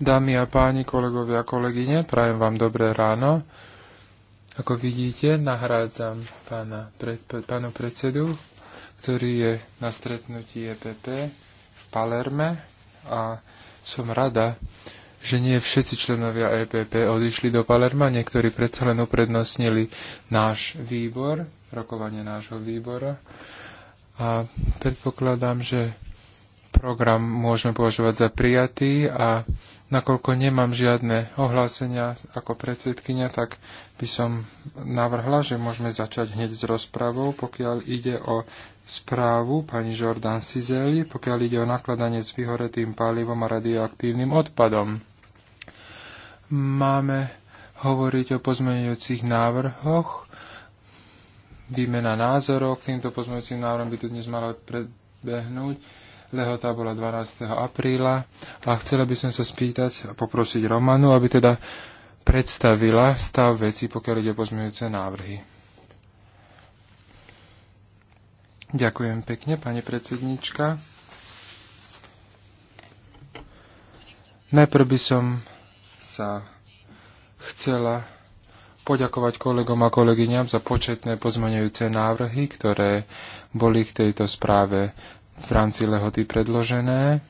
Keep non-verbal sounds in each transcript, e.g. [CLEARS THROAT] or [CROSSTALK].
Dámy a páni, kolegovia a kolegyne, prajem vám dobré ráno. Ako vidíte, nahrádzam pána, pred, pánu predsedu, ktorý je na stretnutí EPP v Palerme a som rada, že nie všetci členovia EPP odišli do Palerma, niektorí predsa len uprednostnili náš výbor, rokovanie nášho výbora. A predpokladám, že program môžeme považovať za prijatý a nakoľko nemám žiadne ohlásenia ako predsedkynia, tak by som navrhla, že môžeme začať hneď s rozpravou, pokiaľ ide o správu pani Jordan Sizeli, pokiaľ ide o nakladanie s vyhoretým palivom a radioaktívnym odpadom. Máme hovoriť o pozmeňujúcich návrhoch. Výmena názorov k týmto pozmeňujúcim návrhom by tu dnes mala prebehnúť Lehota bola 12. apríla a chcela by som sa spýtať a poprosiť Romanu, aby teda predstavila stav veci, pokiaľ ide o pozmeňujúce návrhy. Ďakujem pekne, pani predsednička. Najprv by som sa chcela poďakovať kolegom a kolegyňam za početné pozmeňujúce návrhy, ktoré boli k tejto správe v rámci lehoty predložené.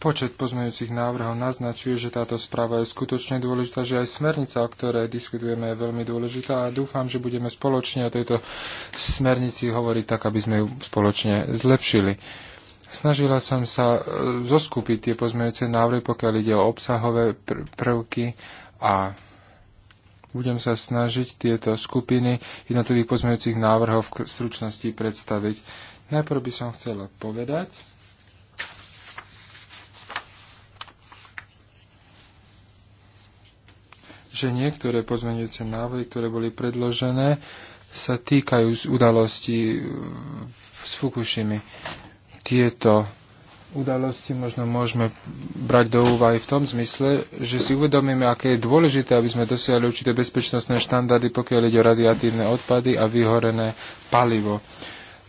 Počet pozmeňujúcich návrhov naznačuje, že táto správa je skutočne dôležitá, že aj smernica, o ktorej diskutujeme, je veľmi dôležitá a dúfam, že budeme spoločne o tejto smernici hovoriť tak, aby sme ju spoločne zlepšili. Snažila som sa e, zoskupiť tie pozmeňujúce návrhy, pokiaľ ide o obsahové prvky a budem sa snažiť tieto skupiny jednotlivých pozmeňujúcich návrhov v stručnosti predstaviť. Najprv by som chcela povedať, že niektoré pozmeňujúce návrhy, ktoré boli predložené, sa týkajú z udalostí s Fukushimi. Tieto udalosti možno môžeme brať do úvahy v tom zmysle, že si uvedomíme, aké je dôležité, aby sme dosiahli určité bezpečnostné štandardy, pokiaľ ide o radiatívne odpady a vyhorené palivo.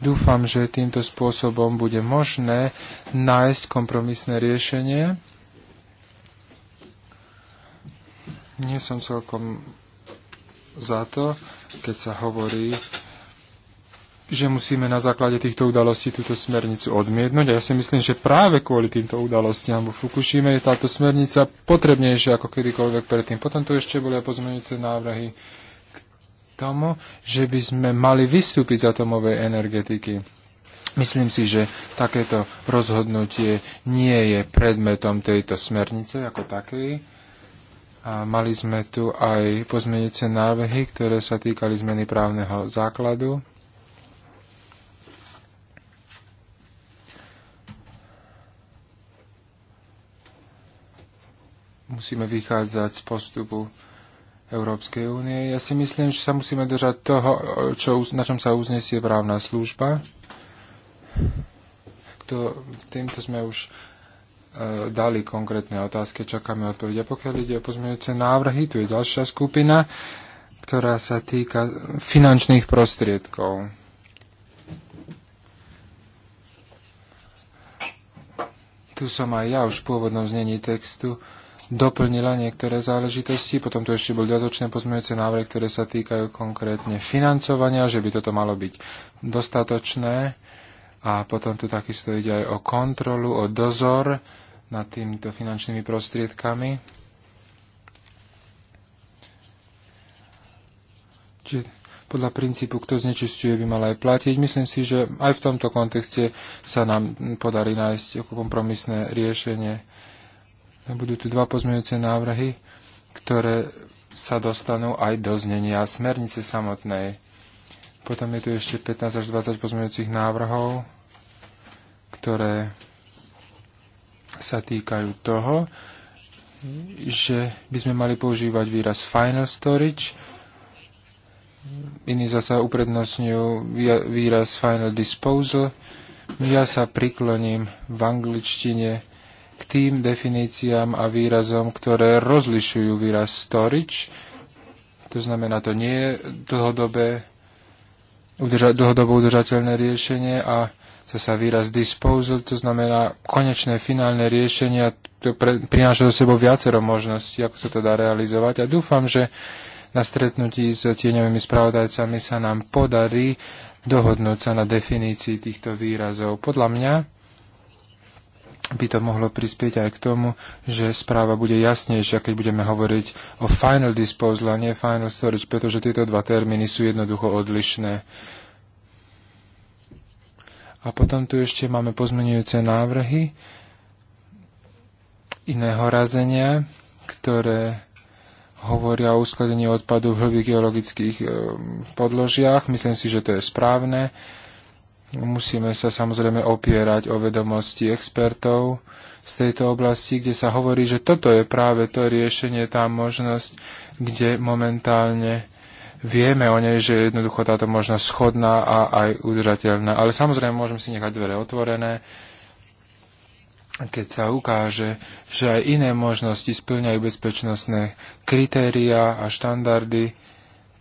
Dúfam, že týmto spôsobom bude možné nájsť kompromisné riešenie. Nie som celkom za to, keď sa hovorí, že musíme na základe týchto udalostí túto smernicu odmietnúť. A ja si myslím, že práve kvôli týmto udalostiam vo Fukushime je táto smernica potrebnejšia ako kedykoľvek predtým. Potom tu ešte boli pozmeňujúce návrhy k tomu, že by sme mali vystúpiť z atomovej energetiky. Myslím si, že takéto rozhodnutie nie je predmetom tejto smernice ako takej. A mali sme tu aj pozmeňujúce návrhy, ktoré sa týkali zmeny právneho základu musíme vychádzať z postupu Európskej únie. Ja si myslím, že sa musíme držať toho, čo, na čom sa uznesie právna služba. To, týmto sme už e, dali konkrétne otázky, čakáme odpovede. A pokiaľ ide o pozmeňujúce návrhy, tu je ďalšia skupina, ktorá sa týka finančných prostriedkov. Tu som aj ja už v pôvodnom znení textu doplnila niektoré záležitosti. Potom tu ešte boli dodatočné pozmeňujúce návrhy, ktoré sa týkajú konkrétne financovania, že by toto malo byť dostatočné. A potom tu takisto ide aj o kontrolu, o dozor nad týmito finančnými prostriedkami. Čiže podľa princípu, kto znečistuje, by mal aj platiť. Myslím si, že aj v tomto kontexte sa nám podarí nájsť kompromisné riešenie budú tu dva pozmeňujúce návrhy, ktoré sa dostanú aj do znenia smernice samotnej. Potom je tu ešte 15 až 20 pozmeňujúcich návrhov, ktoré sa týkajú toho, že by sme mali používať výraz final storage, iní zase uprednostňujú výraz final disposal. Ja sa prikloním v angličtine k tým definíciám a výrazom, ktoré rozlišujú výraz storage, to znamená, to nie je dlhodobé, udrža- dlhodobo udržateľné riešenie a sa výraz disposal, to znamená konečné finálne riešenia, to pre, prináša do sebou viacero možností, ako sa to dá realizovať a dúfam, že na stretnutí s tieňovými spravodajcami sa nám podarí dohodnúť sa na definícii týchto výrazov. Podľa mňa by to mohlo prispieť aj k tomu, že správa bude jasnejšia, keď budeme hovoriť o final disposal a nie final storage, pretože tieto dva termíny sú jednoducho odlišné. A potom tu ešte máme pozmenujúce návrhy iného razenia, ktoré hovoria o uskladení odpadu v hĺbých geologických ehm, podložiach. Myslím si, že to je správne. Musíme sa samozrejme opierať o vedomosti expertov z tejto oblasti, kde sa hovorí, že toto je práve to riešenie, tá možnosť, kde momentálne vieme o nej, že je jednoducho táto možnosť schodná a aj udržateľná. Ale samozrejme môžeme si nechať dvere otvorené, keď sa ukáže, že aj iné možnosti splňajú bezpečnostné kritériá a štandardy,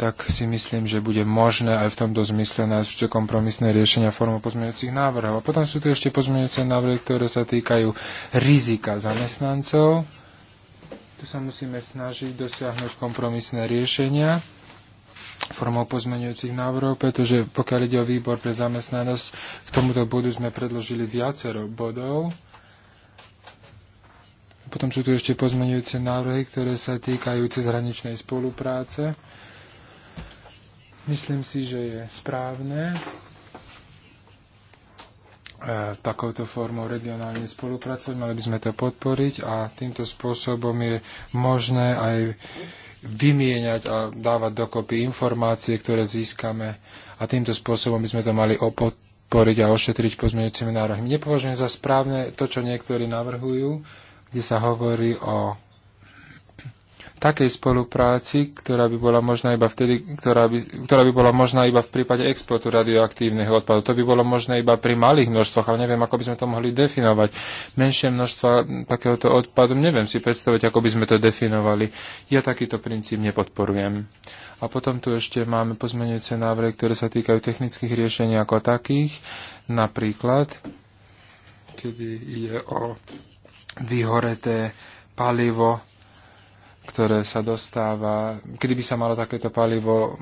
tak si myslím, že bude možné aj v tomto zmysle nájsť kompromisné riešenia formou pozmeňujúcich návrhov. A potom sú tu ešte pozmeňujúce návrhy, ktoré sa týkajú rizika zamestnancov. Tu sa musíme snažiť dosiahnuť kompromisné riešenia formou pozmeňujúcich návrhov, pretože pokiaľ ide o výbor pre zamestnanosť, k tomuto bodu sme predložili viacero bodov. Potom sú tu ešte pozmeňujúce návrhy, ktoré sa týkajú cezhraničnej spolupráce. Myslím si, že je správne e, takouto formou regionálne spolupracovať, mali by sme to podporiť a týmto spôsobom je možné aj vymieňať a dávať dokopy informácie, ktoré získame a týmto spôsobom by sme to mali opodporiť a ošetriť pozmeňujúcimi nárohmi. Nepovažujem za správne to, čo niektorí navrhujú, kde sa hovorí o takej spolupráci, ktorá by bola možná iba vtedy, ktorá by, ktorá by bola možná iba v prípade exportu radioaktívneho odpadu. To by bolo možné iba pri malých množstvách, ale neviem, ako by sme to mohli definovať. Menšie množstva takéhoto odpadu, neviem si predstaviť, ako by sme to definovali. Ja takýto princíp nepodporujem. A potom tu ešte máme pozmenujúce návrhy, ktoré sa týkajú technických riešení ako takých. Napríklad, kedy ide o vyhoreté palivo ktoré sa dostáva, kedy by sa malo takéto palivo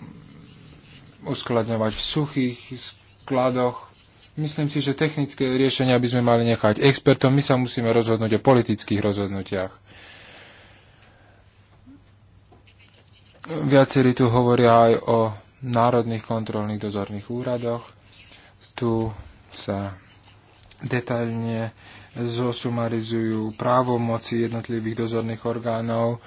uskladňovať v suchých skladoch. Myslím si, že technické riešenia by sme mali nechať expertom. My sa musíme rozhodnúť o politických rozhodnutiach. Viacerí tu hovoria aj o národných kontrolných dozorných úradoch. Tu sa detailne zosumarizujú právomoci jednotlivých dozorných orgánov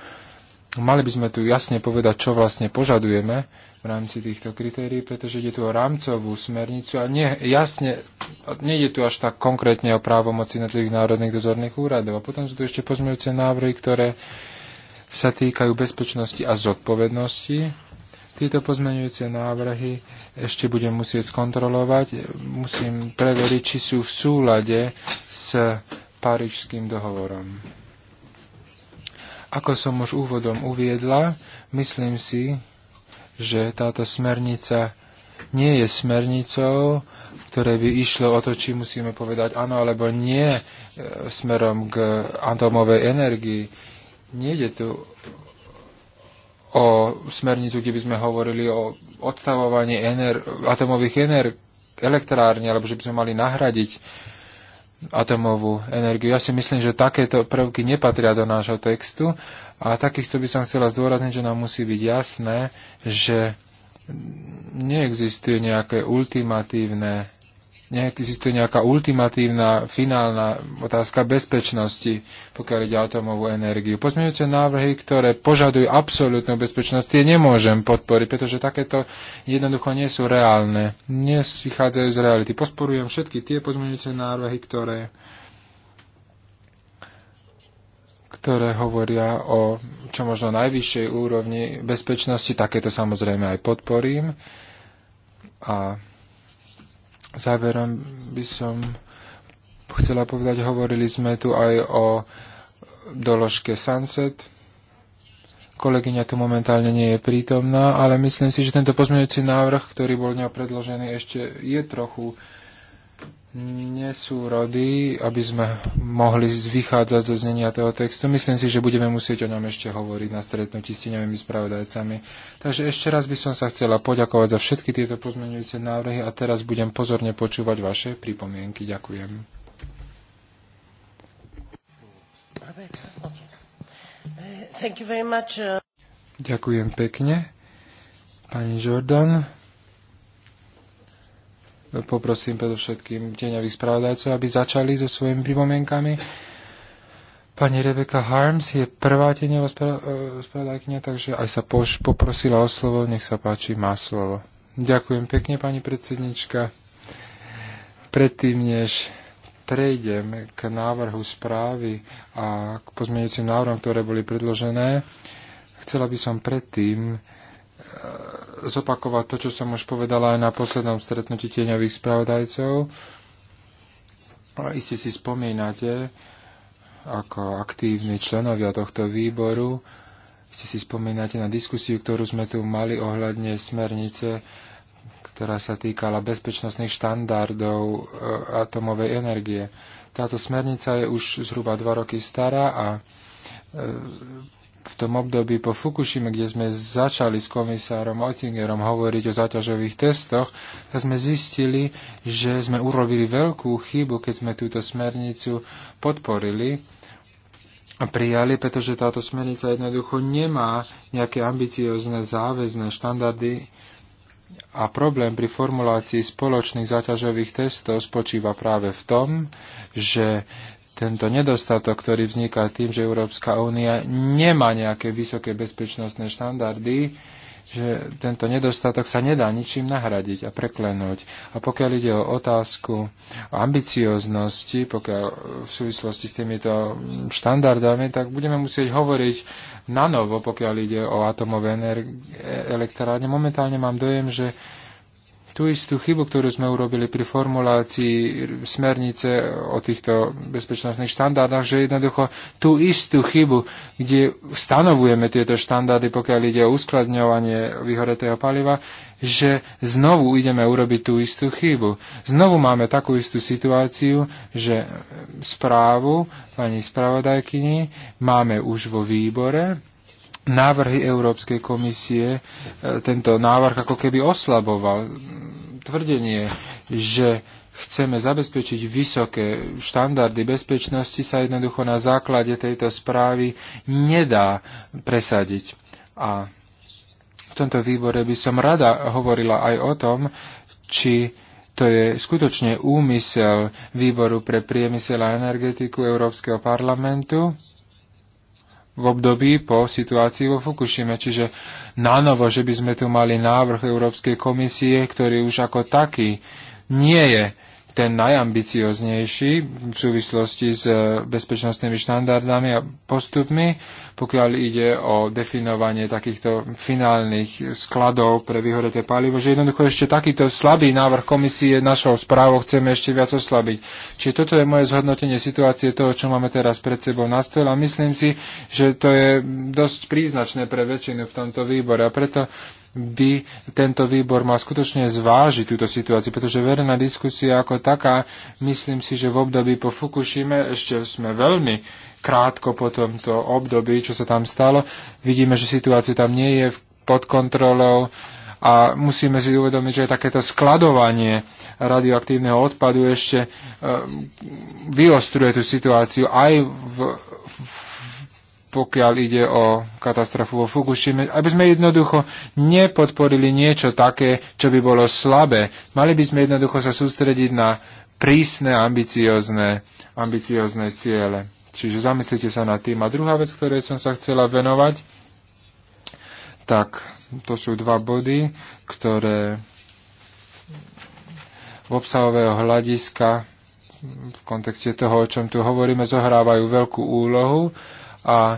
mali by sme tu jasne povedať, čo vlastne požadujeme v rámci týchto kritérií, pretože ide tu o rámcovú smernicu a nie, jasne, ide tu až tak konkrétne o právomoci jednotlivých národných dozorných úradov. A potom sú tu ešte pozmeňujúce návrhy, ktoré sa týkajú bezpečnosti a zodpovednosti. Tieto pozmeňujúce návrhy ešte budem musieť skontrolovať. Musím preveriť, či sú v súlade s Parížským dohovorom. Ako som už úvodom uviedla, myslím si, že táto smernica nie je smernicou, ktoré by išlo o to, či musíme povedať áno alebo nie e, smerom k atomovej energii. Nejde tu o smernicu, kde by sme hovorili o odstavovaní ener- atomových ener- elektrární, alebo že by sme mali nahradiť atomovú energiu. Ja si myslím, že takéto prvky nepatria do nášho textu a takisto by som chcela zdôrazniť, že nám musí byť jasné, že neexistuje nejaké ultimatívne neexistuje nejaká ultimatívna, finálna otázka bezpečnosti, pokiaľ ide o atomovú energiu. Pozmeňujúce návrhy, ktoré požadujú absolútnu bezpečnosť, tie nemôžem podporiť, pretože takéto jednoducho nie sú reálne. Nie vychádzajú z reality. Posporujem všetky tie pozmeňujúce návrhy, ktoré ktoré hovoria o čo možno najvyššej úrovni bezpečnosti, takéto samozrejme aj podporím. A Záverom by som chcela povedať, hovorili sme tu aj o doložke Sunset. Kolegyňa tu momentálne nie je prítomná, ale myslím si, že tento pozmeňujúci návrh, ktorý bol ňou predložený, ešte je trochu uh, nie sú rody, aby sme mohli vychádzať zo znenia toho textu. Myslím si, že budeme musieť o ňom ešte hovoriť na stretnutí s tieňovými spravodajcami. Takže ešte raz by som sa chcela poďakovať za všetky tieto pozmeňujúce návrhy a teraz budem pozorne počúvať vaše pripomienky. Ďakujem. Uh, Ďakujem pekne. Pani Jordan, poprosím predovšetkým tieňových spravodajcov, aby začali so svojimi pripomienkami. Pani Rebeka Harms je prvá tieňová e, spravodajkňa, takže aj sa poš- poprosila o slovo, nech sa páči, má slovo. Ďakujem pekne, pani predsednička. Predtým, než prejdem k návrhu správy a k pozmeňujúcim návrhom, ktoré boli predložené, chcela by som predtým e, zopakovať to, čo som už povedala aj na poslednom stretnutí tieňových spravodajcov. Iste si spomínate, ako aktívni členovia tohto výboru, ste si spomínate na diskusiu, ktorú sme tu mali ohľadne smernice, ktorá sa týkala bezpečnostných štandardov e, atomovej energie. Táto smernica je už zhruba dva roky stará a e, v tom období po Fukushime, kde sme začali s komisárom Oettingerom hovoriť o záťažových testoch, tak sme zistili, že sme urobili veľkú chybu, keď sme túto smernicu podporili a prijali, pretože táto smernica jednoducho nemá nejaké ambiciozne záväzné štandardy a problém pri formulácii spoločných zaťažových testov spočíva práve v tom, že tento nedostatok, ktorý vzniká tým, že Európska únia nemá nejaké vysoké bezpečnostné štandardy, že tento nedostatok sa nedá ničím nahradiť a preklenúť. A pokiaľ ide o otázku o ambicioznosti, pokiaľ v súvislosti s týmito štandardami, tak budeme musieť hovoriť na novo, pokiaľ ide o atomové elektrárne. Momentálne mám dojem, že tú istú chybu, ktorú sme urobili pri formulácii smernice o týchto bezpečnostných štandardách, že jednoducho tú istú chybu, kde stanovujeme tieto štandardy, pokiaľ ide o uskladňovanie vyhoretého paliva, že znovu ideme urobiť tú istú chybu. Znovu máme takú istú situáciu, že správu pani spravodajkyni máme už vo výbore, návrhy Európskej komisie e, tento návrh ako keby oslaboval tvrdenie, že chceme zabezpečiť vysoké štandardy bezpečnosti, sa jednoducho na základe tejto správy nedá presadiť. A v tomto výbore by som rada hovorila aj o tom, či to je skutočne úmysel Výboru pre priemysel a energetiku Európskeho parlamentu, v období po situácii vo Fukushime. Čiže nanovo, že by sme tu mali návrh Európskej komisie, ktorý už ako taký nie je ten najambicioznejší v súvislosti s e, bezpečnostnými štandardami a postupmi, pokiaľ ide o definovanie takýchto finálnych skladov pre vyhoreté palivo, že jednoducho ešte takýto slabý návrh komisie našou správou chceme ešte viac oslabiť. Čiže toto je moje zhodnotenie situácie toho, čo máme teraz pred sebou na stôl a myslím si, že to je dosť príznačné pre väčšinu v tomto výbore a preto by tento výbor mal skutočne zvážiť túto situáciu, pretože verejná diskusia ako taká, myslím si, že v období po Fukushime ešte sme veľmi krátko po tomto období, čo sa tam stalo. Vidíme, že situácia tam nie je pod kontrolou a musíme si uvedomiť, že takéto skladovanie radioaktívneho odpadu ešte e, vyostruje tú situáciu aj v, v pokiaľ ide o katastrofu vo Fukushime, aby sme jednoducho nepodporili niečo také, čo by bolo slabé. Mali by sme jednoducho sa sústrediť na prísne, ambiciozne, ambiciozne ciele. Čiže zamyslite sa nad tým. A druhá vec, ktorej som sa chcela venovať, tak to sú dva body, ktoré v obsahového hľadiska v kontexte toho, o čom tu hovoríme, zohrávajú veľkú úlohu a e,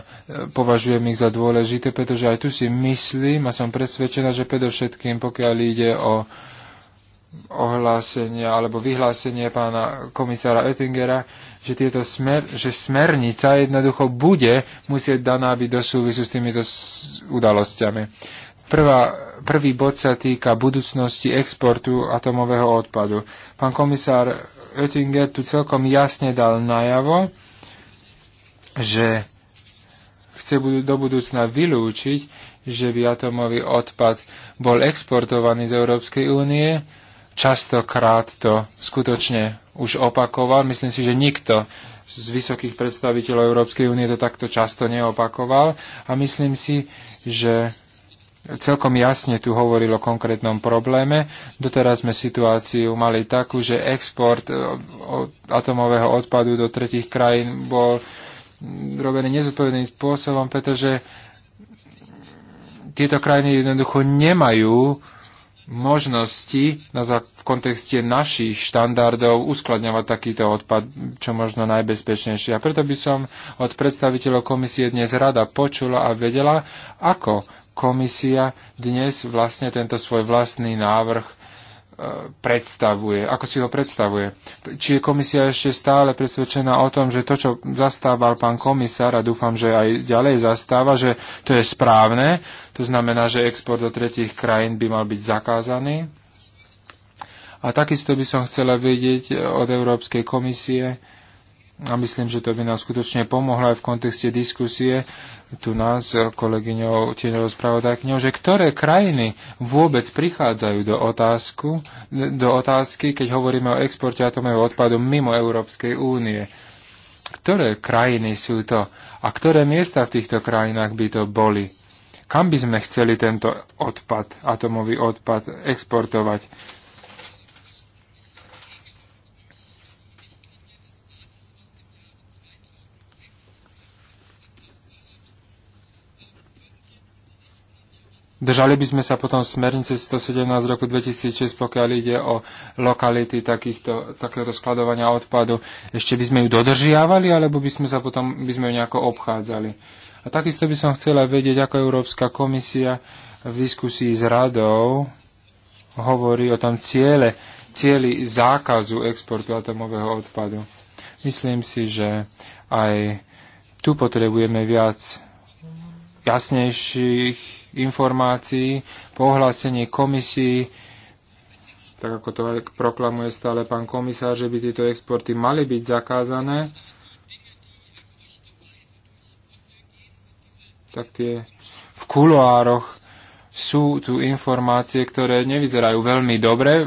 považujem ich za dôležité, pretože aj tu si myslím a som presvedčená, že predovšetkým pokiaľ ide o ohlásenie alebo vyhlásenie pána komisára Oettingera, že, tieto smer, že smernica jednoducho bude musieť daná byť do súvisu s týmito udalosťami. Prvá, prvý bod sa týka budúcnosti exportu atomového odpadu. Pán komisár Oettinger tu celkom jasne dal najavo, že chce do budúcna vylúčiť, že by atomový odpad bol exportovaný z Európskej únie, častokrát to skutočne už opakoval. Myslím si, že nikto z vysokých predstaviteľov Európskej únie to takto často neopakoval a myslím si, že celkom jasne tu hovoril o konkrétnom probléme. Doteraz sme situáciu mali takú, že export e, atomového odpadu do tretich krajín bol robené nezodpovedným spôsobom, pretože tieto krajiny jednoducho nemajú možnosti na, v kontexte našich štandardov uskladňovať takýto odpad čo možno najbezpečnejšie. A preto by som od predstaviteľov komisie dnes rada počula a vedela, ako komisia dnes vlastne tento svoj vlastný návrh predstavuje, ako si ho predstavuje. Či je komisia ešte stále presvedčená o tom, že to, čo zastával pán komisár, a dúfam, že aj ďalej zastáva, že to je správne, to znamená, že export do tretich krajín by mal byť zakázaný. A takisto by som chcela vedieť od Európskej komisie, a myslím, že to by nám skutočne pomohlo aj v kontexte diskusie tu nás kolegyňou tieňovou spravodajkňou, že ktoré krajiny vôbec prichádzajú do, otázku, do otázky, keď hovoríme o exporte atomového odpadu mimo Európskej únie. Ktoré krajiny sú to a ktoré miesta v týchto krajinách by to boli? Kam by sme chceli tento odpad, atomový odpad, exportovať? Držali by sme sa potom smernice 117 z roku 2006, pokiaľ ide o lokality takýchto, takéto skladovania odpadu. Ešte by sme ju dodržiavali, alebo by sme sa potom by sme ju nejako obchádzali. A takisto by som chcela vedieť, ako Európska komisia v diskusii s radou hovorí o tom ciele, cieli zákazu exportu atomového odpadu. Myslím si, že aj tu potrebujeme viac jasnejších informácií pohlásení ohlásení komisii, tak ako to aj proklamuje stále pán komisár, že by tieto exporty mali byť zakázané, tak tie v kuloároch sú tu informácie, ktoré nevyzerajú veľmi dobre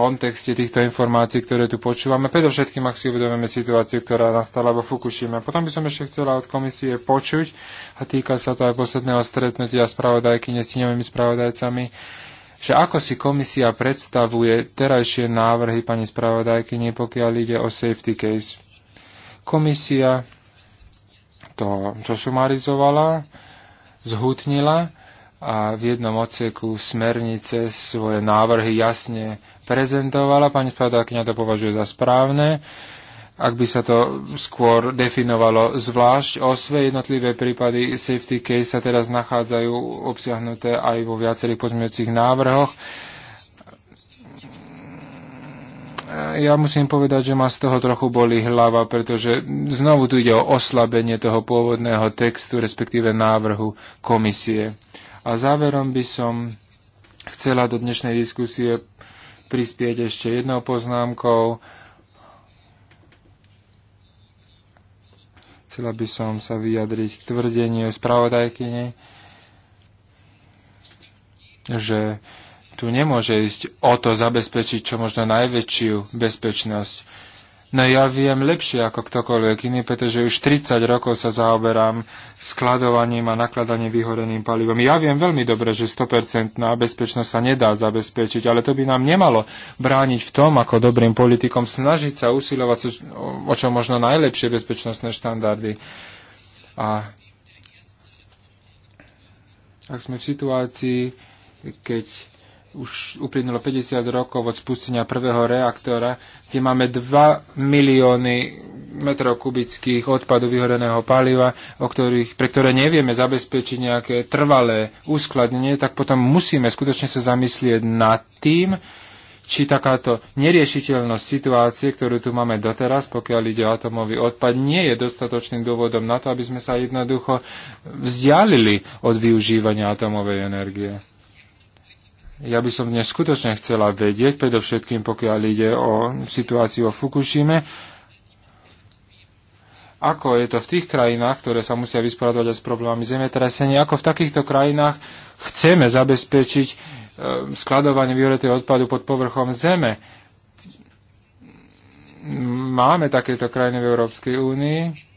kontexte týchto informácií, ktoré tu počúvame, predovšetkým ak si uvedomíme situáciu, ktorá nastala vo Fukushima. Potom by som ešte chcela od komisie počuť, a týka sa to aj posledného stretnutia spravodajky s tíňovými spravodajcami, že ako si komisia predstavuje terajšie návrhy pani spravodajky, pokiaľ ide o safety case. Komisia to zosumarizovala, zhutnila a v jednom odseku smernice svoje návrhy jasne prezentovala. Pani spravodajkyňa to považuje za správne. Ak by sa to skôr definovalo zvlášť, o sve jednotlivé prípady safety case sa teraz nachádzajú obsiahnuté aj vo viacerých pozmeňujúcich návrhoch. Ja musím povedať, že ma z toho trochu boli hlava, pretože znovu tu ide o oslabenie toho pôvodného textu, respektíve návrhu komisie. A záverom by som chcela do dnešnej diskusie prispieť ešte jednou poznámkou. Chcela by som sa vyjadriť k tvrdeniu spravodajkyne, že tu nemôže ísť o to zabezpečiť čo možno najväčšiu bezpečnosť No ja viem lepšie ako ktokoľvek iný, pretože už 30 rokov sa zaoberám skladovaním a nakladaním vyhoreným palivom. Ja viem veľmi dobre, že 100% bezpečnosť sa nedá zabezpečiť, ale to by nám nemalo brániť v tom, ako dobrým politikom snažiť sa usilovať o čo možno najlepšie bezpečnostné štandardy. A ak sme v situácii, keď už uplynulo 50 rokov od spustenia prvého reaktora, kde máme 2 milióny metrov kubických odpadu vyhoreného paliva, o ktorých, pre ktoré nevieme zabezpečiť nejaké trvalé uskladnenie, tak potom musíme skutočne sa zamyslieť nad tým, či takáto neriešiteľnosť situácie, ktorú tu máme doteraz, pokiaľ ide o atomový odpad, nie je dostatočným dôvodom na to, aby sme sa jednoducho vzdialili od využívania atomovej energie. Ja by som dnes skutočne chcela vedieť, predovšetkým pokiaľ ide o situáciu o Fukushime, ako je to v tých krajinách, ktoré sa musia vysporadovať aj s problémami zemetrasenia, ako v takýchto krajinách chceme zabezpečiť e, skladovanie vyhoretého odpadu pod povrchom zeme. Máme takéto krajiny v Európskej únii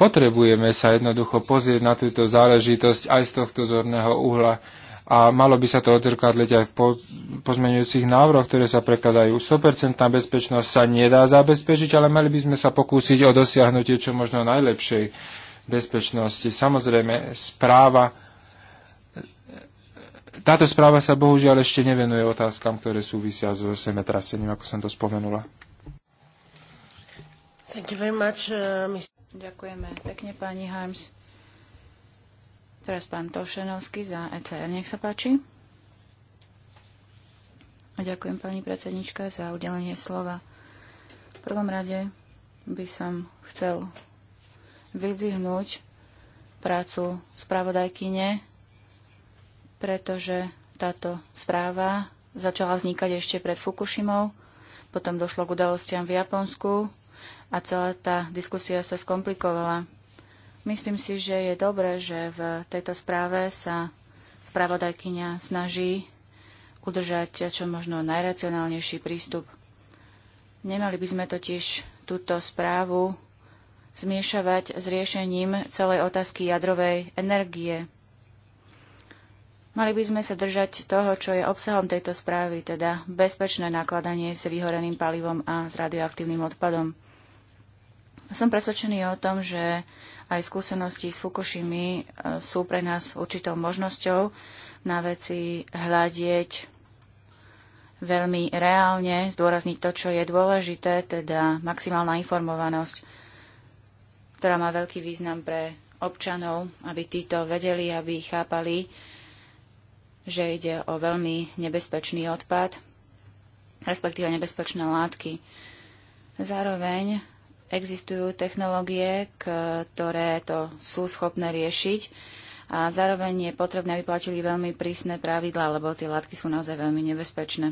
Potrebujeme sa jednoducho pozrieť na túto záležitosť aj z tohto zorného uhla a malo by sa to odzrkadliť aj v pozmeňujúcich návrhoch, ktoré sa prekladajú. 100% bezpečnosť sa nedá zabezpečiť, ale mali by sme sa pokúsiť o dosiahnutie čo možno najlepšej bezpečnosti. Samozrejme, správa táto správa sa bohužiaľ ešte nevenuje otázkam, ktoré súvisia s semetrasením, ako som to spomenula. Thank you very much, uh, Mr. Ďakujeme pekne, pani Harms. Teraz pán Tošenovský za ECR, nech sa páči. A ďakujem pani predsednička za udelenie slova. V prvom rade by som chcel vyzdvihnúť prácu spravodajkyne, pretože táto správa začala vznikať ešte pred Fukushimou, potom došlo k udalostiam v Japonsku, a celá tá diskusia sa skomplikovala. Myslím si, že je dobré, že v tejto správe sa spravodajkyňa snaží udržať čo možno najracionálnejší prístup. Nemali by sme totiž túto správu zmiešavať s riešením celej otázky jadrovej energie. Mali by sme sa držať toho, čo je obsahom tejto správy, teda bezpečné nakladanie s vyhoreným palivom a s radioaktívnym odpadom. Som presvedčený o tom, že aj skúsenosti s Fukushimi e, sú pre nás určitou možnosťou na veci hľadieť veľmi reálne, zdôrazniť to, čo je dôležité, teda maximálna informovanosť, ktorá má veľký význam pre občanov, aby títo vedeli, aby chápali, že ide o veľmi nebezpečný odpad, respektíve nebezpečné látky. Zároveň Existujú technológie, ktoré to sú schopné riešiť a zároveň je potrebné, aby platili veľmi prísne pravidlá, lebo tie látky sú naozaj veľmi nebezpečné.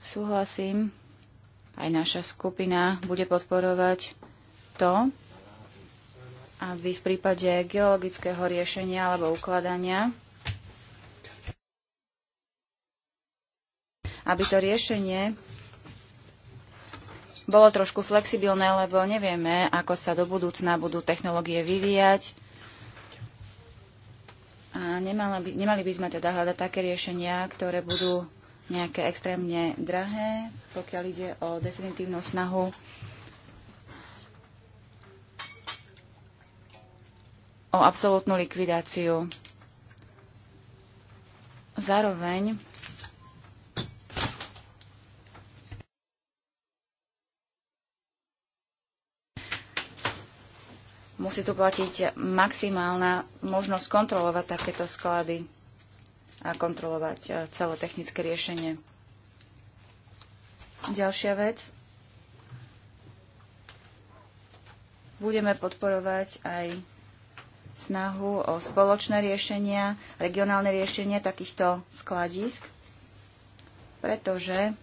Súhlasím, aj naša skupina bude podporovať to, aby v prípade geologického riešenia alebo ukladania aby to riešenie bolo trošku flexibilné, lebo nevieme, ako sa do budúcna budú technológie vyvíjať. A nemali by, nemali by sme teda hľadať také riešenia, ktoré budú nejaké extrémne drahé, pokiaľ ide o definitívnu snahu o absolútnu likvidáciu. Zároveň musí tu platiť maximálna možnosť kontrolovať takéto sklady a kontrolovať e, celé technické riešenie. Ďalšia vec. Budeme podporovať aj snahu o spoločné riešenia, regionálne riešenie takýchto skladisk, pretože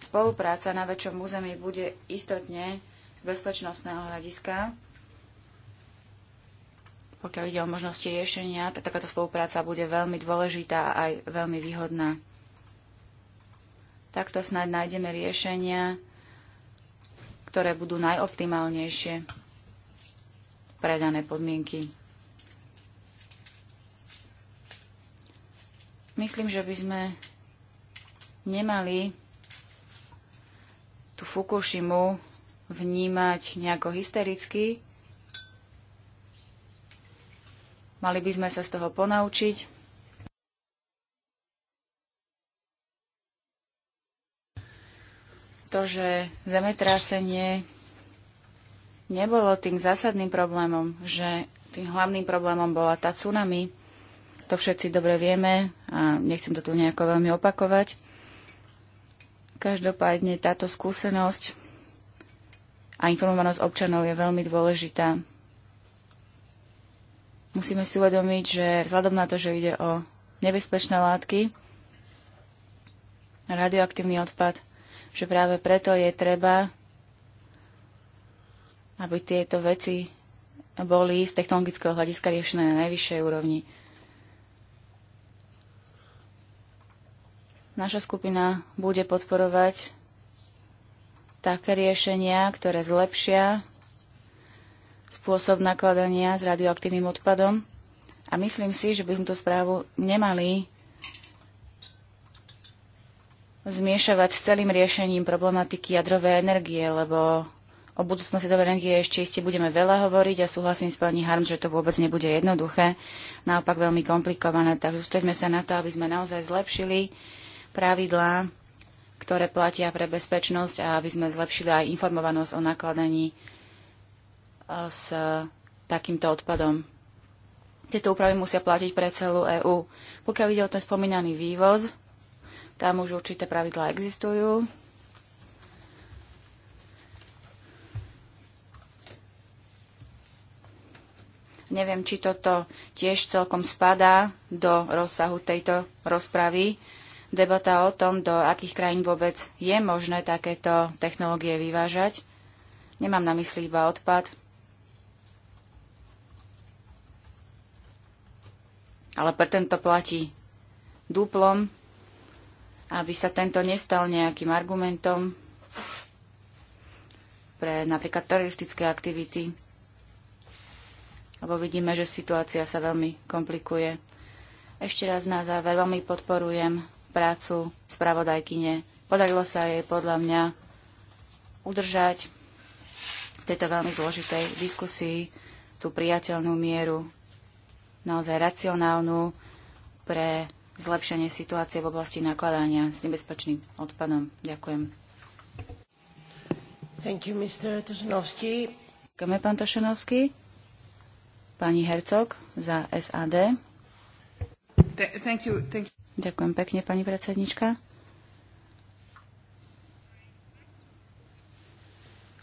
spolupráca na väčšom území bude istotne z bezpečnostného hľadiska pokiaľ ide o možnosti riešenia, tak takáto spolupráca bude veľmi dôležitá a aj veľmi výhodná. Takto snáď nájdeme riešenia, ktoré budú najoptimálnejšie pre dané podmienky. Myslím, že by sme nemali tú Fukushimu vnímať nejako hystericky, Mali by sme sa z toho ponaučiť. To, že zemetrasenie nebolo tým zásadným problémom, že tým hlavným problémom bola tá tsunami, to všetci dobre vieme a nechcem to tu nejako veľmi opakovať. Každopádne táto skúsenosť a informovanosť občanov je veľmi dôležitá musíme si uvedomiť, že vzhľadom na to, že ide o nebezpečné látky, radioaktívny odpad, že práve preto je treba, aby tieto veci boli z technologického hľadiska riešené na najvyššej úrovni. Naša skupina bude podporovať také riešenia, ktoré zlepšia spôsob nakladania s radioaktívnym odpadom a myslím si, že by sme tú správu nemali zmiešavať s celým riešením problematiky jadrovej energie, lebo o budúcnosti jadrovej energie ešte iste budeme veľa hovoriť a súhlasím s pani Harms, že to vôbec nebude jednoduché, naopak veľmi komplikované, takže zústreďme sa na to, aby sme naozaj zlepšili pravidlá, ktoré platia pre bezpečnosť a aby sme zlepšili aj informovanosť o nakladaní s takýmto odpadom. Tieto úpravy musia platiť pre celú EÚ. Pokiaľ ide o ten spomínaný vývoz, tam už určité pravidlá existujú. Neviem, či toto tiež celkom spadá do rozsahu tejto rozpravy. Debata o tom, do akých krajín vôbec je možné takéto technológie vyvážať. Nemám na mysli iba odpad, ale pre tento platí duplom, aby sa tento nestal nejakým argumentom pre napríklad teroristické aktivity. Lebo vidíme, že situácia sa veľmi komplikuje. Ešte raz na záver veľmi podporujem prácu spravodajkyne. Podarilo sa jej podľa mňa udržať v tejto veľmi zložitej diskusii tú priateľnú mieru naozaj racionálnu pre zlepšenie situácie v oblasti nakladania s nebezpečným odpadom. Ďakujem. Thank you, Mr. Ďakujeme, pán Tošenovský. Pani Hercog za SAD. Thank you, thank you. Ďakujem pekne, pani predsednička.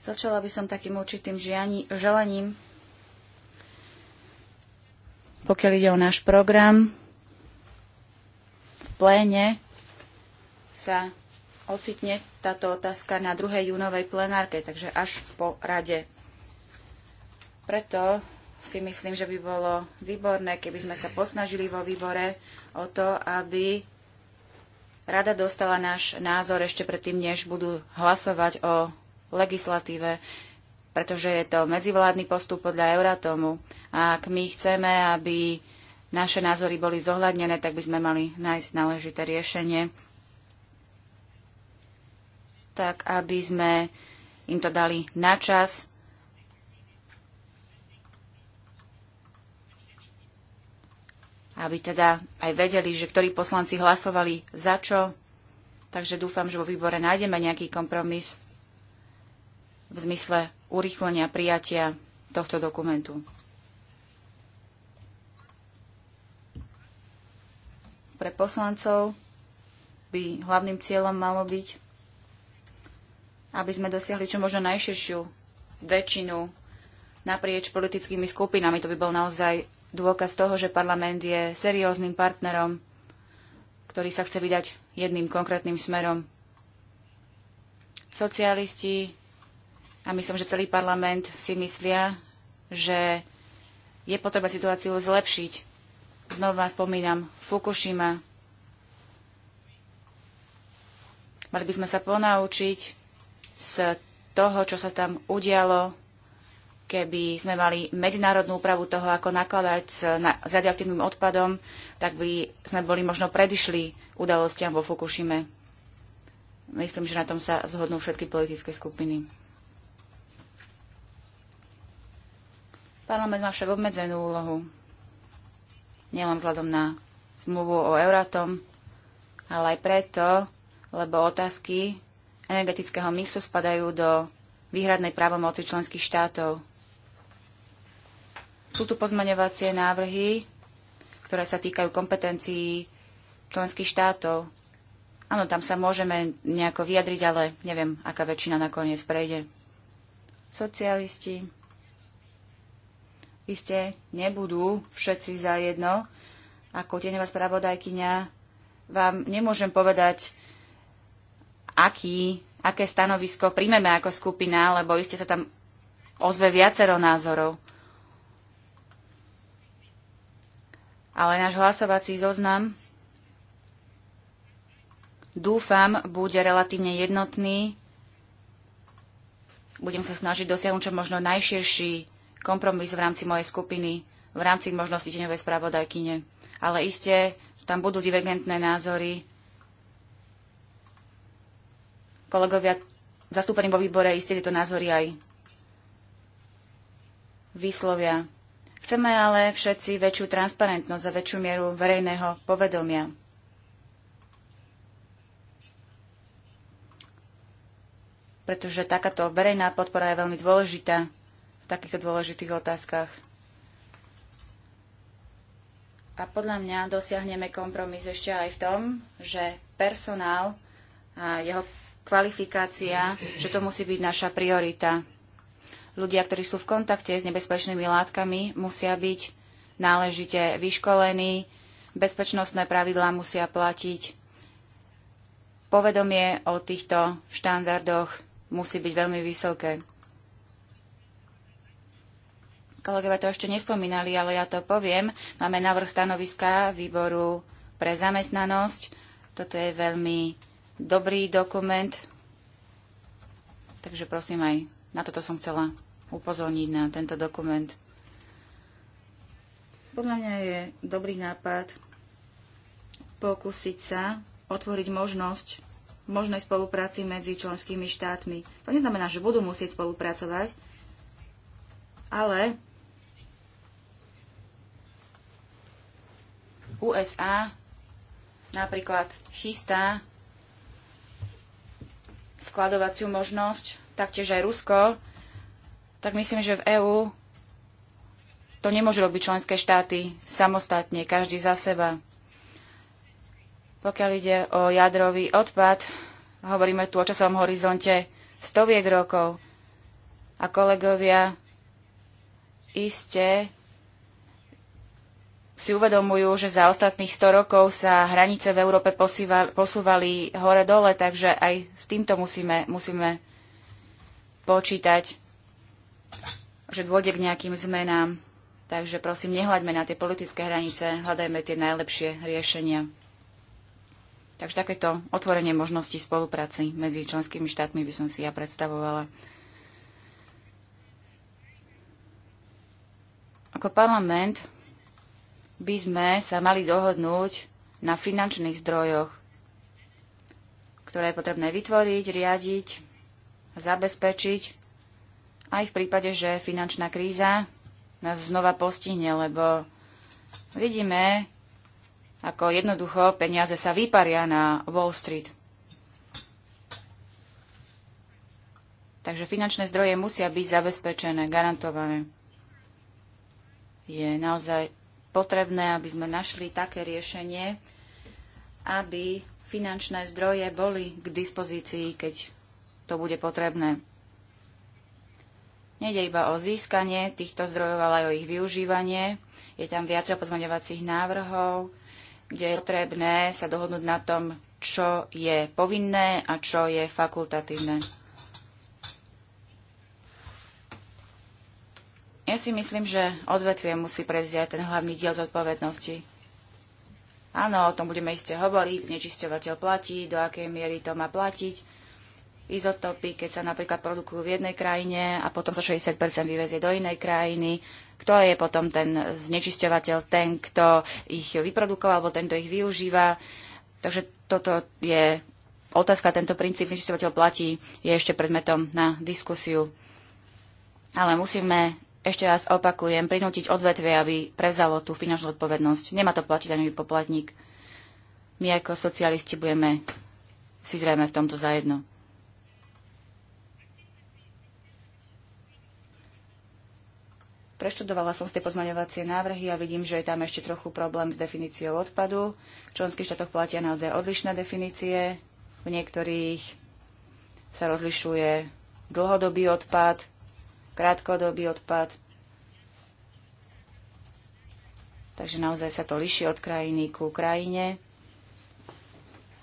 Začala by som takým určitým žianí, želaním pokiaľ ide o náš program, v pléne sa ocitne táto otázka na druhej júnovej plenárke, takže až po rade. Preto si myslím, že by bolo výborné, keby sme sa posnažili vo výbore o to, aby rada dostala náš názor ešte predtým, než budú hlasovať o legislatíve pretože je to medzivládny postup podľa Euratomu. A ak my chceme, aby naše názory boli zohľadnené, tak by sme mali nájsť náležité riešenie, tak aby sme im to dali na čas. aby teda aj vedeli, že ktorí poslanci hlasovali za čo. Takže dúfam, že vo výbore nájdeme nejaký kompromis v zmysle urýchlenia prijatia tohto dokumentu. Pre poslancov by hlavným cieľom malo byť, aby sme dosiahli čo možno najširšiu väčšinu naprieč politickými skupinami. To by bol naozaj dôkaz toho, že parlament je serióznym partnerom, ktorý sa chce vydať jedným konkrétnym smerom. Socialisti, a myslím, že celý parlament si myslia, že je potreba situáciu zlepšiť. Znova spomínam Fukushima. Mali by sme sa ponaučiť z toho, čo sa tam udialo, keby sme mali medzinárodnú úpravu toho, ako nakladať s, na, s radioaktívnym odpadom, tak by sme boli možno predišli udalostiam vo Fukushime. Myslím, že na tom sa zhodnú všetky politické skupiny. Parlament má však obmedzenú úlohu. Nielen vzhľadom na zmluvu o Euratom, ale aj preto, lebo otázky energetického mixu spadajú do výhradnej právomoci členských štátov. Sú tu pozmaňovacie návrhy, ktoré sa týkajú kompetencií členských štátov. Áno, tam sa môžeme nejako vyjadriť, ale neviem, aká väčšina nakoniec prejde. Socialisti iste nebudú všetci za jedno. Ako tieňová spravodajkyňa vám nemôžem povedať, aký, aké stanovisko príjmeme ako skupina, lebo iste sa tam ozve viacero názorov. Ale náš hlasovací zoznam dúfam, bude relatívne jednotný. Budem sa snažiť dosiahnuť čo možno najširší kompromis v rámci mojej skupiny, v rámci možnosti deňovej spravodajkyne. Ale iste, tam budú divergentné názory. Kolegovia zastúpení vo výbore iste tieto názory aj vyslovia. Chceme ale všetci väčšiu transparentnosť a väčšiu mieru verejného povedomia. Pretože takáto verejná podpora je veľmi dôležitá takýchto dôležitých otázkach. A podľa mňa dosiahneme kompromis ešte aj v tom, že personál a jeho kvalifikácia, že to musí byť naša priorita. Ľudia, ktorí sú v kontakte s nebezpečnými látkami, musia byť náležite vyškolení, bezpečnostné pravidlá musia platiť. Povedomie o týchto štandardoch musí byť veľmi vysoké. Kolegovia to ešte nespomínali, ale ja to poviem. Máme návrh stanoviska výboru pre zamestnanosť. Toto je veľmi dobrý dokument. Takže prosím aj na toto som chcela upozorniť na tento dokument. Podľa mňa je dobrý nápad pokúsiť sa otvoriť možnosť možnej spolupráci medzi členskými štátmi. To neznamená, že budú musieť spolupracovať, ale USA napríklad chystá skladovaciu možnosť, taktiež aj Rusko, tak myslím, že v EÚ to nemôžu robiť členské štáty samostatne, každý za seba. Pokiaľ ide o jadrový odpad, hovoríme tu o časovom horizonte stoviek rokov. A kolegovia, iste si uvedomujú, že za ostatných 100 rokov sa hranice v Európe posúvali hore-dole, takže aj s týmto musíme, musíme počítať, že dôjde k nejakým zmenám. Takže prosím, nehľaďme na tie politické hranice, hľadajme tie najlepšie riešenia. Takže takéto otvorenie možností spolupráci medzi členskými štátmi by som si ja predstavovala. Ako parlament by sme sa mali dohodnúť na finančných zdrojoch, ktoré je potrebné vytvoriť, riadiť, zabezpečiť, aj v prípade, že finančná kríza nás znova postihne, lebo vidíme, ako jednoducho peniaze sa vyparia na Wall Street. Takže finančné zdroje musia byť zabezpečené, garantované. Je naozaj potrebné, aby sme našli také riešenie, aby finančné zdroje boli k dispozícii, keď to bude potrebné. Nejde iba o získanie týchto zdrojov, ale aj o ich využívanie. Je tam viacero pozmaňovacích návrhov, kde je potrebné sa dohodnúť na tom, čo je povinné a čo je fakultatívne. Ja si myslím, že odvetvie musí prevziať ten hlavný diel zodpovednosti. Áno, o tom budeme iste hovoriť, znečisťovateľ platí, do akej miery to má platiť. Izotopy, keď sa napríklad produkujú v jednej krajine a potom sa 60% vyvezie do inej krajiny, kto je potom ten znečisťovateľ, ten, kto ich vyprodukoval, alebo ten, kto ich využíva. Takže toto je otázka, tento princíp znečisťovateľ platí, je ešte predmetom na diskusiu. Ale musíme ešte raz opakujem, prinútiť odvetvie, aby prezalo tú finančnú odpovednosť. Nemá to platiť ani poplatník. My ako socialisti budeme si zrejme v tomto zajedno. Preštudovala som tie pozmaňovacie návrhy a vidím, že je tam ešte trochu problém s definíciou odpadu. V členských štátoch platia naozaj odlišné definície. V niektorých sa rozlišuje dlhodobý odpad, krátkodobý odpad. Takže naozaj sa to liší od krajiny ku krajine.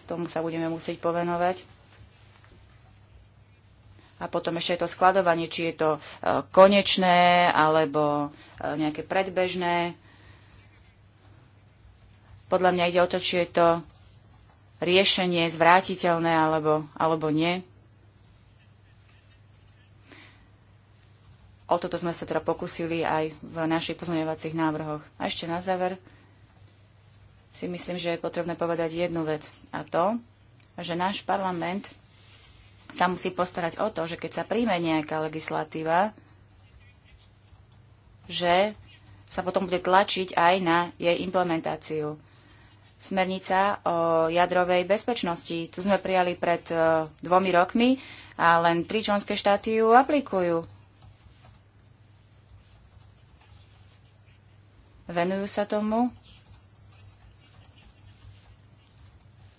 Tomu sa budeme musieť povenovať. A potom ešte je to skladovanie, či je to e, konečné alebo e, nejaké predbežné. Podľa mňa ide o to, či je to riešenie zvrátiteľné alebo, alebo nie. O toto sme sa teda pokúsili aj v našich pozmeňovacích návrhoch. A ešte na záver si myslím, že je potrebné povedať jednu vec a to, že náš parlament sa musí postarať o to, že keď sa príjme nejaká legislatíva, že sa potom bude tlačiť aj na jej implementáciu. Smernica o jadrovej bezpečnosti. Tu sme prijali pred eh, dvomi rokmi a len tri členské štáty ju aplikujú. venujú sa tomu.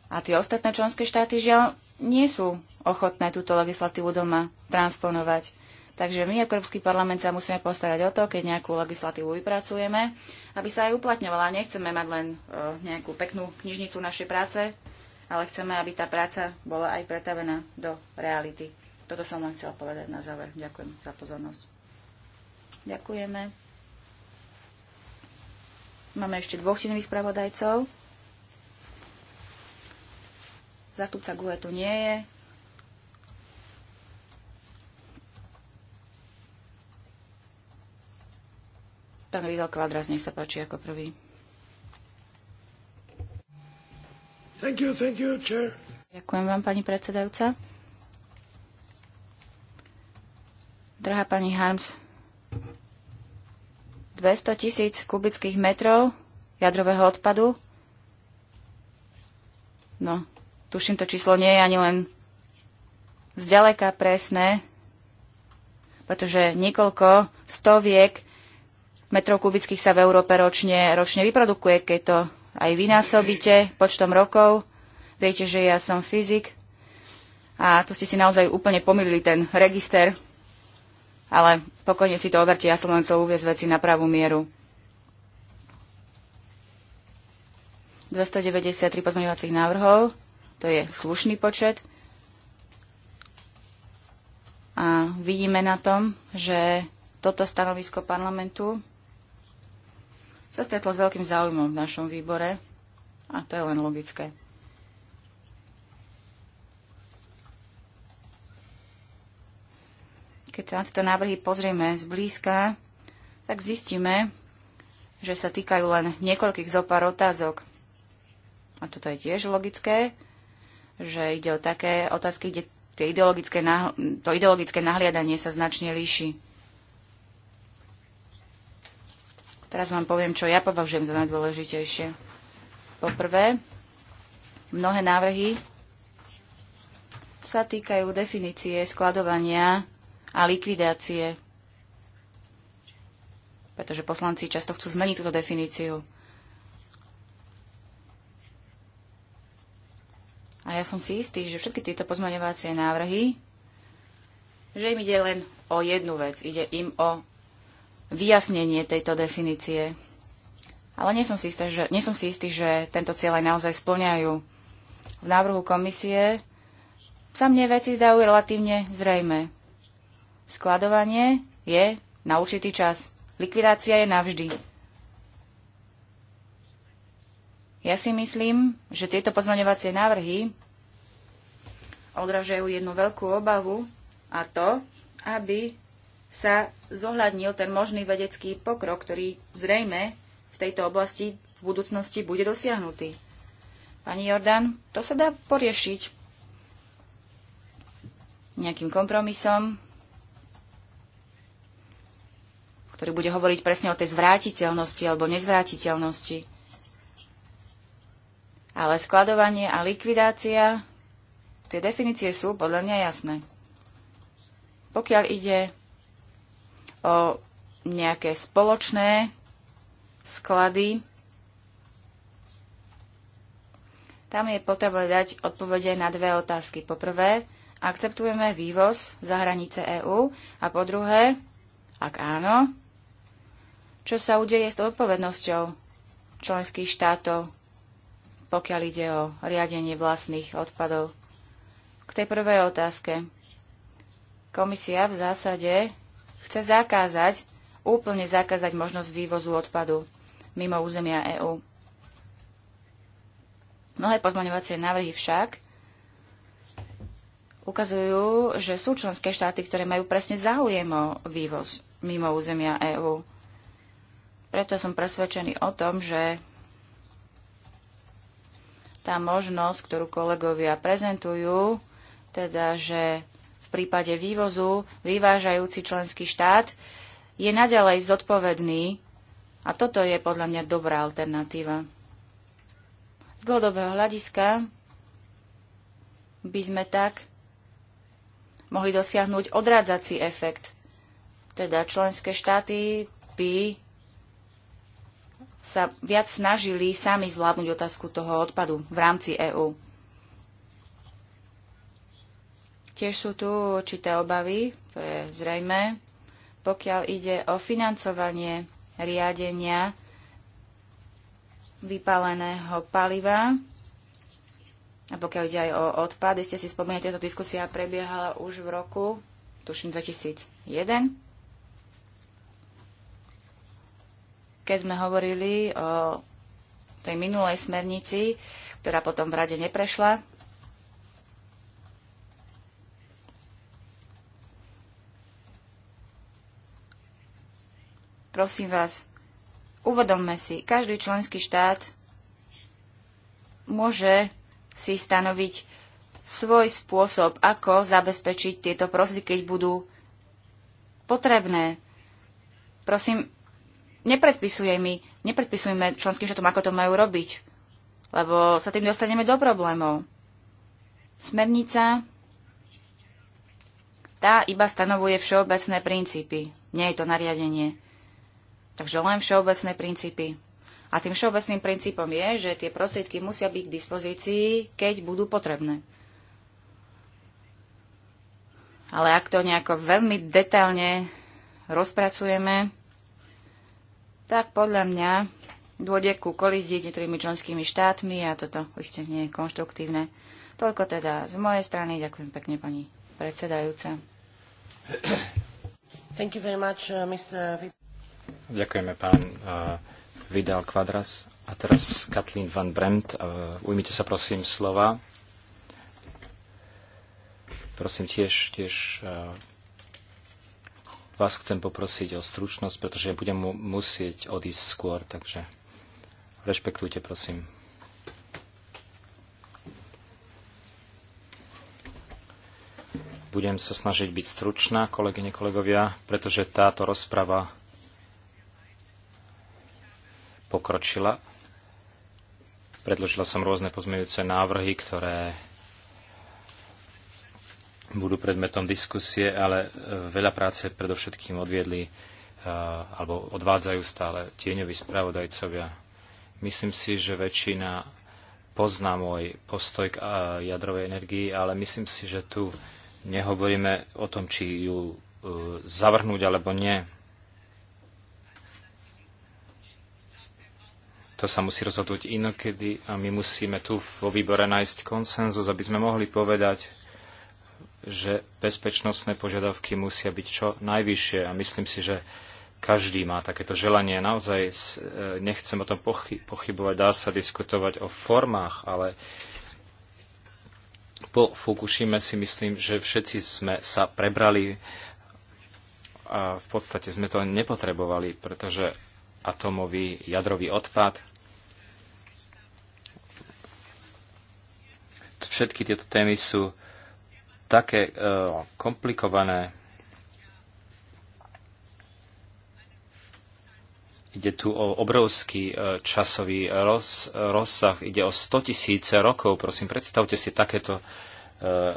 A tie ostatné členské štáty žiaľ nie sú ochotné túto legislatívu doma transponovať. Takže my, ako Európsky parlament, sa musíme postarať o to, keď nejakú legislatívu vypracujeme, aby sa aj uplatňovala. Nechceme mať len e, nejakú peknú knižnicu našej práce, ale chceme, aby tá práca bola aj pretavená do reality. Toto som len chcela povedať na záver. Ďakujem za pozornosť. Ďakujeme. Máme ešte dvoch synových spravodajcov. Zastupca GUE tu nie je. Pán Vidal Kvadras, nech sa páči ako prvý. Thank you, thank you, chair. Ďakujem vám, pani predsedajúca. Drahá pani Harms, 200 tisíc kubických metrov jadrového odpadu. No, tuším, to číslo nie je ani len zďaleka presné, pretože niekoľko stoviek metrov kubických sa v Európe ročne, ročne vyprodukuje, keď to aj vynásobíte počtom rokov. Viete, že ja som fyzik a tu ste si naozaj úplne pomýlili ten register ale pokojne si to overte, ja som len chcel uviezť veci na pravú mieru. 293 pozmeňovacích návrhov, to je slušný počet. A vidíme na tom, že toto stanovisko parlamentu sa stretlo s veľkým záujmom v našom výbore a to je len logické. Keď sa na tieto návrhy pozrieme zblízka, tak zistíme, že sa týkajú len niekoľkých zopár otázok. A toto je tiež logické, že ide o také otázky, kde tie ideologické to ideologické nahliadanie sa značne líši. Teraz vám poviem, čo ja považujem za najdôležitejšie. Poprvé, mnohé návrhy sa týkajú definície skladovania a likvidácie. Pretože poslanci často chcú zmeniť túto definíciu. A ja som si istý, že všetky tieto pozmaňovacie návrhy, že im ide len o jednu vec. Ide im o vyjasnenie tejto definície. Ale nie som si istý, že, nie som si istý, že tento cieľ aj naozaj splňajú. V návrhu komisie sa mne veci zdajú relatívne zrejme. Skladovanie je na určitý čas. Likvidácia je navždy. Ja si myslím, že tieto pozmaňovacie návrhy odražajú jednu veľkú obavu a to, aby sa zohľadnil ten možný vedecký pokrok, ktorý zrejme v tejto oblasti v budúcnosti bude dosiahnutý. Pani Jordan, to sa dá poriešiť nejakým kompromisom, ktorý bude hovoriť presne o tej zvrátiteľnosti alebo nezvrátiteľnosti. Ale skladovanie a likvidácia, tie definície sú podľa mňa jasné. Pokiaľ ide o nejaké spoločné sklady, tam je potrebné dať odpovede na dve otázky. Po prvé, akceptujeme vývoz za hranice EÚ a po druhé, ak áno, čo sa udeje s odpovednosťou členských štátov, pokiaľ ide o riadenie vlastných odpadov. K tej prvej otázke. Komisia v zásade chce zakázať, úplne zakázať možnosť vývozu odpadu mimo územia EÚ. Mnohé pozmaňovacie návrhy však ukazujú, že sú členské štáty, ktoré majú presne záujem o vývoz mimo územia EÚ. Preto som presvedčený o tom, že tá možnosť, ktorú kolegovia prezentujú, teda že v prípade vývozu vyvážajúci členský štát je naďalej zodpovedný a toto je podľa mňa dobrá alternatíva. Z dlhodobého hľadiska by sme tak mohli dosiahnuť odrádzací efekt. Teda členské štáty by sa viac snažili sami zvládnuť otázku toho odpadu v rámci EÚ. Tiež sú tu určité obavy, to je zrejme, pokiaľ ide o financovanie riadenia vypáleného paliva. A pokiaľ ide aj o odpad, ste si spomínate, táto diskusia prebiehala už v roku, tuším, 2001. Keď sme hovorili o tej minulej smernici, ktorá potom v rade neprešla, prosím vás, uvedomme si, každý členský štát môže si stanoviť svoj spôsob, ako zabezpečiť tieto prostriedky, keď budú potrebné. Prosím, nepredpisuje mi, nepredpisujme členským štátom, ako to majú robiť, lebo sa tým dostaneme do problémov. Smernica tá iba stanovuje všeobecné princípy. Nie je to nariadenie. Takže len všeobecné princípy. A tým všeobecným princípom je, že tie prostriedky musia byť k dispozícii, keď budú potrebné. Ale ak to nejako veľmi detailne rozpracujeme, tak podľa mňa dôjde ku kolízii s niektorými členskými štátmi a toto iste nie je konštruktívne. Toľko teda z mojej strany. Ďakujem pekne, pani predsedajúca. [COUGHS] Thank you very much, uh, Mr. Ďakujeme, pán uh, Vidal Quadras. A teraz Katlín van Bremt. Uh, ujmite sa, prosím, slova. Prosím, tiež, tiež uh, vás chcem poprosiť o stručnosť, pretože budem mu musieť odísť skôr, takže rešpektujte, prosím. Budem sa snažiť byť stručná, kolegyne, kolegovia, pretože táto rozprava pokročila. Predložila som rôzne pozmeňujúce návrhy, ktoré budú predmetom diskusie, ale e, veľa práce predovšetkým odviedli e, alebo odvádzajú stále tieňoví spravodajcovia. Myslím si, že väčšina pozná môj postoj k e, jadrovej energii, ale myslím si, že tu nehovoríme o tom, či ju zavrhnúť alebo nie. To sa musí rozhodnúť inokedy a my musíme tu vo výbore nájsť konsenzus, aby sme mohli povedať, že bezpečnostné požiadavky musia byť čo najvyššie a myslím si, že každý má takéto želanie. Naozaj e, nechcem o tom pochybovať, dá sa diskutovať o formách, ale po Fukushime si myslím, že všetci sme sa prebrali a v podstate sme to nepotrebovali, pretože atomový jadrový odpad, všetky tieto témy sú také e, komplikované. Ide tu o obrovský e, časový roz, rozsah, ide o 100 tisíce rokov. Prosím, predstavte si takéto e,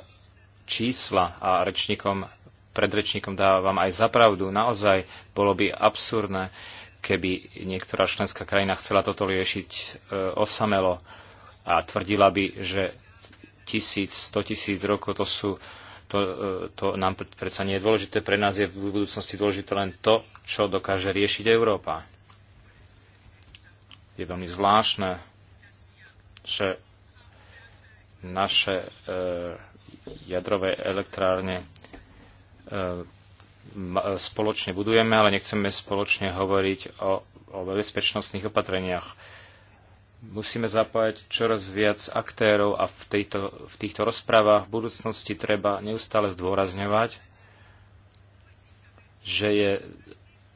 čísla a rečníkom, predrečníkom dávam aj zapravdu. Naozaj bolo by absurdné, keby niektorá členská krajina chcela toto riešiť osamelo a tvrdila by, že tisíc, 100 tisíc rokov, to sú to, e, to nám predsa nie je dôležité. Pre nás je v budúcnosti dôležité len to, čo dokáže riešiť Európa. Je veľmi zvláštne, že naše e, jadrové elektrárne e, e spoločne budujeme, ale nechceme spoločne hovoriť o, o bezpečnostných opatreniach Musíme zapájať čoraz viac aktérov a v, tejto, v týchto rozprávach v budúcnosti treba neustále zdôrazňovať, že je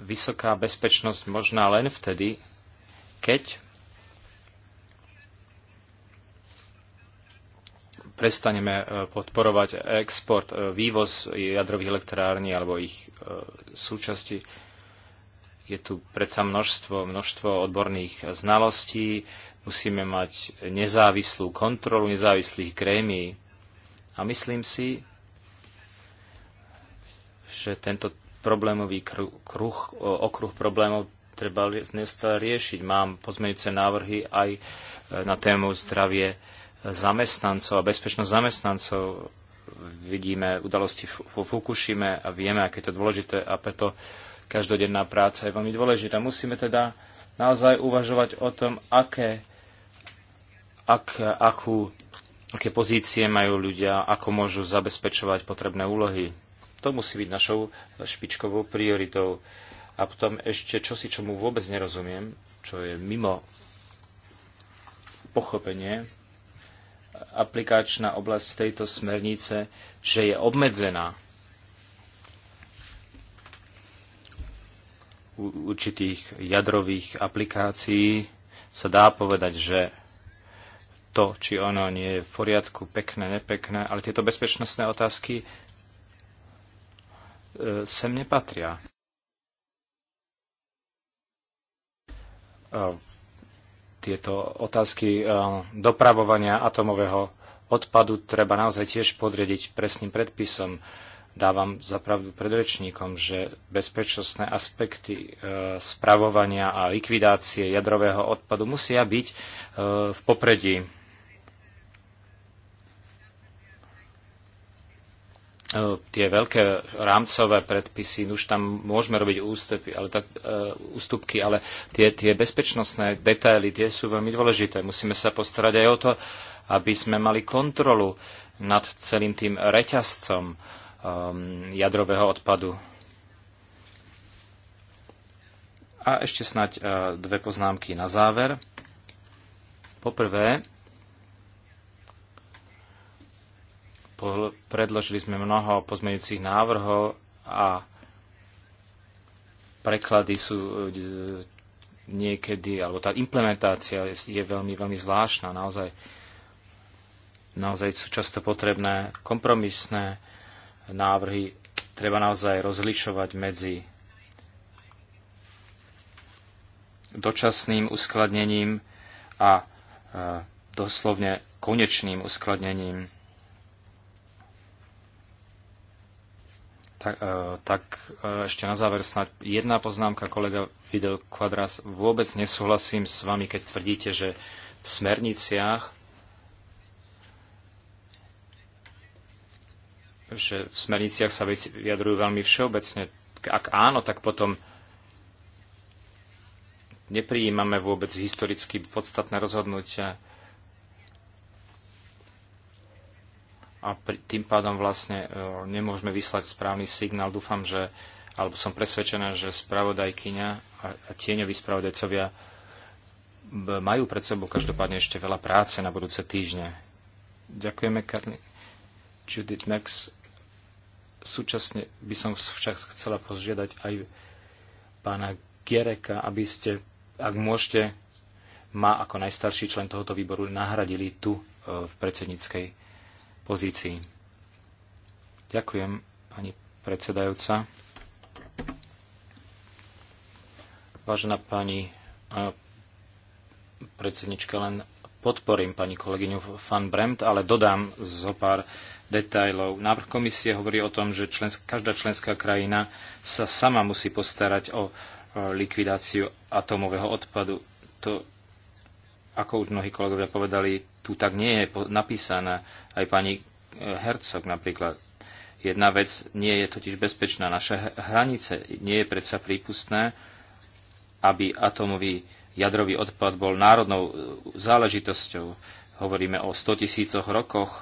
vysoká bezpečnosť možná len vtedy, keď prestaneme e, podporovať export, e, vývoz jadrových elektrární alebo ich e, súčasti je tu predsa množstvo, množstvo odborných znalostí, Musíme mať nezávislú kontrolu nezávislých krémií. A myslím si, že tento problémový kruh, okruh problémov treba neustále riešiť. Mám pozmeňujúce návrhy aj e, na tému zdravie zamestnancov a bezpečnosť zamestnancov. Vidíme udalosti vo Fukushime a vieme, aké je to dôležité a preto každodenná práca je veľmi dôležitá. Musíme teda naozaj uvažovať o tom, aké ak, akú, aké pozície majú ľudia, ako môžu zabezpečovať potrebné úlohy. To musí byť našou špičkovou prioritou. A potom ešte čosi, čomu vôbec nerozumiem, čo je mimo pochopenie, aplikačná oblasť tejto smernice, že je obmedzená u určitých jadrových aplikácií, sa dá povedať, že to, či ono nie je v poriadku, pekné, nepekné, ale tieto bezpečnostné otázky e, sem nepatria. E, tieto otázky e, dopravovania atomového odpadu treba naozaj tiež podriediť presným predpisom. Dávam zapravdu predrečníkom, že bezpečnostné aspekty spravovania a likvidácie jadrového odpadu musia byť v popredí E, tie veľké rámcové predpisy, no už tam môžeme robiť ústupy, ale tak, e, ústupky, ale tie, tie bezpečnostné detaily, tie sú veľmi dôležité. Musíme sa postarať aj o to, aby sme mali kontrolu nad celým tým reťazcom um, jadrového odpadu. A ešte snať uh, e, dve poznámky na záver. Poprvé, Predložili sme mnoho pozmeňujúcich návrhov a preklady sú e, niekedy, alebo tá implementácia je veľmi, veľmi zvláštna. Naozaj, naozaj sú často potrebné kompromisné návrhy. Treba naozaj rozlišovať medzi dočasným uskladnením a e, doslovne konečným uskladnením tak, e, tak e, ešte na záver snáď jedna poznámka, kolega Fidel Quadras. Vôbec nesúhlasím s vami, keď tvrdíte, že v smerniciach že v smerniciach sa veci vyjadrujú veľmi všeobecne. Ak áno, tak potom neprijímame vôbec historicky podstatné rozhodnutia. a pri, tým pádom vlastne e, nemôžeme vyslať správny signál. Dúfam, že, alebo som presvedčená, že spravodajkyňa a, a tieňoví spravodajcovia majú pred sebou každopádne ešte veľa práce na budúce týždne. Ďakujeme, Karni. Judith Max. Súčasne by som však chcela požiadať aj pána Gereka, aby ste, ak môžete, ma ako najstarší člen tohoto výboru nahradili tu e, v predsedníckej pozícií. Ďakujem, pani predsedajúca. Vážená pani predsednička, len podporím pani kolegyňu Van Bremt, ale dodám zo pár detajlov. Návrh komisie hovorí o tom, že člensk- každá členská krajina sa sama musí postarať o likvidáciu atómového odpadu. To ako už mnohí kolegovia povedali, tu tak nie je napísaná, Aj pani e, Hercog napríklad. Jedna vec nie je totiž bezpečná. Naše hranice nie je predsa prípustné, aby atomový jadrový odpad bol národnou e, záležitosťou. Hovoríme o 100 tisícoch rokoch e,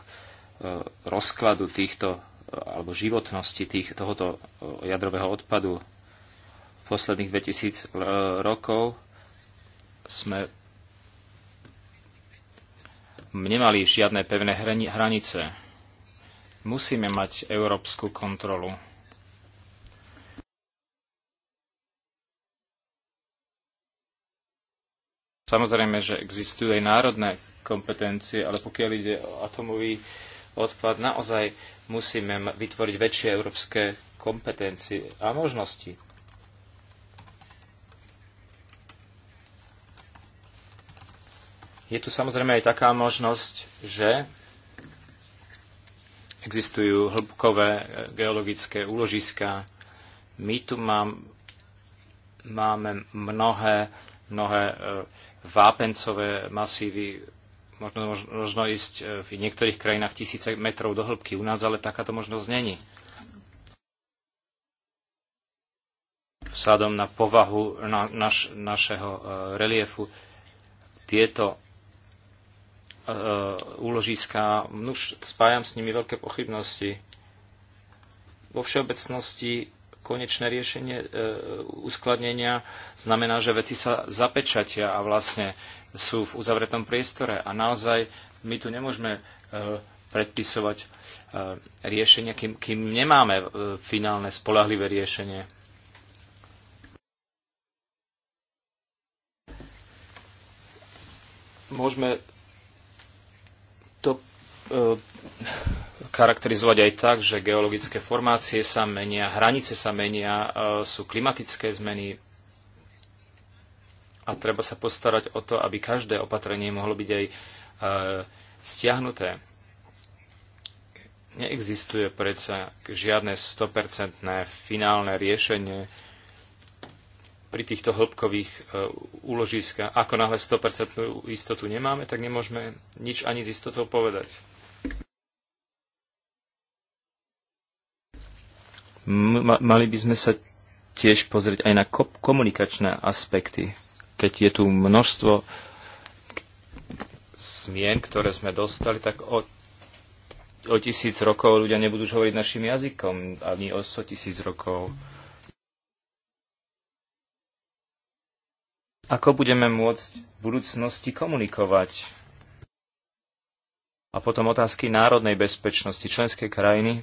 rozkladu týchto alebo životnosti tých, tohoto jadrového odpadu. V posledných 2000 rokov sme nemali žiadne pevné hranice. Musíme mať európsku kontrolu. Samozrejme, že existujú aj národné kompetencie, ale pokiaľ ide o atomový odpad, naozaj musíme vytvoriť väčšie európske kompetencie a možnosti. Je tu samozrejme aj taká možnosť, že existujú hĺbkové e, geologické úložiska. My tu mám, máme mnohé, mnohé e, vápencové masívy, možno, možno ísť e, v niektorých krajinách tisíce metrov do hĺbky. U nás ale takáto možnosť není. Vzhľadom na povahu na, naš, našeho reliefu tieto Eh, úložiska. Nuž, no spájam s nimi veľké pochybnosti. Vo všeobecnosti konečné riešenie e, uskladnenia znamená, že veci sa zapečatia a vlastne sú v uzavretom priestore. A naozaj my tu nemôžeme e, predpisovať e, riešenia, kým, kým nemáme e, finálne spolahlivé riešenie. Môžeme E, charakterizovať aj tak, že geologické formácie sa menia, hranice sa menia, e, sú klimatické zmeny a treba sa postarať o to, aby každé opatrenie mohlo byť aj e, stiahnuté. Neexistuje predsa žiadne 100% finálne riešenie pri týchto hĺbkových úložiskách. Ako náhle 100% istotu nemáme, tak nemôžeme nič ani s istotou povedať. mali by sme sa tiež pozrieť aj na komunikačné aspekty, keď je tu množstvo zmien, ktoré sme dostali, tak o, o tisíc rokov ľudia nebudú už hovoriť našim jazykom, ani o sto tisíc rokov. Ako budeme môcť v budúcnosti komunikovať? A potom otázky národnej bezpečnosti členskej krajiny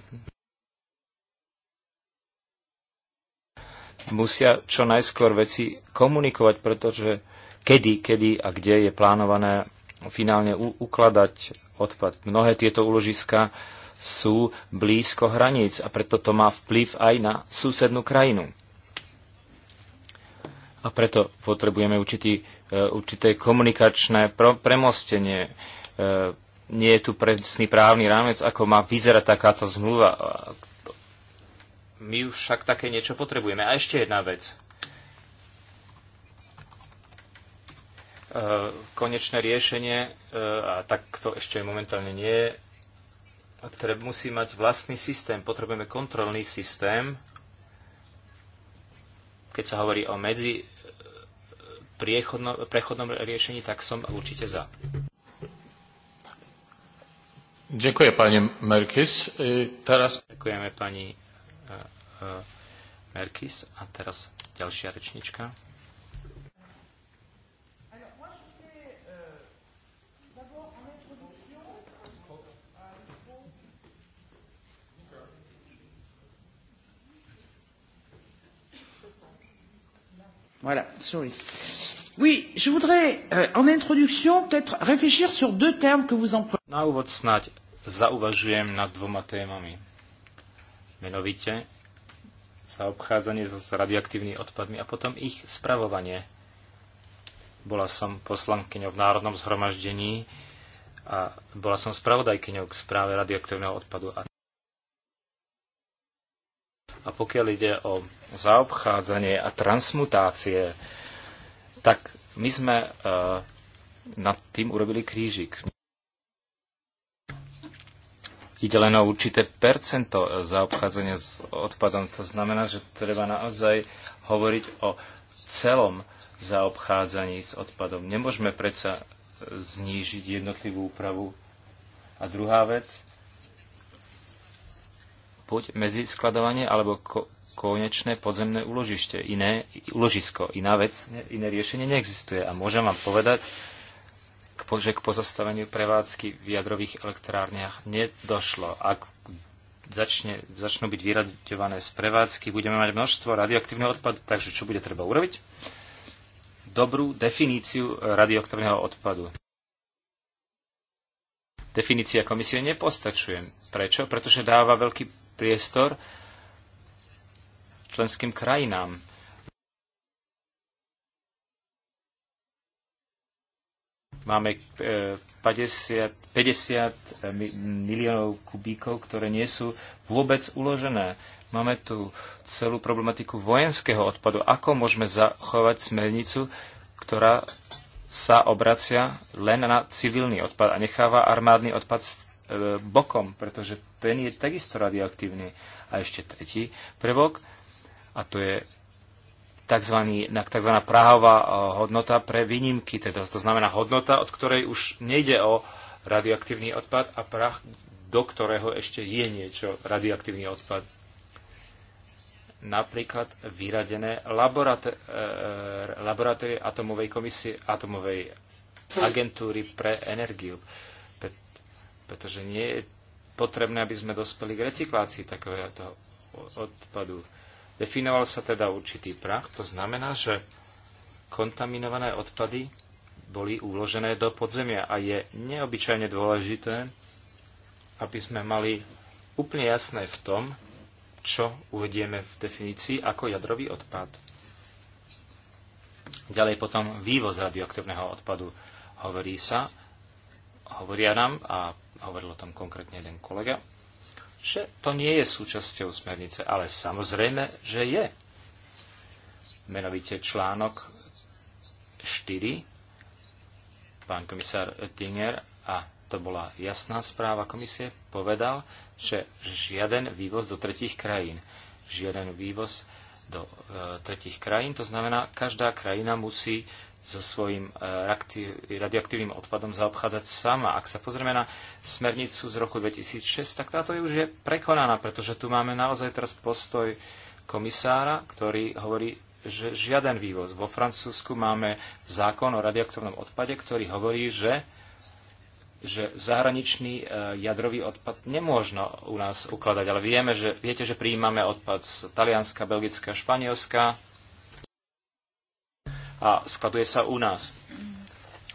musia čo najskôr veci komunikovať, pretože kedy, kedy a kde je plánované finálne ukladať odpad. Mnohé tieto úložiska sú blízko hraníc a preto to má vplyv aj na susednú krajinu. A preto potrebujeme určitý, e, určité komunikačné premostenie. E, nie je tu presný právny rámec, ako má vyzerať takáto zmluva, my však také niečo potrebujeme. A ešte jedna vec. E, konečné riešenie, e, a tak to ešte momentálne nie je, musí mať vlastný systém. Potrebujeme kontrolný systém, keď sa hovorí o medzi e, prechodnom riešení, tak som určite za. Ďakujem pani Merkis. Teraz... Ďakujeme pani Eh, Merkis a teraz ďalšia rečnička. Voilà, sorry. Oui, je voudrais, euh, en introduction, peut-être réfléchir sur deux termes que vous employez. Na úvod snáď zauvažujem nad dvoma témami menovite obchádzanie s radioaktívnymi odpadmi a potom ich spravovanie. Bola som poslankyňou v Národnom zhromaždení a bola som spravodajkyňou k správe radioaktívneho odpadu. A pokiaľ ide o zaobchádzanie a transmutácie, tak my sme eh, nad tým urobili krížik ide len o určité percento zaobchádzania s odpadom. To znamená, že treba naozaj hovoriť o celom zaobchádzaní s odpadom. Nemôžeme predsa znížiť jednotlivú úpravu. A druhá vec, buď medzi skladovanie alebo ko- konečné podzemné uložište, iné uložisko. Iná vec, iné riešenie neexistuje. A môžem vám povedať, že k pozastaveniu prevádzky v jadrových elektrárniach nedošlo. Ak začne, začnú byť vyraďované z prevádzky, budeme mať množstvo radioaktívneho odpadu, takže čo bude treba urobiť? Dobrú definíciu radioaktívneho odpadu. Definícia komisie nepostačuje. Prečo? Pretože dáva veľký priestor členským krajinám Máme 50, e, 50 e, miliónov kubíkov, ktoré nie sú vôbec uložené. Máme tu celú problematiku vojenského odpadu. Ako môžeme zachovať smernicu, ktorá sa obracia len na civilný odpad a necháva armádny odpad e, bokom, pretože ten je takisto radioaktívny. A ešte tretí prvok, a to je tzv. tzv. Eh, hodnota pre výnimky, teda to znamená hodnota, od ktorej už nejde o radioaktívny odpad a prach, do ktorého ešte je niečo radioaktívny odpad. Napríklad vyradené eh, eh, laboratórie atomovej komisie, atomovej agentúry pre energiu. pretože nie je potrebné, aby sme dospeli k recyklácii takového odpadu. Definoval sa teda určitý prach, to znamená, že kontaminované odpady boli uložené do podzemia a je neobyčajne dôležité, aby sme mali úplne jasné v tom, čo uvedieme v definícii ako jadrový odpad. Ďalej potom vývoz radioaktívneho odpadu. Hovorí sa, hovoria nám a hovoril o tom konkrétne jeden kolega, že to nie je súčasťou smernice, ale samozrejme, že je. Menovite článok 4, pán komisár Oettinger, a to bola jasná správa komisie, povedal, že žiaden vývoz do tretich krajín, žiaden vývoz do e, tretich krajín, to znamená, každá krajina musí so svojím e, radioaktívnym odpadom zaobchádzať sama. Ak sa pozrieme na smernicu z roku 2006, tak táto je už je prekonaná, pretože tu máme naozaj teraz postoj komisára, ktorý hovorí, že žiaden vývoz. Vo Francúzsku máme zákon o radioaktívnom odpade, ktorý hovorí, že že zahraničný e, jadrový odpad nemôžno u nás ukladať, ale vieme, že, viete, že prijímame odpad z Talianska, Belgická, Španielska, a skladuje sa u nás.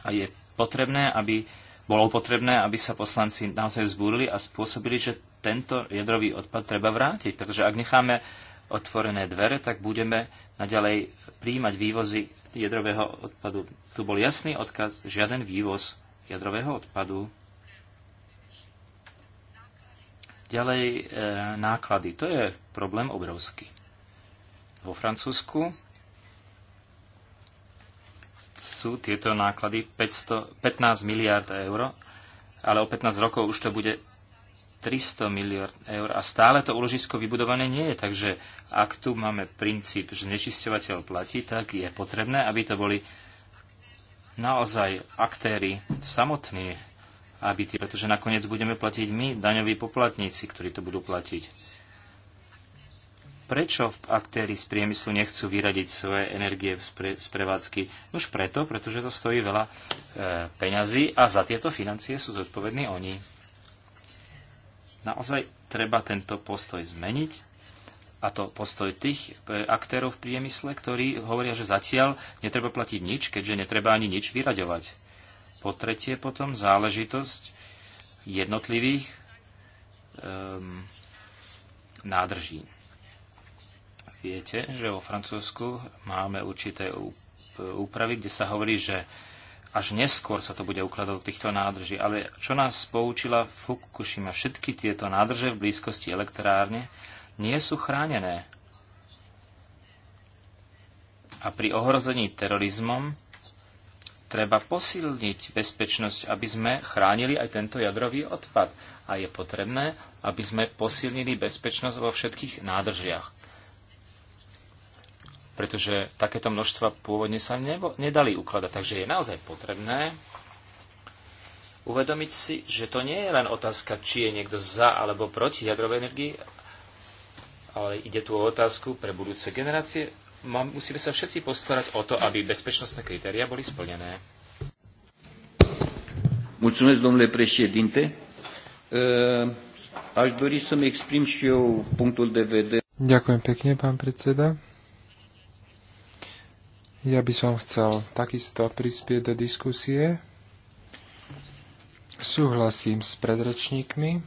A je potrebné, aby bolo potrebné, aby sa poslanci naozaj vzbúrili a spôsobili, že tento jadrový odpad treba vrátiť, pretože ak necháme otvorené dvere, tak budeme naďalej príjmať vývozy jadrového odpadu. Tu bol jasný odkaz, žiaden vývoz jadrového odpadu. Ďalej e, náklady. To je problém obrovský. Vo Francúzsku sú tieto náklady 500, 15 miliard eur, ale o 15 rokov už to bude 300 miliard eur a stále to uložisko vybudované nie je. Takže ak tu máme princíp, že nečisťovateľ platí, tak je potrebné, aby to boli naozaj aktéry samotní, aby tí, pretože nakoniec budeme platiť my, daňoví poplatníci, ktorí to budú platiť. Prečo aktéry z priemyslu nechcú vyradiť svoje energie z, prevádzky? Už preto, pretože to stojí veľa e, peňazí a za tieto financie sú zodpovední oni. Naozaj treba tento postoj zmeniť a to postoj tých e, aktérov v priemysle, ktorí hovoria, že zatiaľ netreba platiť nič, keďže netreba ani nič vyraďovať. Po tretie potom záležitosť jednotlivých um, nádrží. Viete, že vo Francúzsku máme určité úpravy, kde sa hovorí, že až neskôr sa to bude ukladať týchto nádrží. Ale čo nás poučila Fukushima, všetky tieto nádrže v blízkosti elektrárne nie sú chránené. A pri ohrození terorizmom treba posilniť bezpečnosť, aby sme chránili aj tento jadrový odpad. A je potrebné, aby sme posilnili bezpečnosť vo všetkých nádržiach pretože takéto množstva pôvodne sa nebo, nedali ukladať. Takže je naozaj potrebné uvedomiť si, že to nie je len otázka, či je niekto za alebo proti jadrovej energii, ale ide tu o otázku pre budúce generácie. Musíme sa všetci postarať o to, aby bezpečnostné kritéria boli splnené. Mulțumesc, domnule președinte. Aș dori să-mi exprim și eu punctul de vedere. Ďakujem pekne, pán predseda. Ja by som chcel takisto prispieť do diskusie. Súhlasím s predrečníkmi.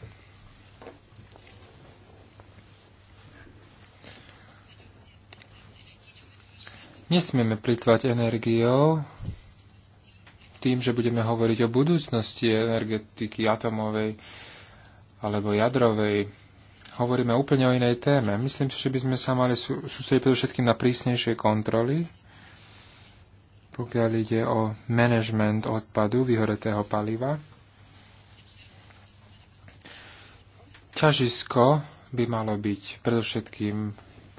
Nesmieme plitvať energiou tým, že budeme hovoriť o budúcnosti energetiky atomovej alebo jadrovej. Hovoríme úplne o inej téme. Myslím si, že by sme sa mali sústrediť predovšetkým na prísnejšie kontroly pokiaľ ide o management odpadu vyhoretého paliva. Ťažisko by malo byť predovšetkým,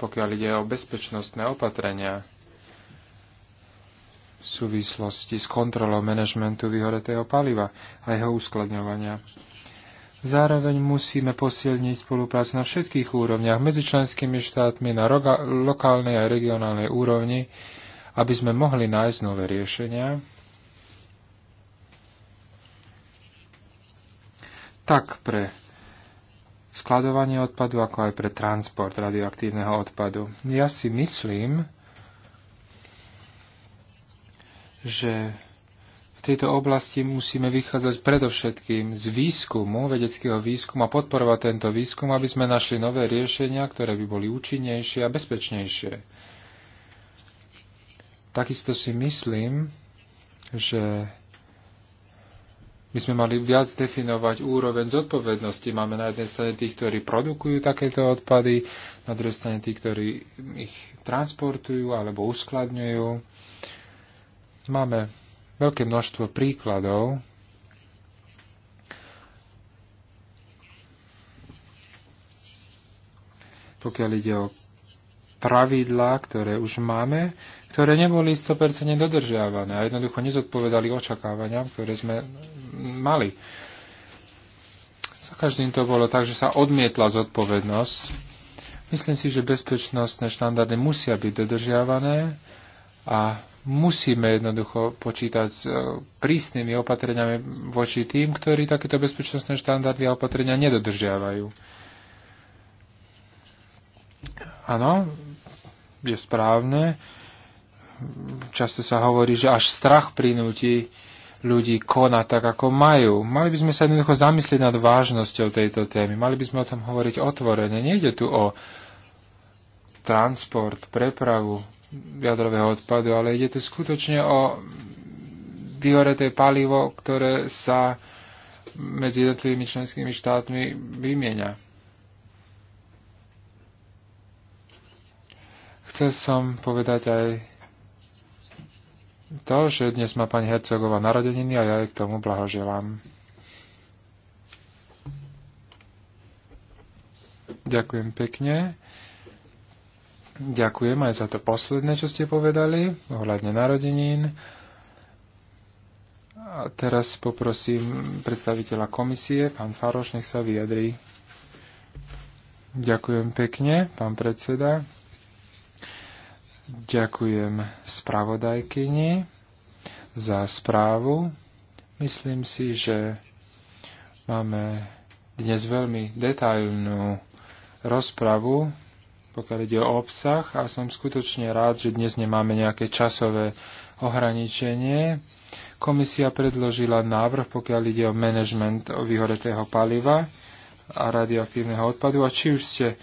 pokiaľ ide o bezpečnostné opatrenia v súvislosti s kontrolou manažmentu vyhoretého paliva a jeho uskladňovania. Zároveň musíme posilniť spoluprácu na všetkých úrovniach medzi členskými štátmi na lokálnej a regionálnej úrovni, aby sme mohli nájsť nové riešenia, tak pre skladovanie odpadu, ako aj pre transport radioaktívneho odpadu. Ja si myslím, že v tejto oblasti musíme vychádzať predovšetkým z výskumu, vedeckého výskumu a podporovať tento výskum, aby sme našli nové riešenia, ktoré by boli účinnejšie a bezpečnejšie. Takisto si myslím, že my sme mali viac definovať úroveň zodpovednosti. Máme na jednej strane tých, ktorí produkujú takéto odpady, na druhej strane tých, ktorí ich transportujú alebo uskladňujú. Máme veľké množstvo príkladov. Pokiaľ ide o pravidlá, ktoré už máme, ktoré neboli 100% dodržiavané a jednoducho nezodpovedali očakávaniam, ktoré sme mali. Za každým to bolo tak, že sa odmietla zodpovednosť. Myslím si, že bezpečnostné štandardy musia byť dodržiavané a musíme jednoducho počítať s e, prísnymi opatreniami voči tým, ktorí takéto bezpečnostné štandardy a opatrenia nedodržiavajú. Áno, je správne, často sa hovorí, že až strach prinúti ľudí konať tak, ako majú. Mali by sme sa jednoducho zamyslieť nad vážnosťou tejto témy. Mali by sme o tom hovoriť otvorene. Nejde tu o transport, prepravu jadrového odpadu, ale ide tu skutočne o vyhoreté palivo, ktoré sa medzi jednotlivými členskými štátmi vymieňa. Chcel som povedať aj to, že dnes má pani Hercegová narodeniny a ja jej k tomu blahoželám. Ďakujem pekne. Ďakujem aj za to posledné, čo ste povedali ohľadne narodenín. A teraz poprosím predstaviteľa komisie, pán Faroš, nech sa vyjadrí. Ďakujem pekne, pán predseda. Ďakujem spravodajkyni za správu. Myslím si, že máme dnes veľmi detailnú rozpravu, pokiaľ ide o obsah a som skutočne rád, že dnes nemáme nejaké časové ohraničenie. Komisia predložila návrh, pokiaľ ide o management vyhoretého paliva a radioaktívneho odpadu a či už ste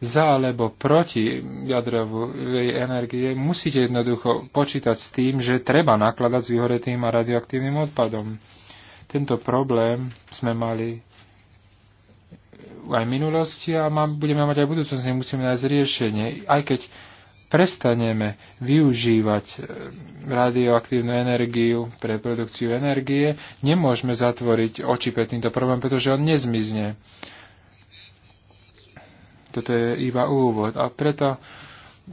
za alebo proti jadrovej energie, musíte jednoducho počítať s tým, že treba nakladať s vyhoretým a radioaktívnym odpadom. Tento problém sme mali aj v minulosti a má, budeme mať aj v budúcnosti, musíme nájsť riešenie. Aj keď prestaneme využívať e, radioaktívnu energiu pre produkciu energie, nemôžeme zatvoriť oči pred týmto problémom, pretože on nezmizne. Toto je iba úvod. A preto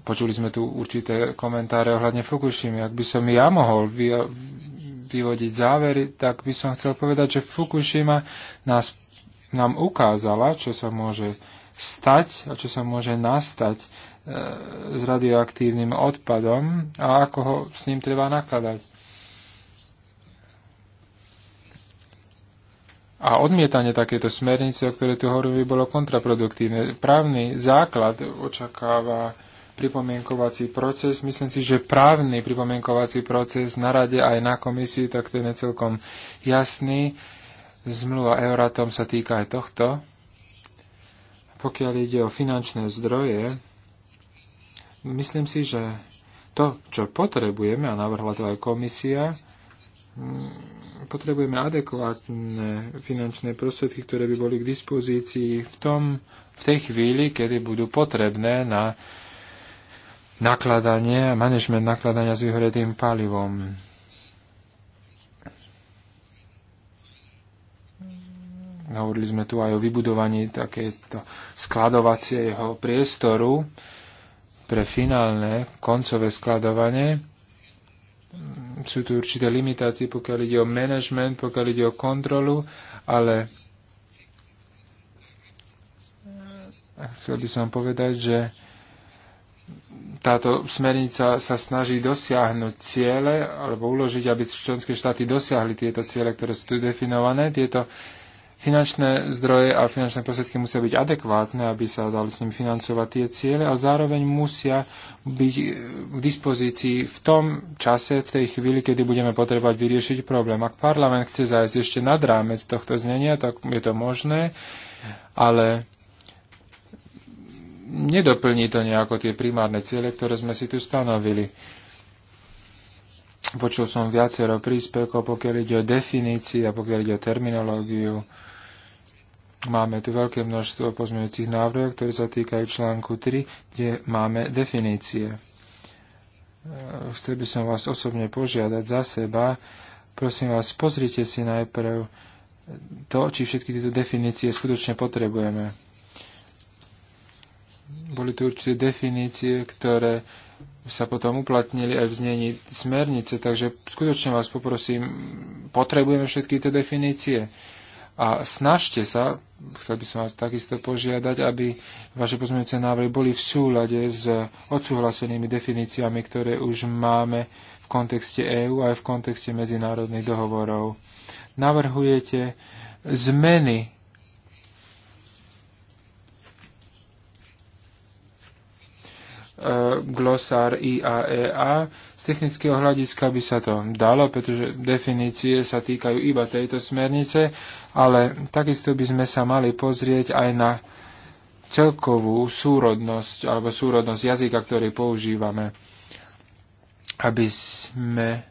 počuli sme tu určité komentáre ohľadne Fukushimy. Ak by som ja mohol vy, vyvodiť závery, tak by som chcel povedať, že Fukushima nás, nám ukázala, čo sa môže stať a čo sa môže nastať e, s radioaktívnym odpadom a ako ho s ním treba nakladať. A odmietanie takéto smernice, o ktorej tu hovorili, bolo kontraproduktívne. Právny základ očakáva pripomienkovací proces. Myslím si, že právny pripomienkovací proces na rade aj na komisii, tak ten je celkom jasný. Zmluva Euratom sa týka aj tohto. Pokiaľ ide o finančné zdroje, myslím si, že to, čo potrebujeme, a navrhla to aj komisia, potrebujeme adekvátne finančné prostriedky, ktoré by boli k dispozícii v, tom, v tej chvíli, kedy budú potrebné na nakladanie, manažment nakladania s vyhoretým palivom. Hovorili sme tu aj o vybudovaní takéto skladovacieho priestoru pre finálne koncové skladovanie sú tu určité limitácie, pokiaľ ide o management, pokiaľ ide o kontrolu, ale chcel by som povedať, že táto smernica sa snaží dosiahnuť ciele alebo uložiť, aby členské štáty dosiahli tieto ciele, ktoré sú tu definované. Tieto finančné zdroje a finančné prostriedky musia byť adekvátne, aby sa dali s ním financovať tie ciele a zároveň musia byť k eh, dispozícii v tom čase, v tej chvíli, kedy budeme potrebovať vyriešiť problém. Ak parlament chce zájsť ešte nad rámec tohto znenia, tak je to možné, ale nedoplní to nejako tie primárne ciele, ktoré sme si tu stanovili. Počul som viacero príspevkov, pokiaľ ide o definícii a pokiaľ ide o terminológiu. Máme tu veľké množstvo pozmeňujúcich návrhov, ktoré sa týkajú článku 3, kde máme definície. E, chcel by som vás osobne požiadať za seba. Prosím vás, pozrite si najprv to, či všetky tieto definície skutočne potrebujeme. Boli tu určité definície, ktoré sa potom uplatnili aj v znení smernice. Takže skutočne vás poprosím, potrebujeme všetky tie definície. A snažte sa, chcel by som vás takisto požiadať, aby vaše pozmeňujúce návrhy boli v súlade s odsúhlasenými definíciami, ktoré už máme v kontexte EÚ aj v kontexte medzinárodných dohovorov. Navrhujete zmeny E, glosár IAEA. E Z technického hľadiska by sa to dalo, pretože definície sa týkajú iba tejto smernice, ale takisto by sme sa mali pozrieť aj na celkovú súrodnosť alebo súrodnosť jazyka, ktorý používame, aby sme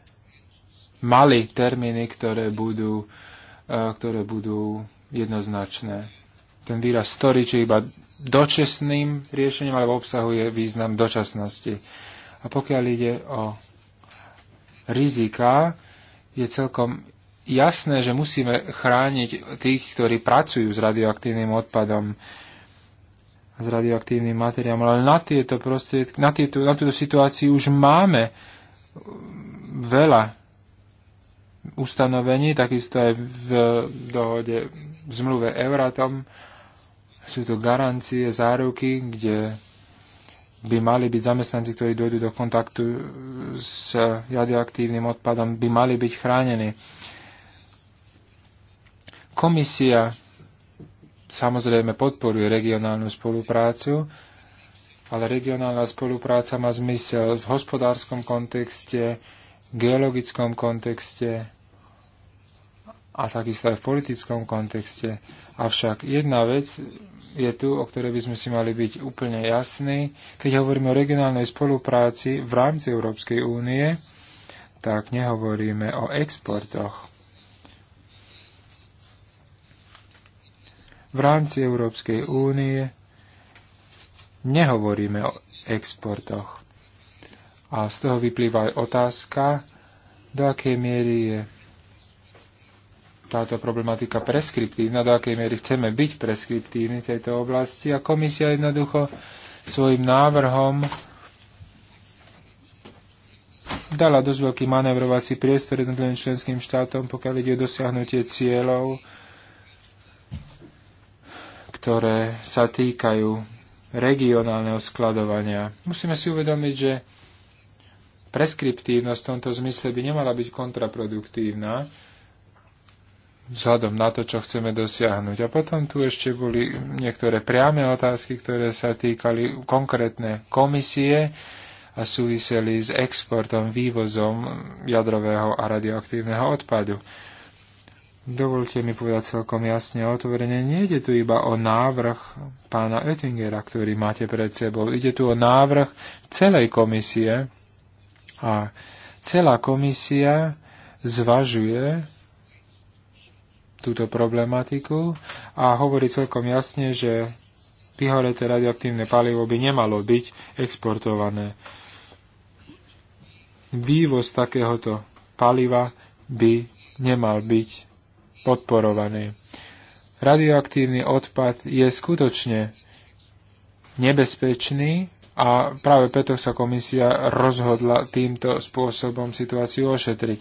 mali termíny, ktoré budú, e, ktoré budú jednoznačné. Ten výraz story, či iba dočasným riešením alebo obsahuje význam dočasnosti. A pokiaľ ide o rizika, je celkom jasné, že musíme chrániť tých, ktorí pracujú s radioaktívnym odpadom, s radioaktívnym materiálom, ale na, tieto proste, na, tieto, na túto situáciu už máme veľa ustanovení, takisto aj v dohode v zmluve Euratom, sú to garancie, záruky, kde by mali byť zamestnanci, ktorí dojdú do kontaktu s radioaktívnym odpadom, by mali byť chránení. Komisia samozrejme podporuje regionálnu spoluprácu, ale regionálna spolupráca má zmysel v hospodárskom kontexte, geologickom kontexte, a takisto aj v politickom kontexte. Avšak jedna vec je tu, o ktorej by sme si mali byť úplne jasní. Keď hovoríme o regionálnej spolupráci v rámci Európskej únie, tak nehovoríme o exportoch. V rámci Európskej únie nehovoríme o exportoch. A z toho vyplýva aj otázka, do akej miery je táto problematika preskriptívna, do akej miery chceme byť preskriptívni v tejto oblasti a komisia jednoducho svojim návrhom dala dosť veľký manevrovací priestor jednotlivým členským štátom, pokiaľ ide o dosiahnutie cieľov, ktoré sa týkajú regionálneho skladovania. Musíme si uvedomiť, že preskriptívnosť v tomto zmysle by nemala byť kontraproduktívna, vzhľadom na to, čo chceme dosiahnuť. A potom tu ešte boli niektoré priame otázky, ktoré sa týkali konkrétne komisie a súviseli s exportom, vývozom jadrového a radioaktívneho odpadu. Dovolte mi povedať celkom jasne a otvorene, ide tu iba o návrh pána Oettingera, ktorý máte pred sebou. Ide tu o návrh celej komisie a celá komisia zvažuje túto problematiku a hovorí celkom jasne, že vyhoreté radioaktívne palivo by nemalo byť exportované. Vývoz takéhoto paliva by nemal byť podporovaný. Radioaktívny odpad je skutočne nebezpečný a práve preto sa komisia rozhodla týmto spôsobom situáciu ošetriť.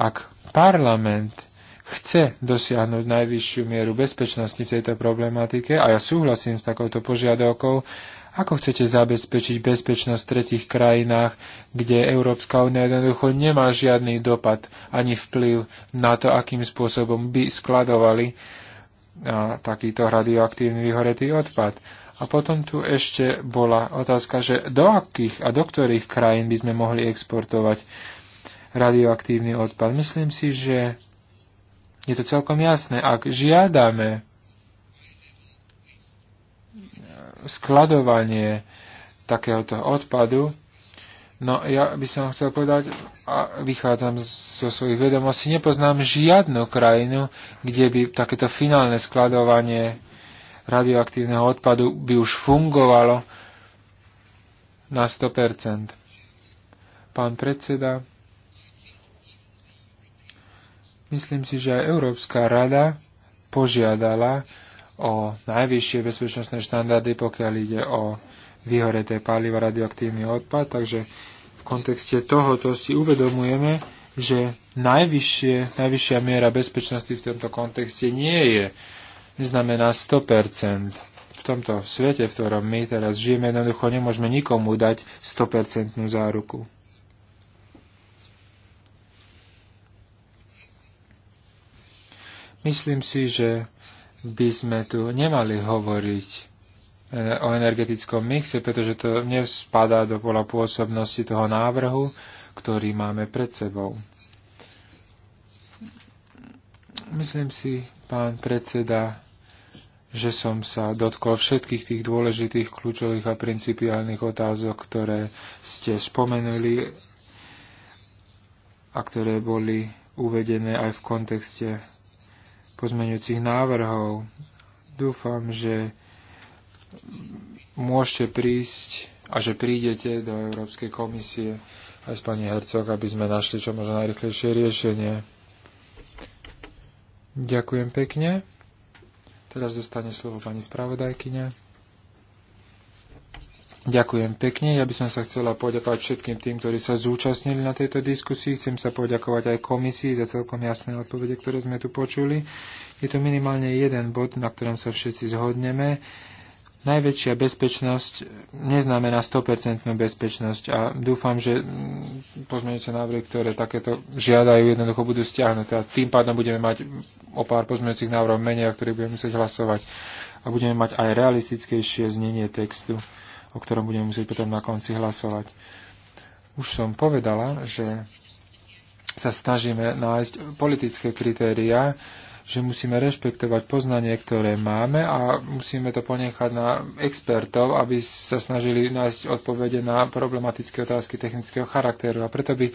Ak parlament chce dosiahnuť najvyššiu mieru bezpečnosti v tejto problematike, a ja súhlasím s takouto požiadavkou, ako chcete zabezpečiť bezpečnosť v tretich krajinách, kde Európska únia jednoducho nemá žiadny dopad ani vplyv na to, akým spôsobom by skladovali a, takýto radioaktívny vyhoretý odpad. A potom tu ešte bola otázka, že do akých a do ktorých krajín by sme mohli exportovať radioaktívny odpad. Myslím si, že je to celkom jasné. Ak žiadame skladovanie takéhoto odpadu, no ja by som chcel povedať, a vychádzam zo svojich vedomostí, nepoznám žiadnu krajinu, kde by takéto finálne skladovanie radioaktívneho odpadu by už fungovalo na 100%. Pán predseda, Myslím si, že aj Európska rada požiadala o najvyššie bezpečnostné štandardy, pokiaľ ide o vyhoreté palivo, radioaktívny odpad. Takže v kontexte tohoto si uvedomujeme, že najvyššie, najvyššia miera bezpečnosti v tomto kontexte nie je, neznamená 100%. V tomto svete, v ktorom my teraz žijeme, jednoducho nemôžeme nikomu dať 100% záruku. Myslím si, že by sme tu nemali hovoriť e, o energetickom mixe, pretože to nevzpadá do pola pôsobnosti toho návrhu, ktorý máme pred sebou. Myslím si, pán predseda, že som sa dotkol všetkých tých dôležitých kľúčových a principiálnych otázok, ktoré ste spomenuli a ktoré boli uvedené aj v kontexte pozmeňujúcich návrhov. Dúfam, že môžete prísť a že prídete do Európskej komisie aj s pani Hercog, aby sme našli čo možno najrychlejšie riešenie. Ďakujem pekne. Teraz dostane slovo pani spravodajkyňa. Ďakujem pekne. Ja by som sa chcela poďakovať všetkým tým, ktorí sa zúčastnili na tejto diskusii. Chcem sa poďakovať aj komisii za celkom jasné odpovede, ktoré sme tu počuli. Je to minimálne jeden bod, na ktorom sa všetci zhodneme. Najväčšia bezpečnosť neznamená 100% bezpečnosť a dúfam, že mm, pozmeňujúce návrhy, ktoré takéto žiadajú, jednoducho budú stiahnuté a tým pádom budeme mať o pár pozmeňujúcich návrhov menej, o ktorých budeme musieť hlasovať a budeme mať aj realistickejšie znenie textu o ktorom budeme musieť potom na konci hlasovať. Už som povedala, že sa snažíme nájsť politické kritériá, že musíme rešpektovať poznanie, ktoré máme a musíme to ponechať na expertov, aby sa snažili nájsť odpovede na problematické otázky technického charakteru. A preto by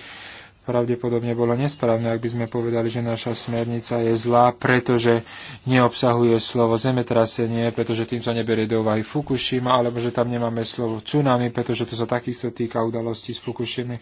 pravdepodobne bolo nesprávne, ak by sme povedali, že naša smernica je zlá, pretože neobsahuje slovo zemetrasenie, pretože tým sa neberie do úvahy Fukushima, alebo že tam nemáme slovo tsunami, pretože to sa takisto týka udalostí z Fukushimy.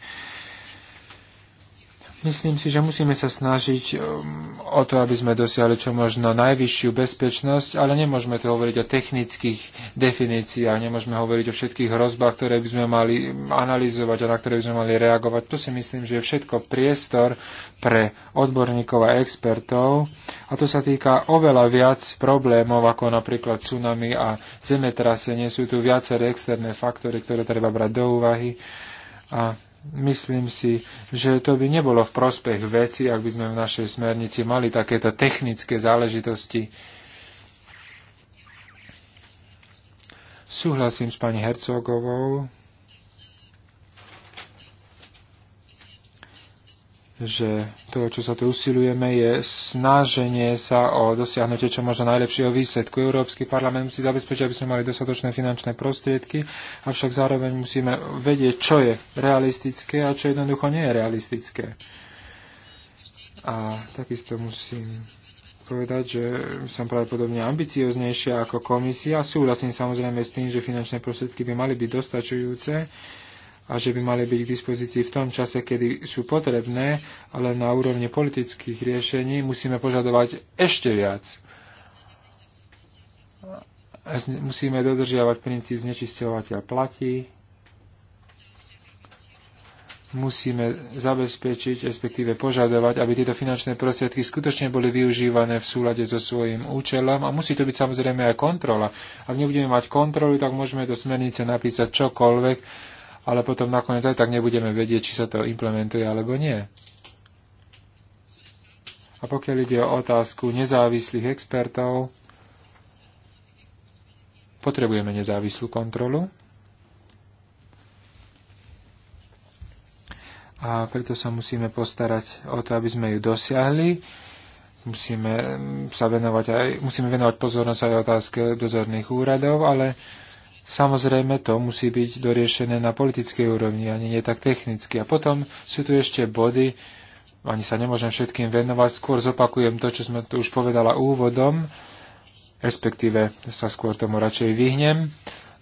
Myslím si, že musíme sa snažiť um, o to, aby sme dosiahli čo možno najvyššiu bezpečnosť, ale nemôžeme to hovoriť o technických definíciách, nemôžeme hovoriť o všetkých hrozbách, ktoré by sme mali um, analyzovať a na ktoré by sme mali reagovať. To si myslím, že je všetko priestor pre odborníkov a expertov a to sa týka oveľa viac problémov, ako napríklad tsunami a zemetrasenie. Sú tu viaceré externé faktory, ktoré treba brať do úvahy. A Myslím si, že to by nebolo v prospech veci, ak by sme v našej smernici mali takéto technické záležitosti. Súhlasím s pani Hercogovou že to, čo sa tu usilujeme, je snaženie sa o dosiahnutie čo možno najlepšieho výsledku. Európsky parlament musí zabezpečiť, aby sme mali dostatočné finančné prostriedky, avšak zároveň musíme vedieť, čo je realistické a čo jednoducho nie je realistické. A takisto musím povedať, že som pravdepodobne ambicioznejšia ako komisia. Súhlasím samozrejme s tým, že finančné prostriedky by mali byť dostačujúce, a že by mali byť k dispozícii v tom čase, kedy sú potrebné, ale na úrovni politických riešení musíme požadovať ešte viac. Musíme dodržiavať princíp znečisťovateľ platí. Musíme zabezpečiť, respektíve požadovať, aby tieto finančné prostriedky skutočne boli využívané v súlade so svojím účelom a musí to byť samozrejme aj kontrola. Ak nebudeme mať kontrolu, tak môžeme do smernice napísať čokoľvek, ale potom nakoniec aj tak nebudeme vedieť, či sa to implementuje alebo nie. A pokiaľ ide o otázku nezávislých expertov, potrebujeme nezávislú kontrolu. A preto sa musíme postarať o to, aby sme ju dosiahli. Musíme sa venovať aj, musíme venovať pozornosť aj otázke dozorných úradov, ale Samozrejme, to musí byť doriešené na politickej úrovni, ani nie tak technicky. A potom sú tu ešte body, ani sa nemôžem všetkým venovať, skôr zopakujem to, čo sme tu už povedala úvodom, respektíve sa skôr tomu radšej vyhnem.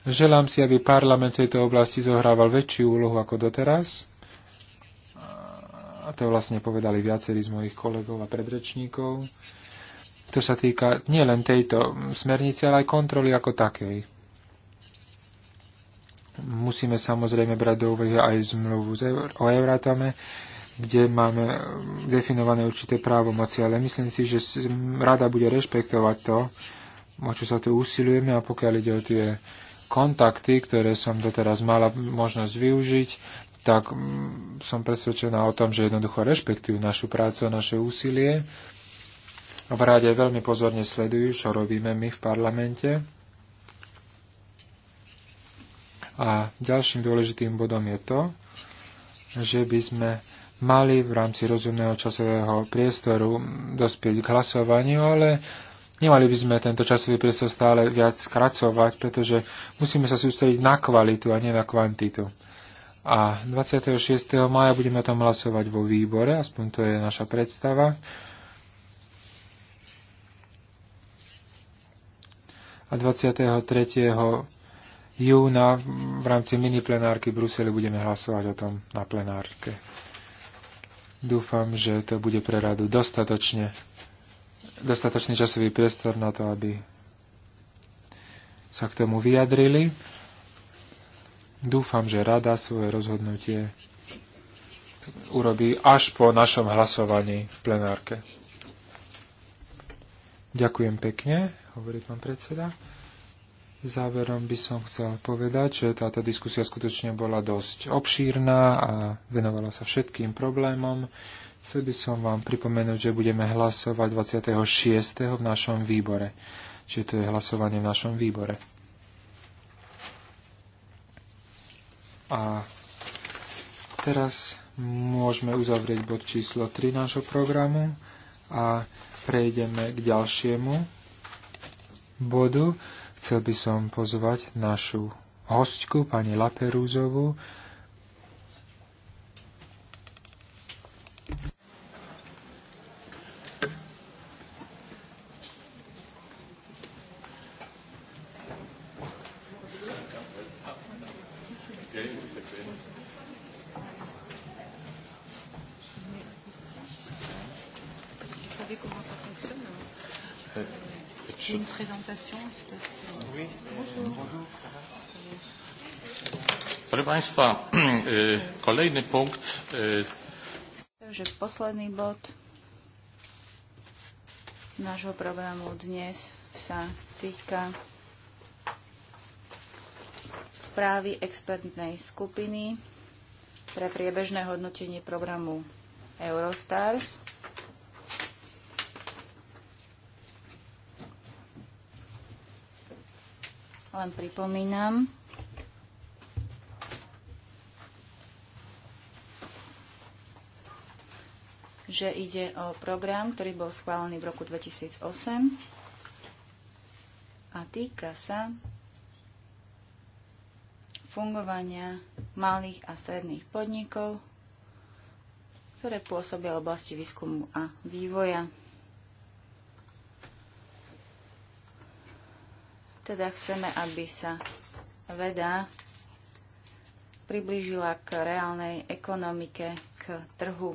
Želám si, aby parlament v tejto oblasti zohrával väčšiu úlohu ako doteraz. A to vlastne povedali viacerí z mojich kolegov a predrečníkov. To sa týka nielen tejto smernice, ale aj kontroly ako takej musíme samozrejme brať do úvahy aj zmluvu o Euratome, kde máme eh, definované určité právomoci, ale myslím si, že rada bude rešpektovať to, o čo sa tu usilujeme a pokiaľ ide o tie kontakty, ktoré som doteraz mala možnosť využiť, tak mm, som presvedčená o tom, že jednoducho rešpektujú našu prácu a naše úsilie. V rade veľmi pozorne sledujú, čo robíme my v parlamente a ďalším dôležitým bodom je to, že by sme mali v rámci rozumného časového priestoru dospieť k hlasovaniu, ale nemali by sme tento časový priestor stále viac skracovať, pretože musíme sa sústrediť na kvalitu a nie na kvantitu. A 26. maja budeme o tom hlasovať vo výbore, aspoň to je naša predstava. A 23 júna v rámci mini plenárky v Bruseli budeme hlasovať o tom na plenárke. Dúfam, že to bude pre radu dostatočne, dostatočný časový priestor na to, aby sa k tomu vyjadrili. Dúfam, že rada svoje rozhodnutie urobí až po našom hlasovaní v plenárke. Ďakujem pekne, hovorí pán predseda. Záverom by som chcel povedať, že táto diskusia skutočne bola dosť obšírna a venovala sa všetkým problémom. Chcel by som vám pripomenúť, že budeme hlasovať 26. v našom výbore. Čiže to je hlasovanie v našom výbore. A teraz môžeme uzavrieť bod číslo 3 nášho programu a prejdeme k ďalšiemu bodu chcel by som pozvať našu hostku, pani Laperúzovú. Euh, Une présentation, c'est pas Proszę Państwa, kolejny punkt. Takže posledný bod nášho programu dnes sa týka správy expertnej skupiny pre priebežné hodnotenie programu Eurostars Len pripomínam, že ide o program, ktorý bol schválený v roku 2008 a týka sa fungovania malých a stredných podnikov, ktoré pôsobia v oblasti výskumu a vývoja. Teda chceme, aby sa veda priblížila k reálnej ekonomike, k trhu.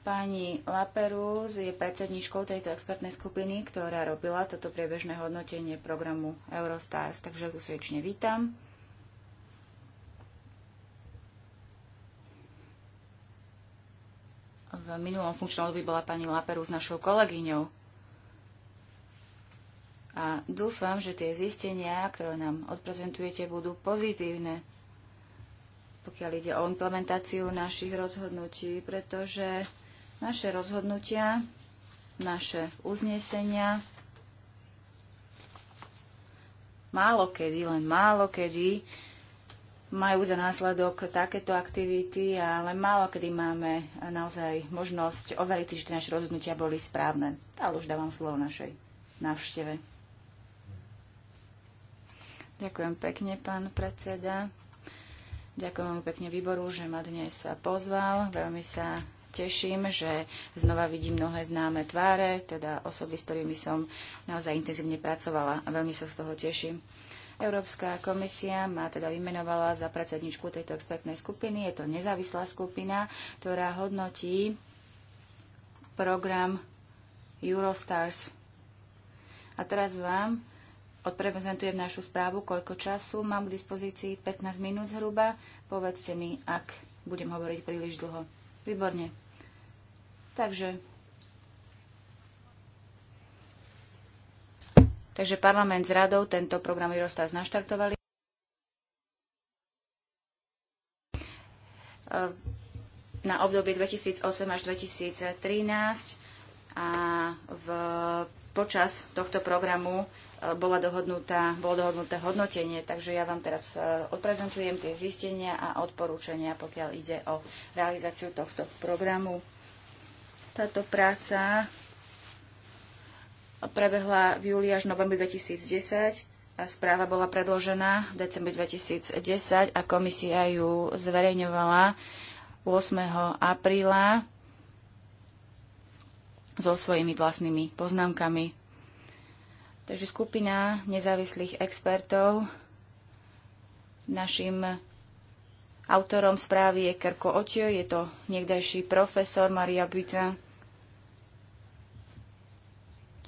Pani Laperus je predsedničkou tejto expertnej skupiny, ktorá robila toto priebežné hodnotenie programu Eurostars, takže ju srdečne vítam. V minulom funkčnom období bola pani Laperus našou kolegyňou a dúfam, že tie zistenia, ktoré nám odprezentujete, budú pozitívne, pokiaľ ide o implementáciu našich rozhodnutí, pretože naše rozhodnutia, naše uznesenia, málo kedy, len málo kedy majú za následok takéto aktivity, ale málo kedy máme naozaj možnosť overiť, že naše rozhodnutia boli správne. Ale už dávam slovo našej návšteve. Ďakujem pekne, pán predseda. Ďakujem veľmi pekne výboru, že ma dnes sa pozval. Veľmi sa teším, že znova vidím mnohé známe tváre, teda osoby, s ktorými som naozaj intenzívne pracovala a veľmi sa z toho teším. Európska komisia ma teda vymenovala za predsedničku tejto expertnej skupiny. Je to nezávislá skupina, ktorá hodnotí program Eurostars. A teraz vám odprezentujem našu správu, koľko času mám k dispozícii, 15 minút zhruba. Povedzte mi, ak budem hovoriť príliš dlho. Výborne. Takže Takže parlament s radou tento program Eurostars naštartovali. Na obdobie 2008 až 2013 a v, počas tohto programu bola dohodnutá, bolo dohodnuté hodnotenie, takže ja vám teraz e, odprezentujem tie zistenia a odporúčania, pokiaľ ide o realizáciu tohto programu. Táto práca prebehla v júli až novembri 2010 a správa bola predložená v decembri 2010 a komisia ju zverejňovala 8. apríla so svojimi vlastnými poznámkami Takže skupina nezávislých expertov. Našim autorom správy je Krko Otio, je to niekdajší profesor Maria Butin.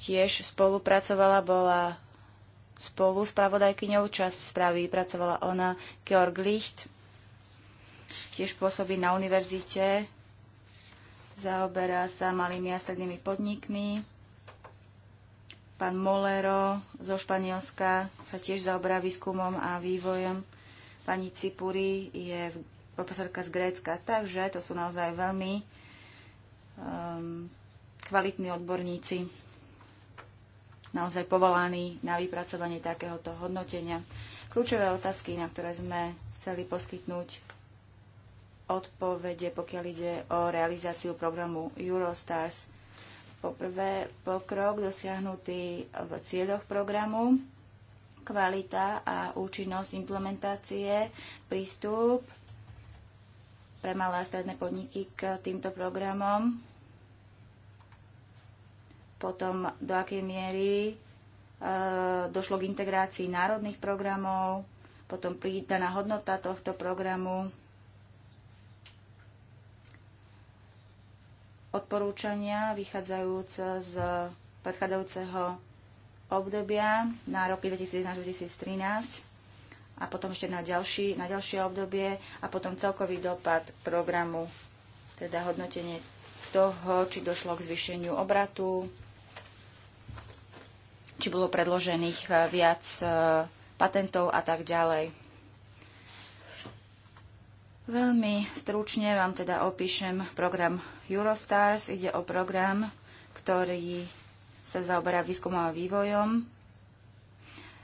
Tiež spolupracovala, bola spolu s pravodajkyňou, časť správy pracovala ona, Georg Licht, tiež pôsobí na univerzite, zaoberá sa malými a strednými podnikmi Pán Molero zo Španielska sa tiež zaoberá výskumom a vývojom. Pani Cipuri je profesorka z Grécka, takže to sú naozaj veľmi um, kvalitní odborníci, naozaj povolaní na vypracovanie takéhoto hodnotenia. Kľúčové otázky, na ktoré sme chceli poskytnúť odpovede, pokiaľ ide o realizáciu programu Eurostars – Poprvé, pokrok dosiahnutý v cieľoch programu, kvalita a účinnosť implementácie, prístup pre malé a stredné podniky k týmto programom, potom do akej miery e, došlo k integrácii národných programov, potom pridaná hodnota tohto programu, odporúčania vychádzajúce z predchádzajúceho obdobia na roky 2011-2013 a potom ešte na, ďalší, na ďalšie obdobie a potom celkový dopad programu, teda hodnotenie toho, či došlo k zvýšeniu obratu, či bolo predložených eh, viac eh, patentov a tak ďalej. Veľmi stručne vám teda opíšem program Eurostars. Ide o program, ktorý sa zaoberá výskumom a vývojom.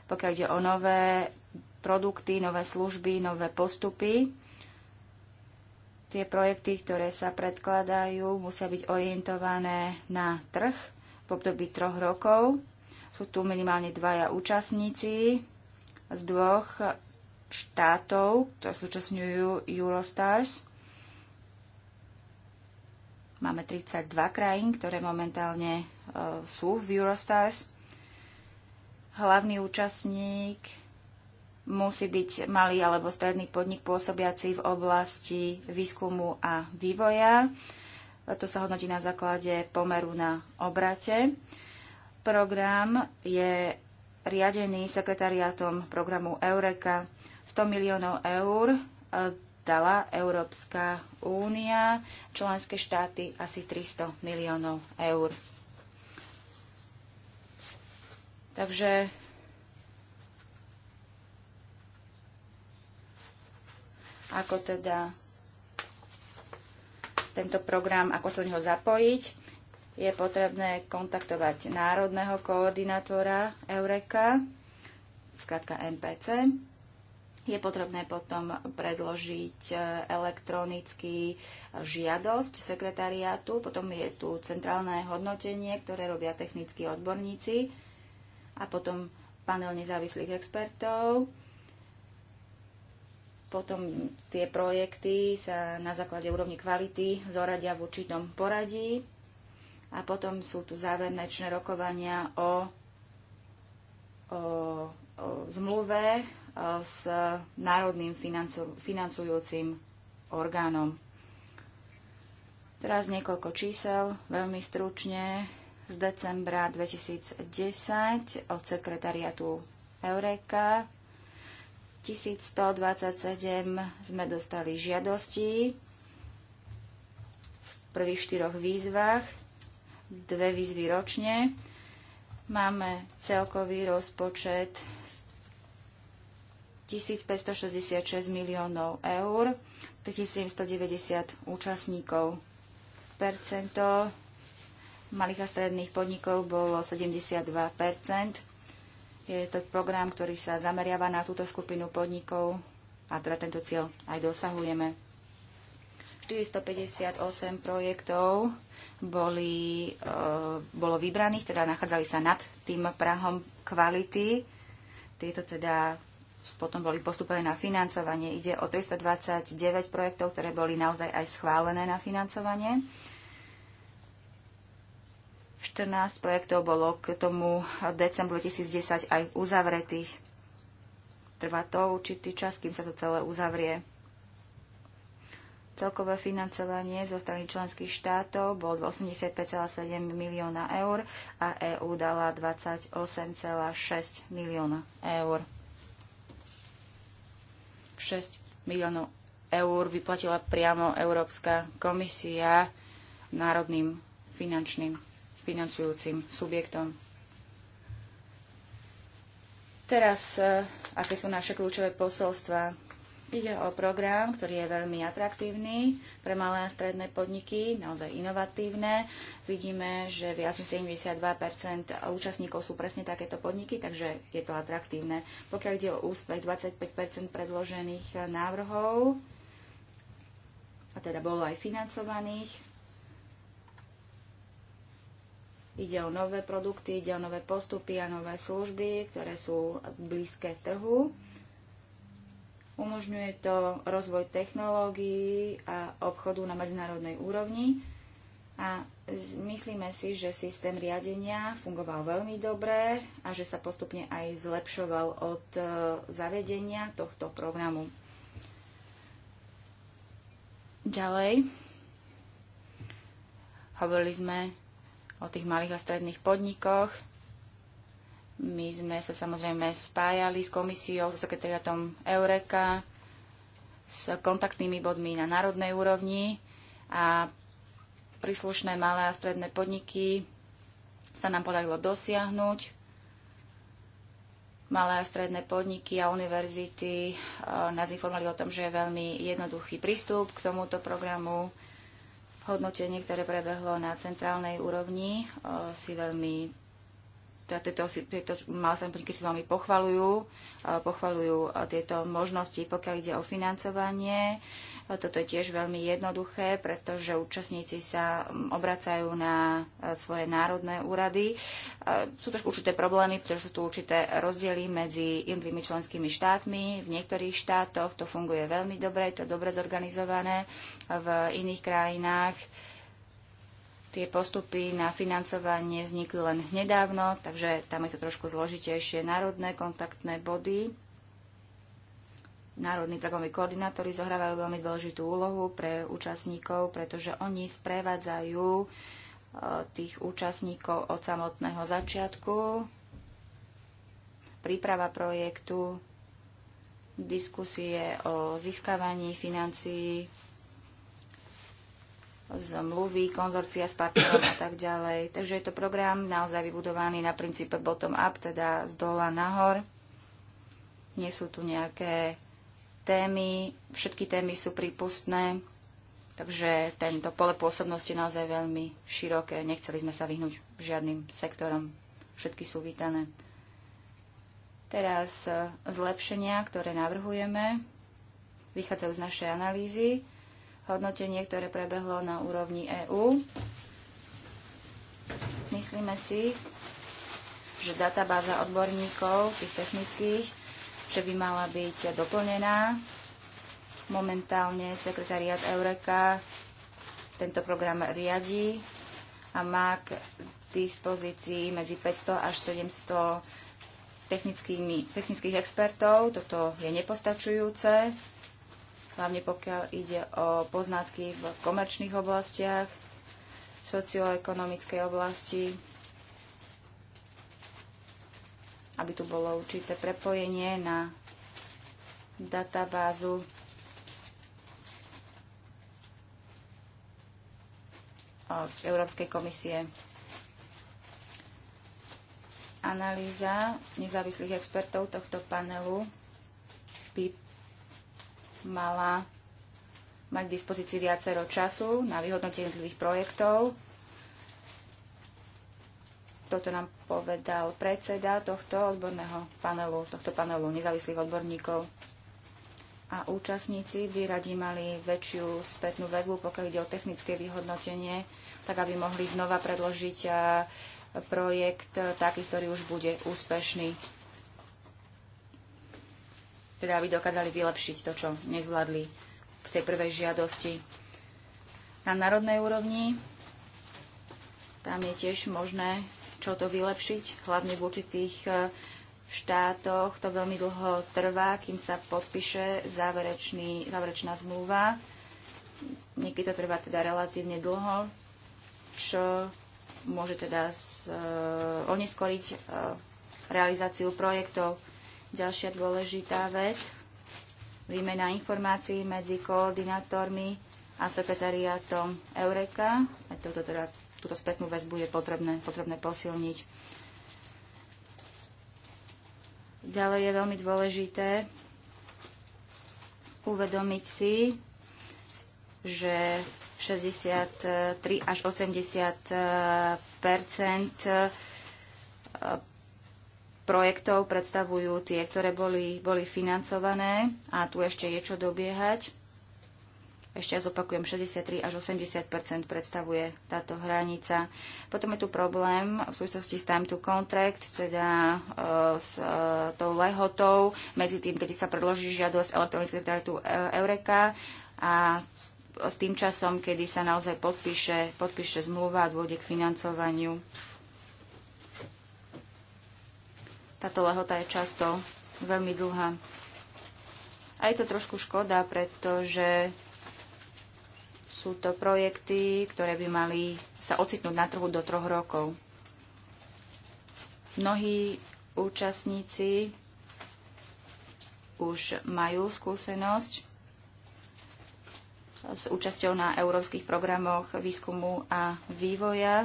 Pokiaľ ide o nové produkty, nové služby, nové postupy, tie projekty, ktoré sa predkladajú, musia byť orientované na trh v období troch rokov. Sú tu minimálne dvaja účastníci z dvoch štátov, ktoré súčasňujú Eurostars. Máme 32 krajín, ktoré momentálne uh, sú v Eurostars. Hlavný účastník musí byť malý alebo stredný podnik pôsobiaci v oblasti výskumu a vývoja. To sa hodnotí na základe pomeru na obrate. Program je riadený sekretariátom programu Eureka 100 miliónov eur e, dala Európska únia, členské štáty asi 300 miliónov eur. Takže ako teda tento program, ako sa do neho zapojiť, je potrebné kontaktovať národného koordinátora Eureka, skratka NPC, je potrebné potom predložiť e, elektronický e, žiadosť sekretariátu, potom je tu centrálne hodnotenie, ktoré robia technickí odborníci a potom panel nezávislých expertov. Potom tie projekty sa na základe úrovni kvality zoradia v určitom poradí a potom sú tu záverečné rokovania o, o, o zmluve, s národným financujúcim orgánom. Teraz niekoľko čísel, veľmi stručne. Z decembra 2010 od sekretariatu Eureka 1127 sme dostali žiadosti v prvých štyroch výzvach, dve výzvy ročne. Máme celkový rozpočet 1566 miliónov eur, 1790 účastníkov. Percento malých a stredných podnikov bolo 72 percent. Je to program, ktorý sa zameriava na túto skupinu podnikov a teda tento cieľ aj dosahujeme. 458 projektov boli, e, bolo vybraných, teda nachádzali sa nad tým prahom kvality. Tieto teda potom boli postupené na financovanie. Ide o 329 projektov, ktoré boli naozaj aj schválené na financovanie. 14 projektov bolo k tomu decembru 2010 aj uzavretých. Trvá to určitý čas, kým sa to celé uzavrie. Celkové financovanie zo strany členských štátov bolo 85,7 milióna eur a EÚ dala 28,6 milióna eur. 6 miliónov eur vyplatila priamo Európska komisia národným finančným financujúcim subjektom. Teraz, eh, aké sú naše kľúčové posolstva Ide o program, ktorý je veľmi atraktívny pre malé a stredné podniky, naozaj inovatívne. Vidíme, že viac než 72 účastníkov sú presne takéto podniky, takže je to atraktívne. Pokiaľ ide o úspech 25 predložených návrhov, a teda bolo aj financovaných, Ide o nové produkty, ide o nové postupy a nové služby, ktoré sú blízke trhu. Umožňuje to rozvoj technológií a obchodu na medzinárodnej úrovni a myslíme si, že systém riadenia fungoval veľmi dobre a že sa postupne aj zlepšoval od e, zavedenia tohto programu. Ďalej, hovorili sme o tých malých a stredných podnikoch, my sme sa samozrejme spájali s komisiou, so sekretariatom Eureka, s kontaktnými bodmi na národnej úrovni a príslušné malé a stredné podniky sa nám podarilo dosiahnuť. Malé a stredné podniky a univerzity e, nás informovali o tom, že je veľmi jednoduchý prístup k tomuto programu. Hodnotenie, ktoré prebehlo na centrálnej úrovni, e, si veľmi teda tieto, tieto malé sa si veľmi pochvalujú, pochvalujú tieto možnosti, pokiaľ ide o financovanie. Toto je tiež veľmi jednoduché, pretože účastníci sa obracajú na e, svoje národné úrady. Sú to určité problémy, pretože sú tu určité rozdiely medzi jednotlivými členskými štátmi. V niektorých štátoch to funguje veľmi dobre, je to dobre zorganizované, v iných krajinách Tie postupy na financovanie vznikli len nedávno, takže tam je to trošku zložitejšie. Národné kontaktné body, národní programoví koordinátori zohrávajú veľmi dôležitú úlohu pre účastníkov, pretože oni sprevádzajú e, tých účastníkov od samotného začiatku, príprava projektu, diskusie o získavaní financií, zmluvy, konzorcia s partnerom a tak ďalej. Takže je to program naozaj vybudovaný na princípe bottom-up, teda z dola nahor. Nie sú tu nejaké témy, všetky témy sú prípustné, takže tento pole pôsobnosti je naozaj veľmi široké. Nechceli sme sa vyhnúť žiadnym sektorom, všetky sú vítané. Teraz e, zlepšenia, ktoré navrhujeme, vychádzajú z našej analýzy hodnotenie, ktoré prebehlo na úrovni EÚ. Myslíme si, že databáza odborníkov, tých technických, že by mala byť doplnená. Momentálne sekretariat Eureka tento program riadi a má k dispozícii medzi 500 až 700 technických expertov. Toto je nepostačujúce hlavne pokiaľ ide o poznatky v komerčných oblastiach, v socioekonomickej oblasti, aby tu bolo určité prepojenie na databázu Európskej komisie. Analýza nezávislých expertov tohto panelu PIP mala mať k dispozícii viacero času na vyhodnotenie jednotlivých projektov. Toto nám povedal predseda tohto odborného panelu, tohto panelu nezávislých odborníkov. A účastníci by radi mali väčšiu spätnú väzbu, pokiaľ ide o technické vyhodnotenie, tak aby mohli znova predložiť projekt e, taký, ktorý už bude úspešný teda aby dokázali vylepšiť to, čo nezvládli v tej prvej žiadosti. Na národnej úrovni tam je tiež možné čo to vylepšiť, hlavne v určitých e, štátoch to veľmi dlho trvá, kým sa podpíše záverečný, záverečná zmluva. Niekedy to trvá teda relatívne dlho, čo môže teda z, e, oneskoriť e, realizáciu projektov. Ďalšia dôležitá vec, výmena informácií medzi koordinátormi a sekretariátom Eureka. A toto teda, túto spätnú väzbu je potrebné, potrebné posilniť. Ďalej je veľmi dôležité uvedomiť si, že 63 až 80 percent projektov predstavujú tie, ktoré boli, boli financované a tu ešte je čo dobiehať. Ešte raz opakujem, 63 až 80 predstavuje táto hranica. Potom je tu problém v súvislosti s time to contract, teda e, s e, tou lehotou medzi tým, kedy sa predloží žiadosť elektronického kartu e, Eureka a tým časom, kedy sa naozaj podpíše, podpíše zmluva a dôjde k financovaniu. Táto lehota je často veľmi dlhá. A je to trošku škoda, pretože sú to projekty, ktoré by mali sa ocitnúť na trhu do troch rokov. Mnohí účastníci už majú skúsenosť s účasťou na európskych programoch výskumu a vývoja,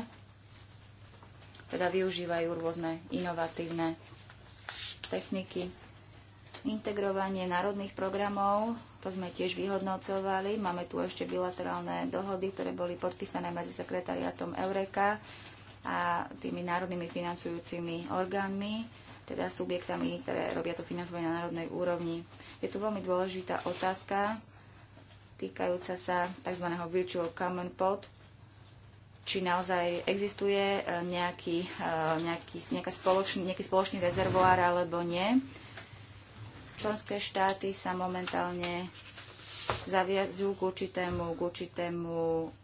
teda využívajú rôzne inovatívne techniky. Integrovanie národných programov, to sme tiež vyhodnocovali. Máme tu ešte bilaterálne dohody, ktoré boli podpísané medzi sekretariatom Eureka a tými národnými financujúcimi orgánmi, teda subjektami, ktoré robia to financovanie na národnej úrovni. Je tu veľmi dôležitá otázka týkajúca sa tzv. virtual common pot, či naozaj existuje eh, nejaký, eh, nejaký, nejaký, spoločný, nejaký spoločný rezervoár alebo nie. Členské štáty sa momentálne zaviazujú k určitému, k určitému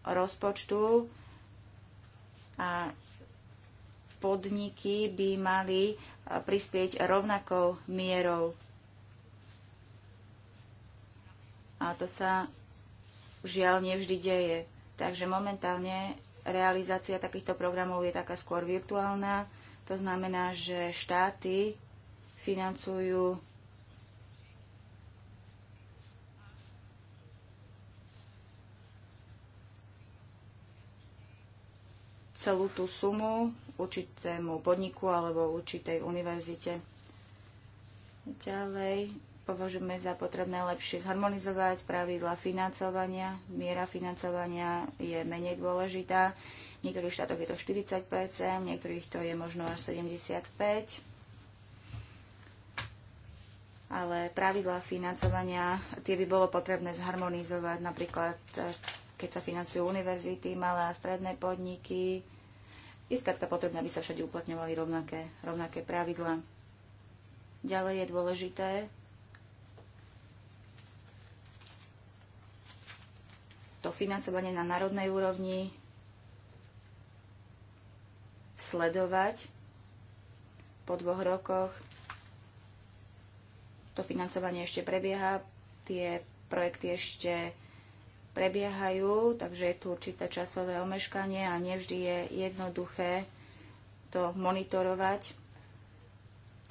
rozpočtu a podniky by mali eh, prispieť rovnakou mierou. A to sa žiaľ nevždy deje. Takže momentálne realizácia takýchto programov je taká skôr virtuálna. To znamená, že štáty financujú celú tú sumu určitému podniku alebo určitej univerzite. Ďalej považujeme za potrebné lepšie zharmonizovať pravidla financovania. Miera financovania je menej dôležitá. V niektorých štátoch je to 40 v niektorých to je možno až 75 ale pravidla financovania, tie by bolo potrebné zharmonizovať, napríklad keď sa financujú univerzity, malé a stredné podniky. Je skrátka potrebné, aby sa všade uplatňovali rovnaké, rovnaké Ďalej je dôležité, to financovanie na národnej úrovni sledovať po dvoch rokoch. To financovanie ešte prebieha, tie projekty ešte prebiehajú, takže je tu určité časové omeškanie a nevždy je jednoduché to monitorovať.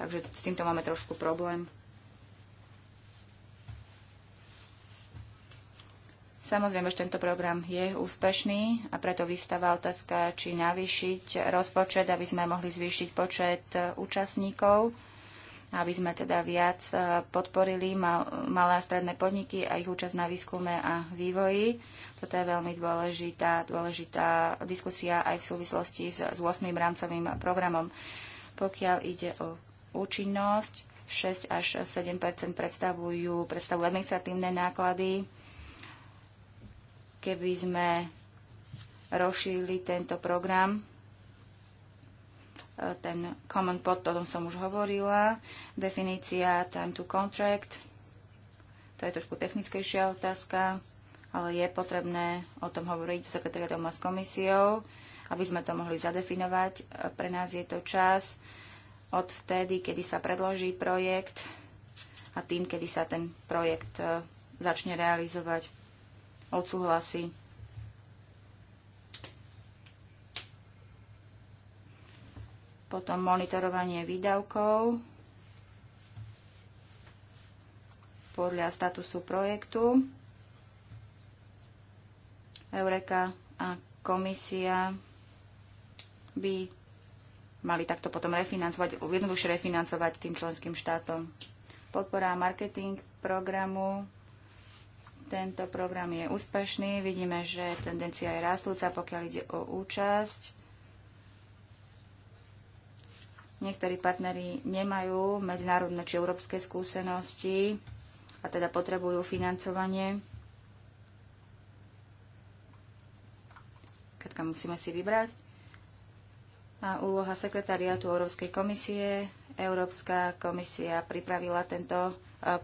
Takže s týmto máme trošku problém. Samozrejme, že tento program je úspešný a preto vystáva otázka, či navýšiť rozpočet, aby sme mohli zvýšiť počet e, účastníkov, aby sme teda viac e, podporili malé a stredné podniky a ich účasť na výskume a vývoji. Toto je veľmi dôležitá, dôležitá diskusia aj v súvislosti s, s 8. rámcovým programom. Pokiaľ ide o účinnosť, 6 až 7 predstavujú, predstavujú administratívne náklady, keby sme rozšírili tento program, e, ten common pod, o tom som už hovorila, definícia time to contract, to je trošku technickejšia otázka, ale je potrebné o tom hovoriť s sekretariatom a s komisiou, aby sme to mohli zadefinovať. E, pre nás je to čas od vtedy, kedy sa predloží projekt a tým, kedy sa ten projekt e, začne realizovať odsúhlasí. Potom monitorovanie výdavkov podľa statusu projektu. Eureka a komisia by mali takto potom refinancovať, jednoduchšie refinancovať tým členským štátom. Podpora marketing programu tento program je úspešný. Vidíme, že tendencia je rastúca, pokiaľ ide o účasť. Niektorí partneri nemajú medzinárodné či európske skúsenosti a teda potrebujú financovanie. Katka, musíme si vybrať. A úloha sekretariátu Európskej komisie. Európska komisia pripravila tento e,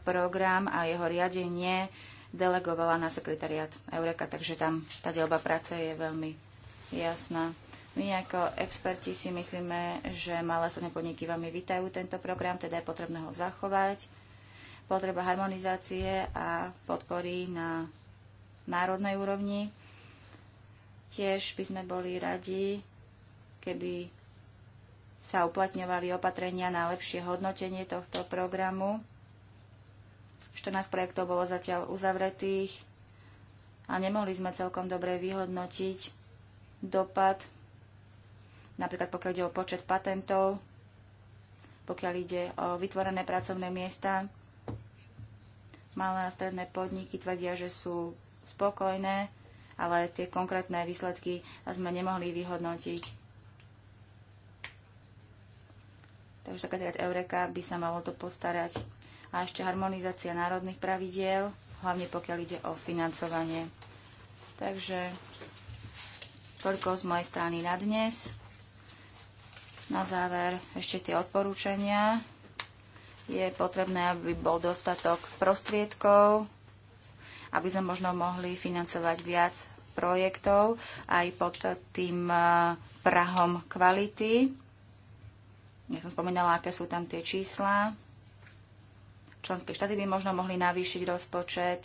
program a jeho riadenie delegovala na sekretariat Eureka, takže tam tá dielba práce je veľmi jasná. My ako experti si myslíme, že malé stredné podniky veľmi vítajú tento program, teda je potrebné ho zachovať. Potreba harmonizácie a podpory na národnej úrovni. Tiež by sme boli radi, keby sa uplatňovali opatrenia na lepšie hodnotenie tohto programu 14 projektov bolo zatiaľ uzavretých a nemohli sme celkom dobre vyhodnotiť dopad, napríklad pokiaľ ide o počet patentov, pokiaľ ide o vytvorené pracovné miesta. Malé a stredné podniky tvrdia, že sú spokojné, ale tie konkrétne výsledky sme nemohli vyhodnotiť. Takže sekretariat Eureka by sa malo to postarať a ešte harmonizácia národných pravidiel, hlavne pokiaľ ide o financovanie. Takže toľko z mojej strany na dnes. Na záver ešte tie odporúčania. Je potrebné, aby bol dostatok prostriedkov, aby sme možno mohli financovať viac projektov aj pod tým e, prahom kvality. Ja som spomínala, aké sú tam tie čísla. Členské štáty by možno mohli navýšiť rozpočet.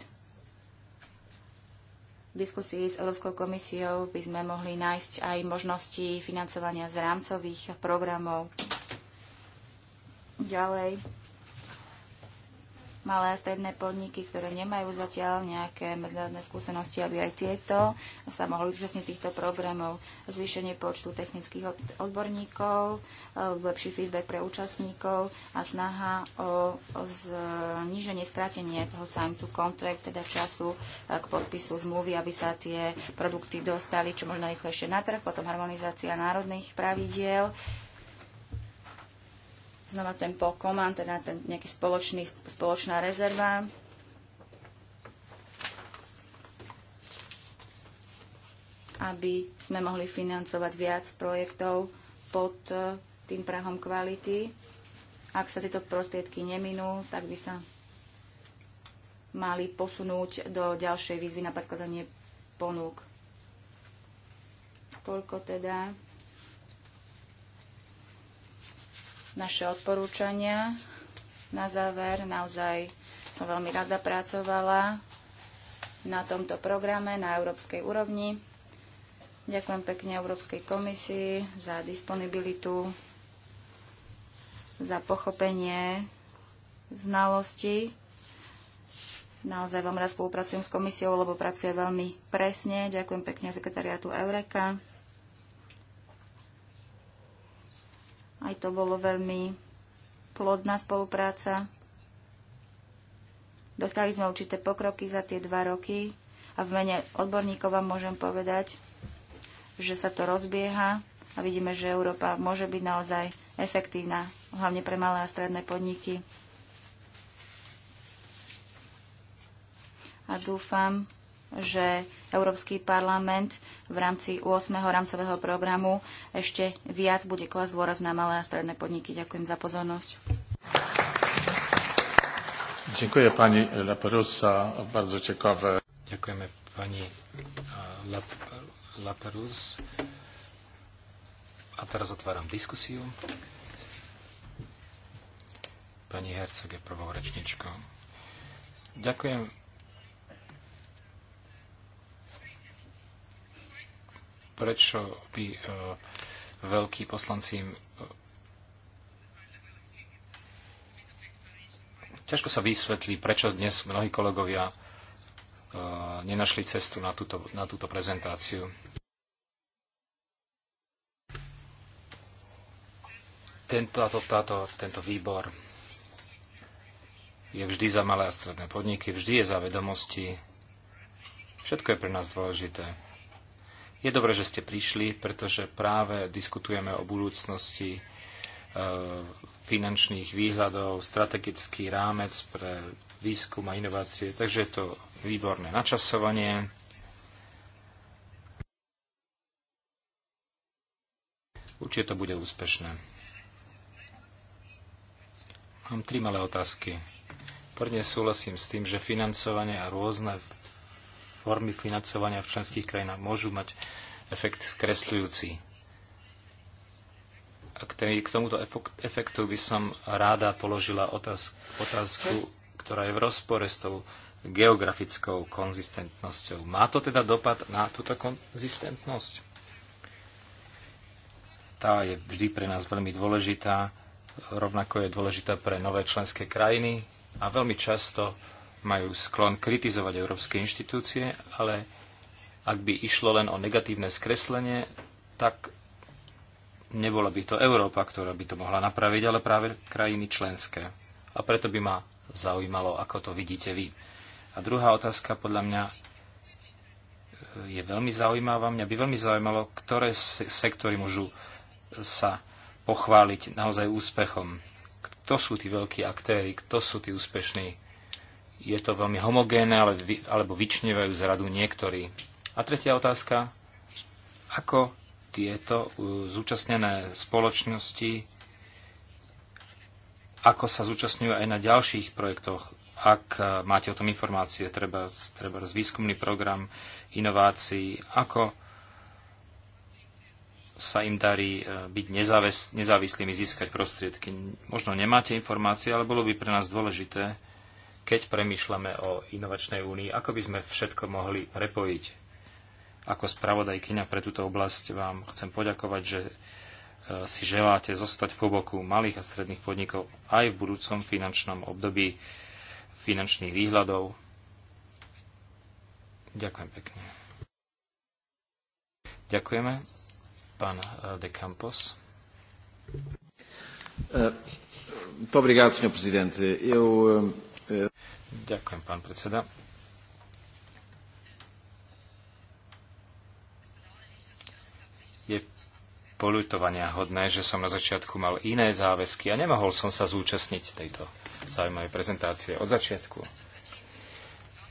V diskusii s Európskou komisiou by sme mohli nájsť aj možnosti financovania z rámcových programov. Ďalej malé a stredné podniky, ktoré nemajú zatiaľ nejaké medzinárodné skúsenosti, aby aj tieto sa mohli zúčastniť týchto programov. Zvýšenie počtu technických odborníkov, e, lepší feedback pre účastníkov a snaha o zníženie, stratenie toho time to contract, teda času e, k podpisu zmluvy, aby sa tie produkty dostali čo možno rýchlejšie na trh, potom harmonizácia národných pravidiel, znova ten pokoman, teda ten nejaký spoločný, spoločná rezerva. aby sme mohli financovať viac projektov pod e, tým prahom kvality. Ak sa tieto prostriedky neminú, tak by sa mali posunúť do ďalšej výzvy na predkladanie ponúk. Toľko teda naše odporúčania. Na záver naozaj som veľmi rada pracovala na tomto programe na európskej úrovni. Ďakujem pekne Európskej komisii za disponibilitu, za pochopenie znalosti. Naozaj vám raz spolupracujem s komisiou, lebo pracuje veľmi presne. Ďakujem pekne sekretariatu Eureka. Aj to bolo veľmi plodná spolupráca. Dostali sme určité pokroky za tie dva roky a v mene odborníkov vám môžem povedať, že sa to rozbieha a vidíme, že Európa môže byť naozaj efektívna, hlavne pre malé a stredné podniky. A dúfam, že Európsky parlament v rámci 8. rámcového programu ešte viac bude klas dôraz na malé a stredné podniky. Ďakujem za pozornosť. Ďakujem pani za bardzo ciekawe. Ďakujeme pani Laperus. A teraz otváram diskusiu. Pani Herceg je prvou rečničkou. Ďakujem prečo by e, veľkí poslanci ťažko sa vysvetlí, prečo dnes mnohí kolegovia e, nenašli cestu na túto, na túto prezentáciu. Tento, táto, táto, tento výbor je vždy za malé a stredné podniky, vždy je za vedomosti. Všetko je pre nás dôležité. Je dobré, že ste prišli, pretože práve diskutujeme o budúcnosti e, finančných výhľadov, strategický rámec pre výskum a inovácie, takže je to výborné načasovanie. Určite to bude úspešné. Mám tri malé otázky. Prvne súhlasím s tým, že financovanie a rôzne formy financovania v členských krajinách môžu mať efekt skresľujúci. A k tomuto efektu by som ráda položila otázku, otázku ktorá je v rozpore s tou geografickou konzistentnosťou. Má to teda dopad na túto konzistentnosť? Tá je vždy pre nás veľmi dôležitá, rovnako je dôležitá pre nové členské krajiny a veľmi často majú sklon kritizovať európske inštitúcie, ale ak by išlo len o negatívne skreslenie, tak nebola by to Európa, ktorá by to mohla napraviť, ale práve krajiny členské. A preto by ma zaujímalo, ako to vidíte vy. A druhá otázka podľa mňa je veľmi zaujímavá. Mňa by veľmi zaujímalo, ktoré sektory môžu sa pochváliť naozaj úspechom. Kto sú tí veľkí aktéry, kto sú tí úspešní je to veľmi homogénne, ale, alebo vyčnevajú z radu niektorí. A tretia otázka, ako tieto uh, zúčastnené spoločnosti, ako sa zúčastňujú aj na ďalších projektoch, ak uh, máte o tom informácie, treba, treba z výskumný program inovácií, ako sa im darí uh, byť nezávislými, získať prostriedky. Možno nemáte informácie, ale bolo by pre nás dôležité, keď premýšľame o inovačnej únii, ako by sme všetko mohli prepojiť. Ako spravodajkyňa pre túto oblasť vám chcem poďakovať, že e, si želáte zostať po boku malých a stredných podnikov aj v budúcom finančnom období finančných výhľadov. Ďakujem pekne. Ďakujeme. Pán e, De Campos. Muito e, obrigado, Sr. Presidente. Eu Ďakujem, pán predseda. Je polutovania hodné, že som na začiatku mal iné záväzky a nemohol som sa zúčastniť tejto zaujímavej prezentácie od začiatku.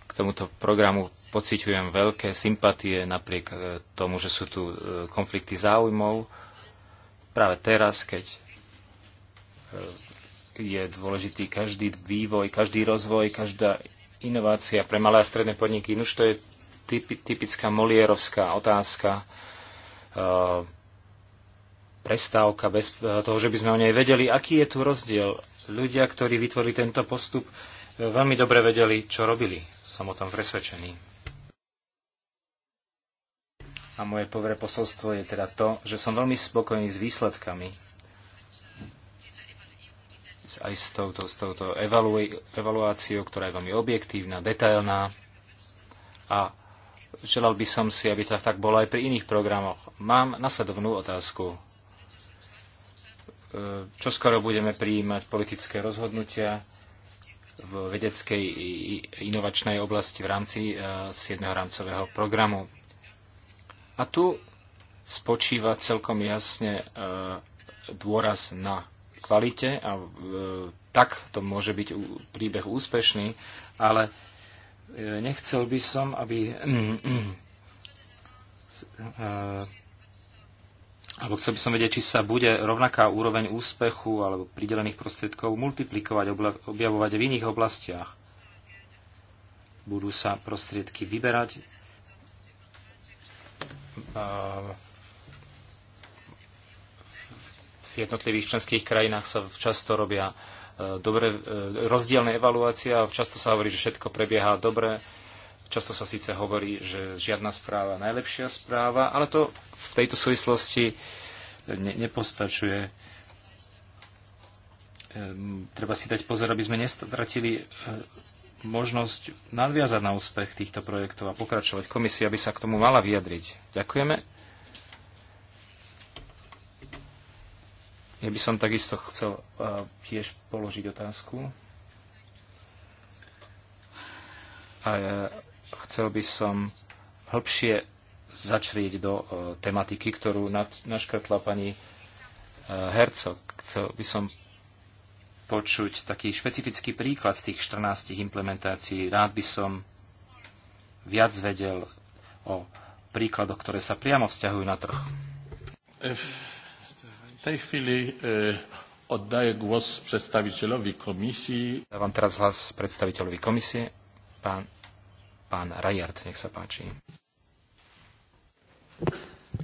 K tomuto programu pociťujem veľké sympatie napriek e, tomu, že sú tu e, konflikty záujmov. Práve teraz, keď e, je dôležitý každý vývoj, každý rozvoj, každá inovácia pre malé a stredné podniky. Nuž to je typická molierovská otázka. Eh, prestávka bez eh, toho, že by sme o nej vedeli. Aký je tu rozdiel? Ľudia, ktorí vytvorili tento postup, eh, veľmi dobre vedeli, čo robili. Som o tom presvedčený. A moje povré posolstvo je teda to, že som veľmi spokojný s výsledkami aj s touto, s touto evalu- evaluáciou, ktorá je veľmi objektívna, detailná. A želal by som si, aby to tak bolo aj pri iných programoch. Mám nasledovnú otázku. E, čo skoro budeme prijímať politické rozhodnutia v vedeckej inovačnej oblasti v rámci 7. E, rámcového programu. A tu spočíva celkom jasne e, dôraz na kvalite a e, tak to môže byť príbeh úspešný, ale e, nechcel by som, aby mm, [CLEARS THROAT] mm, e, alebo chcel by som vedieť, či sa bude rovnaká úroveň úspechu alebo pridelených prostriedkov multiplikovať, objavovať v iných oblastiach. Budú sa prostriedky vyberať v jednotlivých členských krajinách sa často robia e, dobre, e, rozdielne evaluácie a často sa hovorí, že všetko prebieha dobre. Často sa síce hovorí, že žiadna správa najlepšia správa, ale to v tejto súvislosti e, ne, nepostačuje. Treba si dať pozor, aby sme nestratili možnosť nadviazať na úspech týchto projektov a pokračovať. Komisia by sa k tomu mala vyjadriť. Ďakujeme. Ja by som takisto chcel e, tiež položiť otázku. A ja e, chcel by som hĺbšie začrieť do e, tematiky, ktorú naškrtla pani Hercog. Chcel by som počuť taký špecifický príklad z tých 14 implementácií. Rád by som viac vedel o príkladoch, ktoré sa priamo vzťahujú na trh tej chwili e, oddaję głos przedstawicielowi komisji. Dávam teraz głos przedstawicielowi komisji, pan, pan Rajard, niech się patrzy.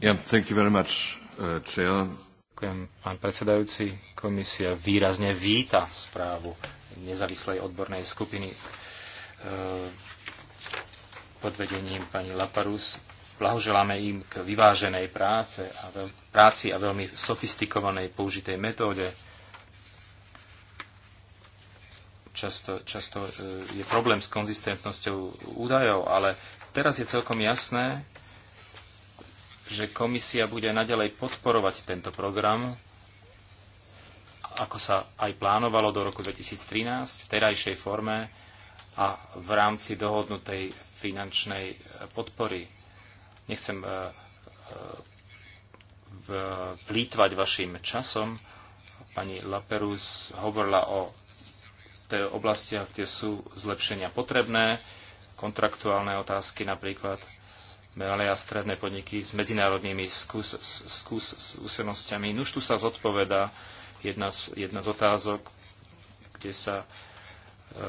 Ja, thank you very much, uh, chair. Ďakujem, pán predsedajúci. Komisia výrazne víta správu nezávislej odbornej skupiny uh, pod vedením pani Laparus Blahoželáme im k vyváženej práce a veľ, práci a veľmi sofistikovanej použitej metóde. Často, často e, je problém s konzistentnosťou údajov, ale teraz je celkom jasné, že komisia bude naďalej podporovať tento program, ako sa aj plánovalo do roku 2013 v terajšej forme a v rámci dohodnutej finančnej podpory Nechcem e, e, plýtvať vašim časom. Pani Laperus hovorila o tej oblastiach, kde sú zlepšenia potrebné, kontraktuálne otázky napríklad, malé a stredné podniky s medzinárodnými skúsenostiami. skús, už Nuž tu sa zodpoveda jedna z, jedna z otázok, kde sa, e,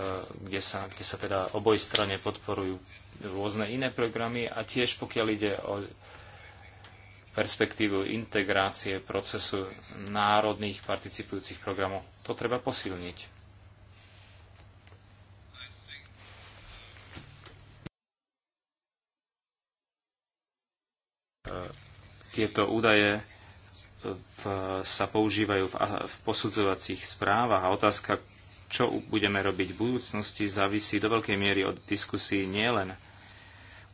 kde, sa, kde sa teda oboj strane podporujú rôzne iné programy a tiež pokiaľ ide o perspektívu integrácie procesu národných participujúcich programov. To treba posilniť. Tieto údaje eh, v, sa používajú v, v posudzovacích správach a otázka čo budeme robiť v budúcnosti, závisí do veľkej miery od diskusí nielen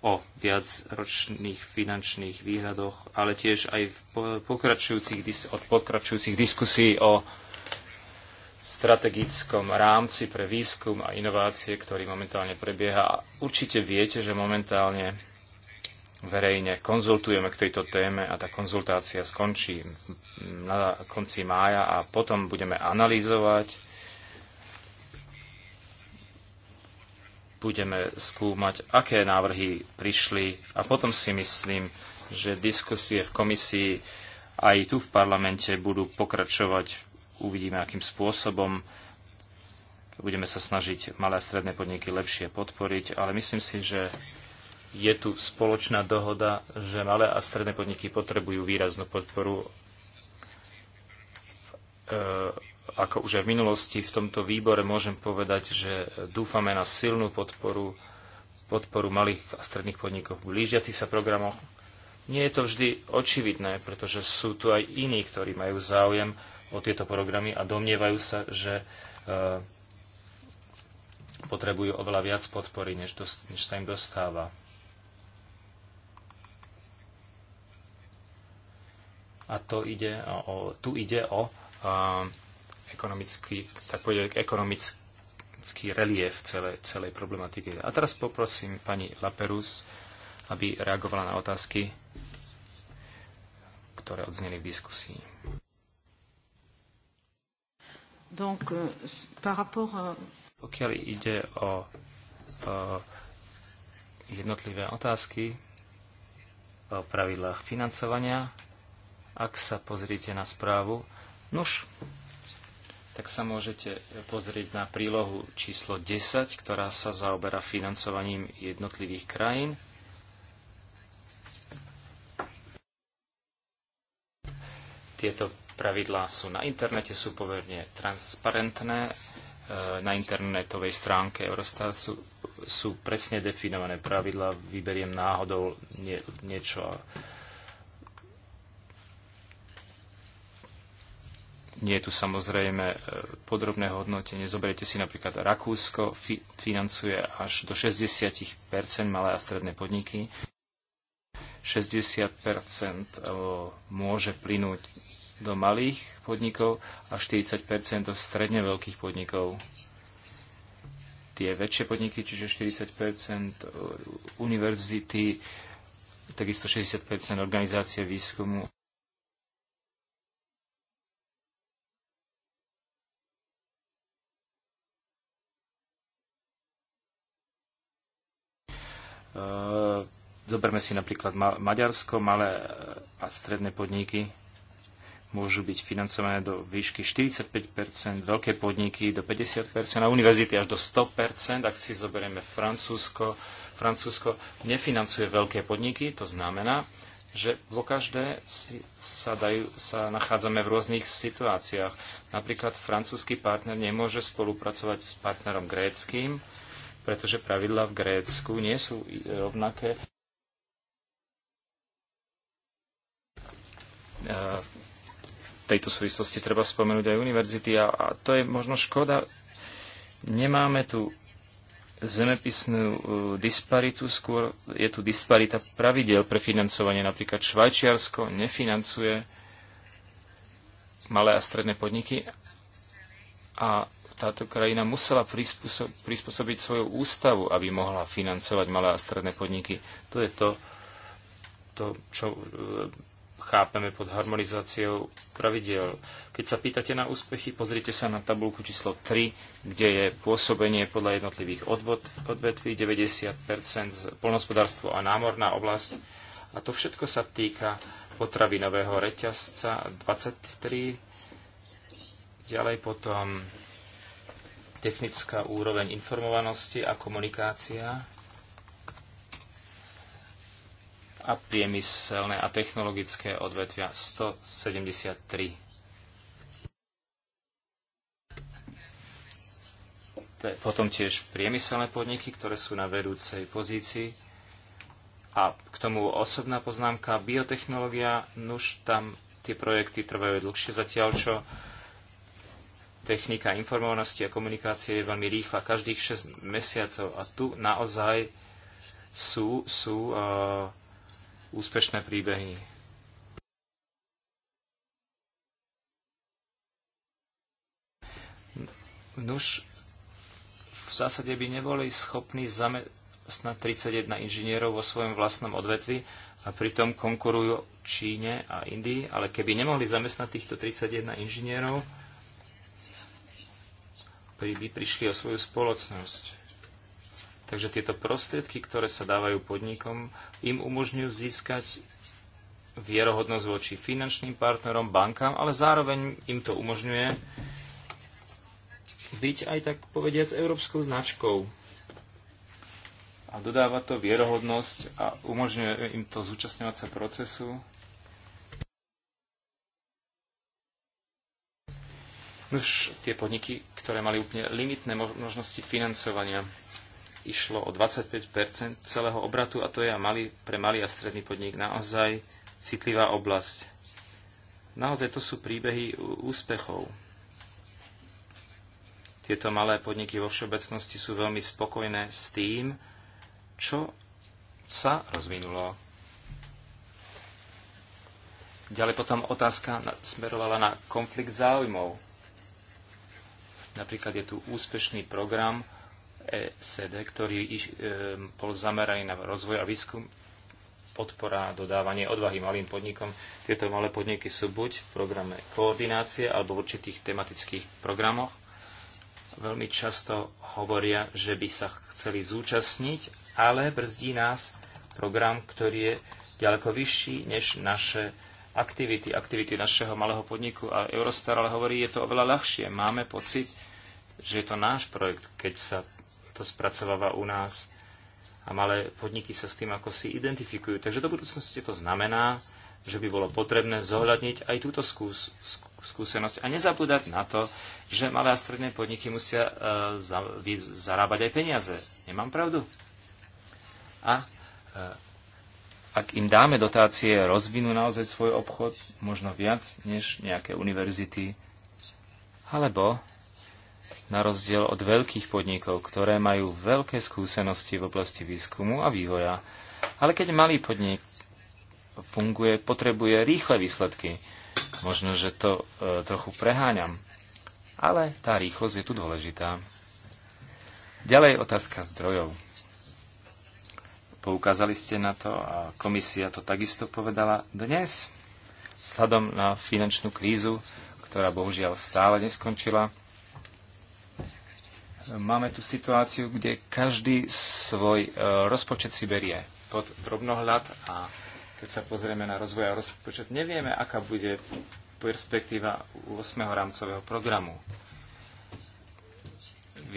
o viacročných finančných výhľadoch, ale tiež aj v pokračujúcich, od pokračujúcich diskusí o strategickom rámci pre výskum a inovácie, ktorý momentálne prebieha. A určite viete, že momentálne verejne konzultujeme k tejto téme a tá konzultácia skončí na konci mája a potom budeme analýzovať budeme skúmať, aké návrhy prišli a potom si myslím, že diskusie v komisii aj tu v parlamente budú pokračovať. Uvidíme, akým spôsobom. Budeme sa snažiť malé a stredné podniky lepšie podporiť, ale myslím si, že je tu spoločná dohoda, že malé a stredné podniky potrebujú výraznú podporu e, ako už aj v minulosti v tomto výbore môžem povedať, že dúfame na silnú podporu, podporu malých a stredných podnikov v blížiacich sa programoch. Nie je to vždy očividné, pretože sú tu aj iní, ktorí majú záujem o tieto programy a domnievajú sa, že e, potrebujú oveľa viac podpory, než, dost, než sa im dostáva. A to ide o, tu ide o ekonomický, tak povedať, ekonomický relief celé, celej problematiky. A teraz poprosím pani Laperus, aby reagovala na otázky, ktoré odzneli v diskusii. Donc, euh, par rapport à... Pokiaľ ide o, o jednotlivé otázky, o pravidlách financovania, ak sa pozriete na správu, nuž, tak sa môžete pozrieť na prílohu číslo 10, ktorá sa zaoberá financovaním jednotlivých krajín. Tieto pravidlá sú na internete, sú poverne transparentné. E, na internetovej stránke Eurostat sú, sú presne definované pravidlá. Vyberiem náhodou nie, niečo Nie je tu samozrejme e, podrobné hodnotenie. Zoberiete si napríklad Rakúsko, fi- financuje až do 60 malé a stredné podniky. 60 e, môže plynúť do malých podnikov a 40 do stredne veľkých podnikov. Tie väčšie podniky, čiže 40 e, univerzity, takisto 60 organizácie výskumu Eh, zoberme si napríklad Maďarsko, malé a stredné podniky môžu byť financované do výšky 45%, veľké podniky do 50% a univerzity až do 100%. Ak si zoberieme Francúzsko, Francúzsko nefinancuje veľké podniky, to znamená, že vo každé si, sa, dajú, sa nachádzame v rôznych situáciách. Napríklad francúzsky partner nemôže spolupracovať s partnerom gréckým, pretože pravidlá v Grécku nie sú e, rovnaké. E, v tejto súvislosti treba spomenúť aj univerzity a, a to je možno škoda. Nemáme tu zemepisnú e, disparitu, skôr je tu disparita pravidel pre financovanie. Napríklad Švajčiarsko nefinancuje malé a stredné podniky a táto krajina musela prispôsobiť svoju ústavu, aby mohla financovať malé a stredné podniky. To je to, to čo e, chápeme pod harmonizáciou pravidel. Keď sa pýtate na úspechy, pozrite sa na tabulku číslo 3, kde je pôsobenie podľa jednotlivých odvod, odvetví 90 z polnospodárstvo a námorná oblasť. A to všetko sa týka potravinového reťazca 23, ďalej potom technická úroveň informovanosti a komunikácia a priemyselné a technologické odvetvia 173. Potom tiež priemyselné podniky, ktoré sú na vedúcej pozícii. A k tomu osobná poznámka, biotechnológia, nuž tam tie projekty trvajú dlhšie zatiaľ, čo Technika informovanosti a komunikácie je veľmi rýchla, každých 6 mesiacov a tu naozaj sú, sú uh, úspešné príbehy. Nuž, v zásade by neboli schopní zamestnať 31 inžinierov vo svojom vlastnom odvetvi a pritom konkurujú Číne a Indii, ale keby nemohli zamestnať týchto 31 inžinierov, by prišli o svoju spoločnosť. Takže tieto prostriedky, ktoré sa dávajú podnikom, im umožňujú získať vierohodnosť voči finančným partnerom, bankám, ale zároveň im to umožňuje byť aj tak povediac európskou značkou. A dodáva to vierohodnosť a umožňuje im to zúčastňovať sa procesu, Nuž, tie podniky, ktoré mali úplne limitné možnosti financovania, išlo o 25 celého obratu a to je mali, pre malý a stredný podnik naozaj citlivá oblasť. Naozaj to sú príbehy úspechov. Tieto malé podniky vo všeobecnosti sú veľmi spokojné s tým, čo sa rozvinulo. Ďalej potom otázka smerovala na konflikt záujmov Napríklad je tu úspešný program ECD, ktorý e, bol zameraný na rozvoj a výskum, podpora, dodávanie odvahy malým podnikom. Tieto malé podniky sú buď v programe koordinácie alebo v určitých tematických programoch. Veľmi často hovoria, že by sa chceli zúčastniť, ale brzdí nás program, ktorý je ďaleko vyšší než naše aktivity, aktivity našeho malého podniku. A Eurostar ale hovorí, je to oveľa ľahšie. Máme pocit, že je to náš projekt, keď sa to spracováva u nás a malé podniky sa s tým ako si identifikujú. Takže do budúcnosti to znamená, že by bolo potrebné zohľadniť aj túto skús, skúsenosť a nezabúdať na to, že malé a stredné podniky musia uh, za, vy, zarábať aj peniaze. Nemám pravdu? A e, ak im dáme dotácie, rozvinú naozaj svoj obchod, možno viac než nejaké univerzity, alebo na rozdiel od veľkých podnikov, ktoré majú veľké skúsenosti v oblasti výskumu a vývoja. Ale keď malý podnik funguje, potrebuje rýchle výsledky. Možno, že to e, trochu preháňam. Ale tá rýchlosť je tu dôležitá. Ďalej otázka zdrojov. Poukázali ste na to a komisia to takisto povedala dnes. Vzhľadom na finančnú krízu, ktorá bohužiaľ stále neskončila, máme tu situáciu, kde každý svoj e, rozpočet si berie pod drobnohľad a keď sa pozrieme na rozvoj a rozpočet, nevieme, aká bude perspektíva 8. rámcového programu.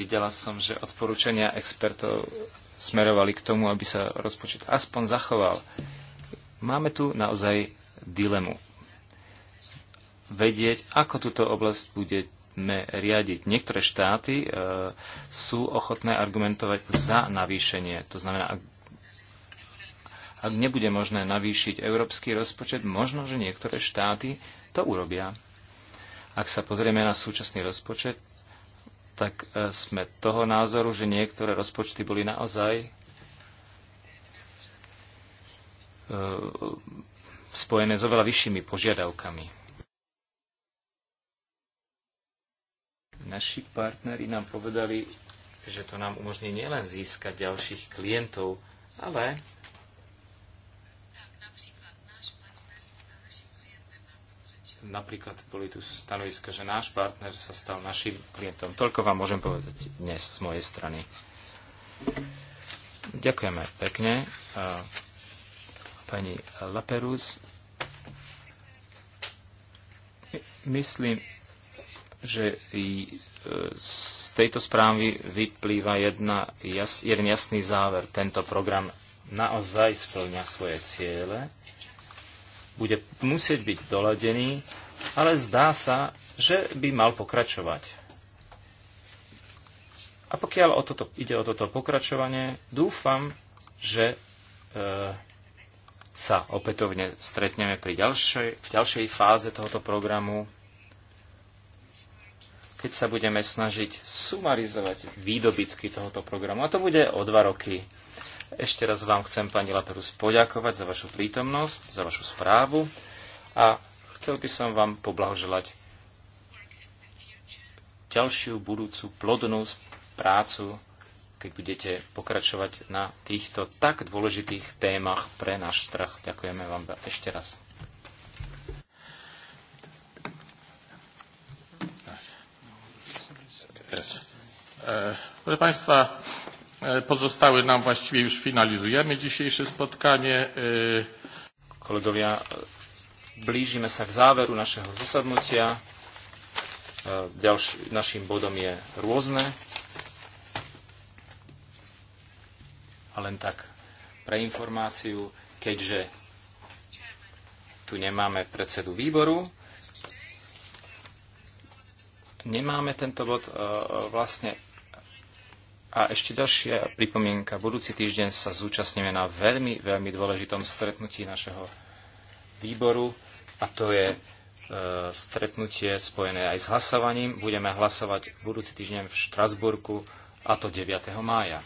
Videla som, že odporúčania expertov smerovali k tomu, aby sa rozpočet aspoň zachoval. Máme tu naozaj dilemu. Vedieť, ako túto oblasť budeme riadiť. Niektoré štáty e, sú ochotné argumentovať za navýšenie. To znamená, ak, ak nebude možné navýšiť európsky rozpočet, možno, že niektoré štáty to urobia. Ak sa pozrieme na súčasný rozpočet, tak e, sme toho názoru, že niektoré rozpočty boli naozaj e, spojené s oveľa vyššími požiadavkami. Naši partneri nám povedali, že to nám umožní nielen získať ďalších klientov, ale Napríklad boli tu stanoviska, že náš partner sa stal našim klientom. Toľko vám môžem povedať dnes z mojej strany. Ďakujeme pekne. Pani Laperus, myslím, že e, z tejto správy vyplýva jedna, jeden jasný záver. Tento program naozaj splňa svoje ciele bude musieť byť doladený, ale zdá sa, že by mal pokračovať. A pokiaľ o toto, ide o toto pokračovanie, dúfam, že e, sa opätovne stretneme pri ďalšej, v ďalšej fáze tohoto programu, keď sa budeme snažiť sumarizovať výdobytky tohoto programu. A to bude o dva roky. Ešte raz vám chcem, pani Laperus, poďakovať za vašu prítomnosť, za vašu správu a chcel by som vám poblahoželať ďalšiu budúcu plodnú prácu, keď budete pokračovať na týchto tak dôležitých témach pre náš trh. Ďakujeme vám ešte raz. proszę Państwa, E, pozostały nam właściwie już finalizujemy dzisiejsze spotkanie. E, Kolegovia, blížime sa k záveru našeho zasadnutia. E, Ďalší, našim bodom je rôzne. A len tak pre informáciu, keďže tu nemáme predsedu výboru, nemáme tento bod vlastne a ešte ďalšia pripomienka. Budúci týždeň sa zúčastníme na veľmi, veľmi dôležitom stretnutí našeho výboru a to je e, stretnutie spojené aj s hlasovaním. Budeme hlasovať budúci týždeň v Štrasburku a to 9. mája.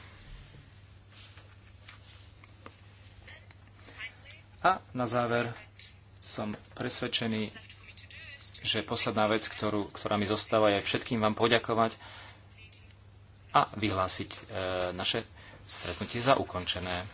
A na záver som presvedčený, že posledná vec, ktorú, ktorá mi zostáva, je všetkým vám poďakovať a vyhlásiť e, naše stretnutie za ukončené.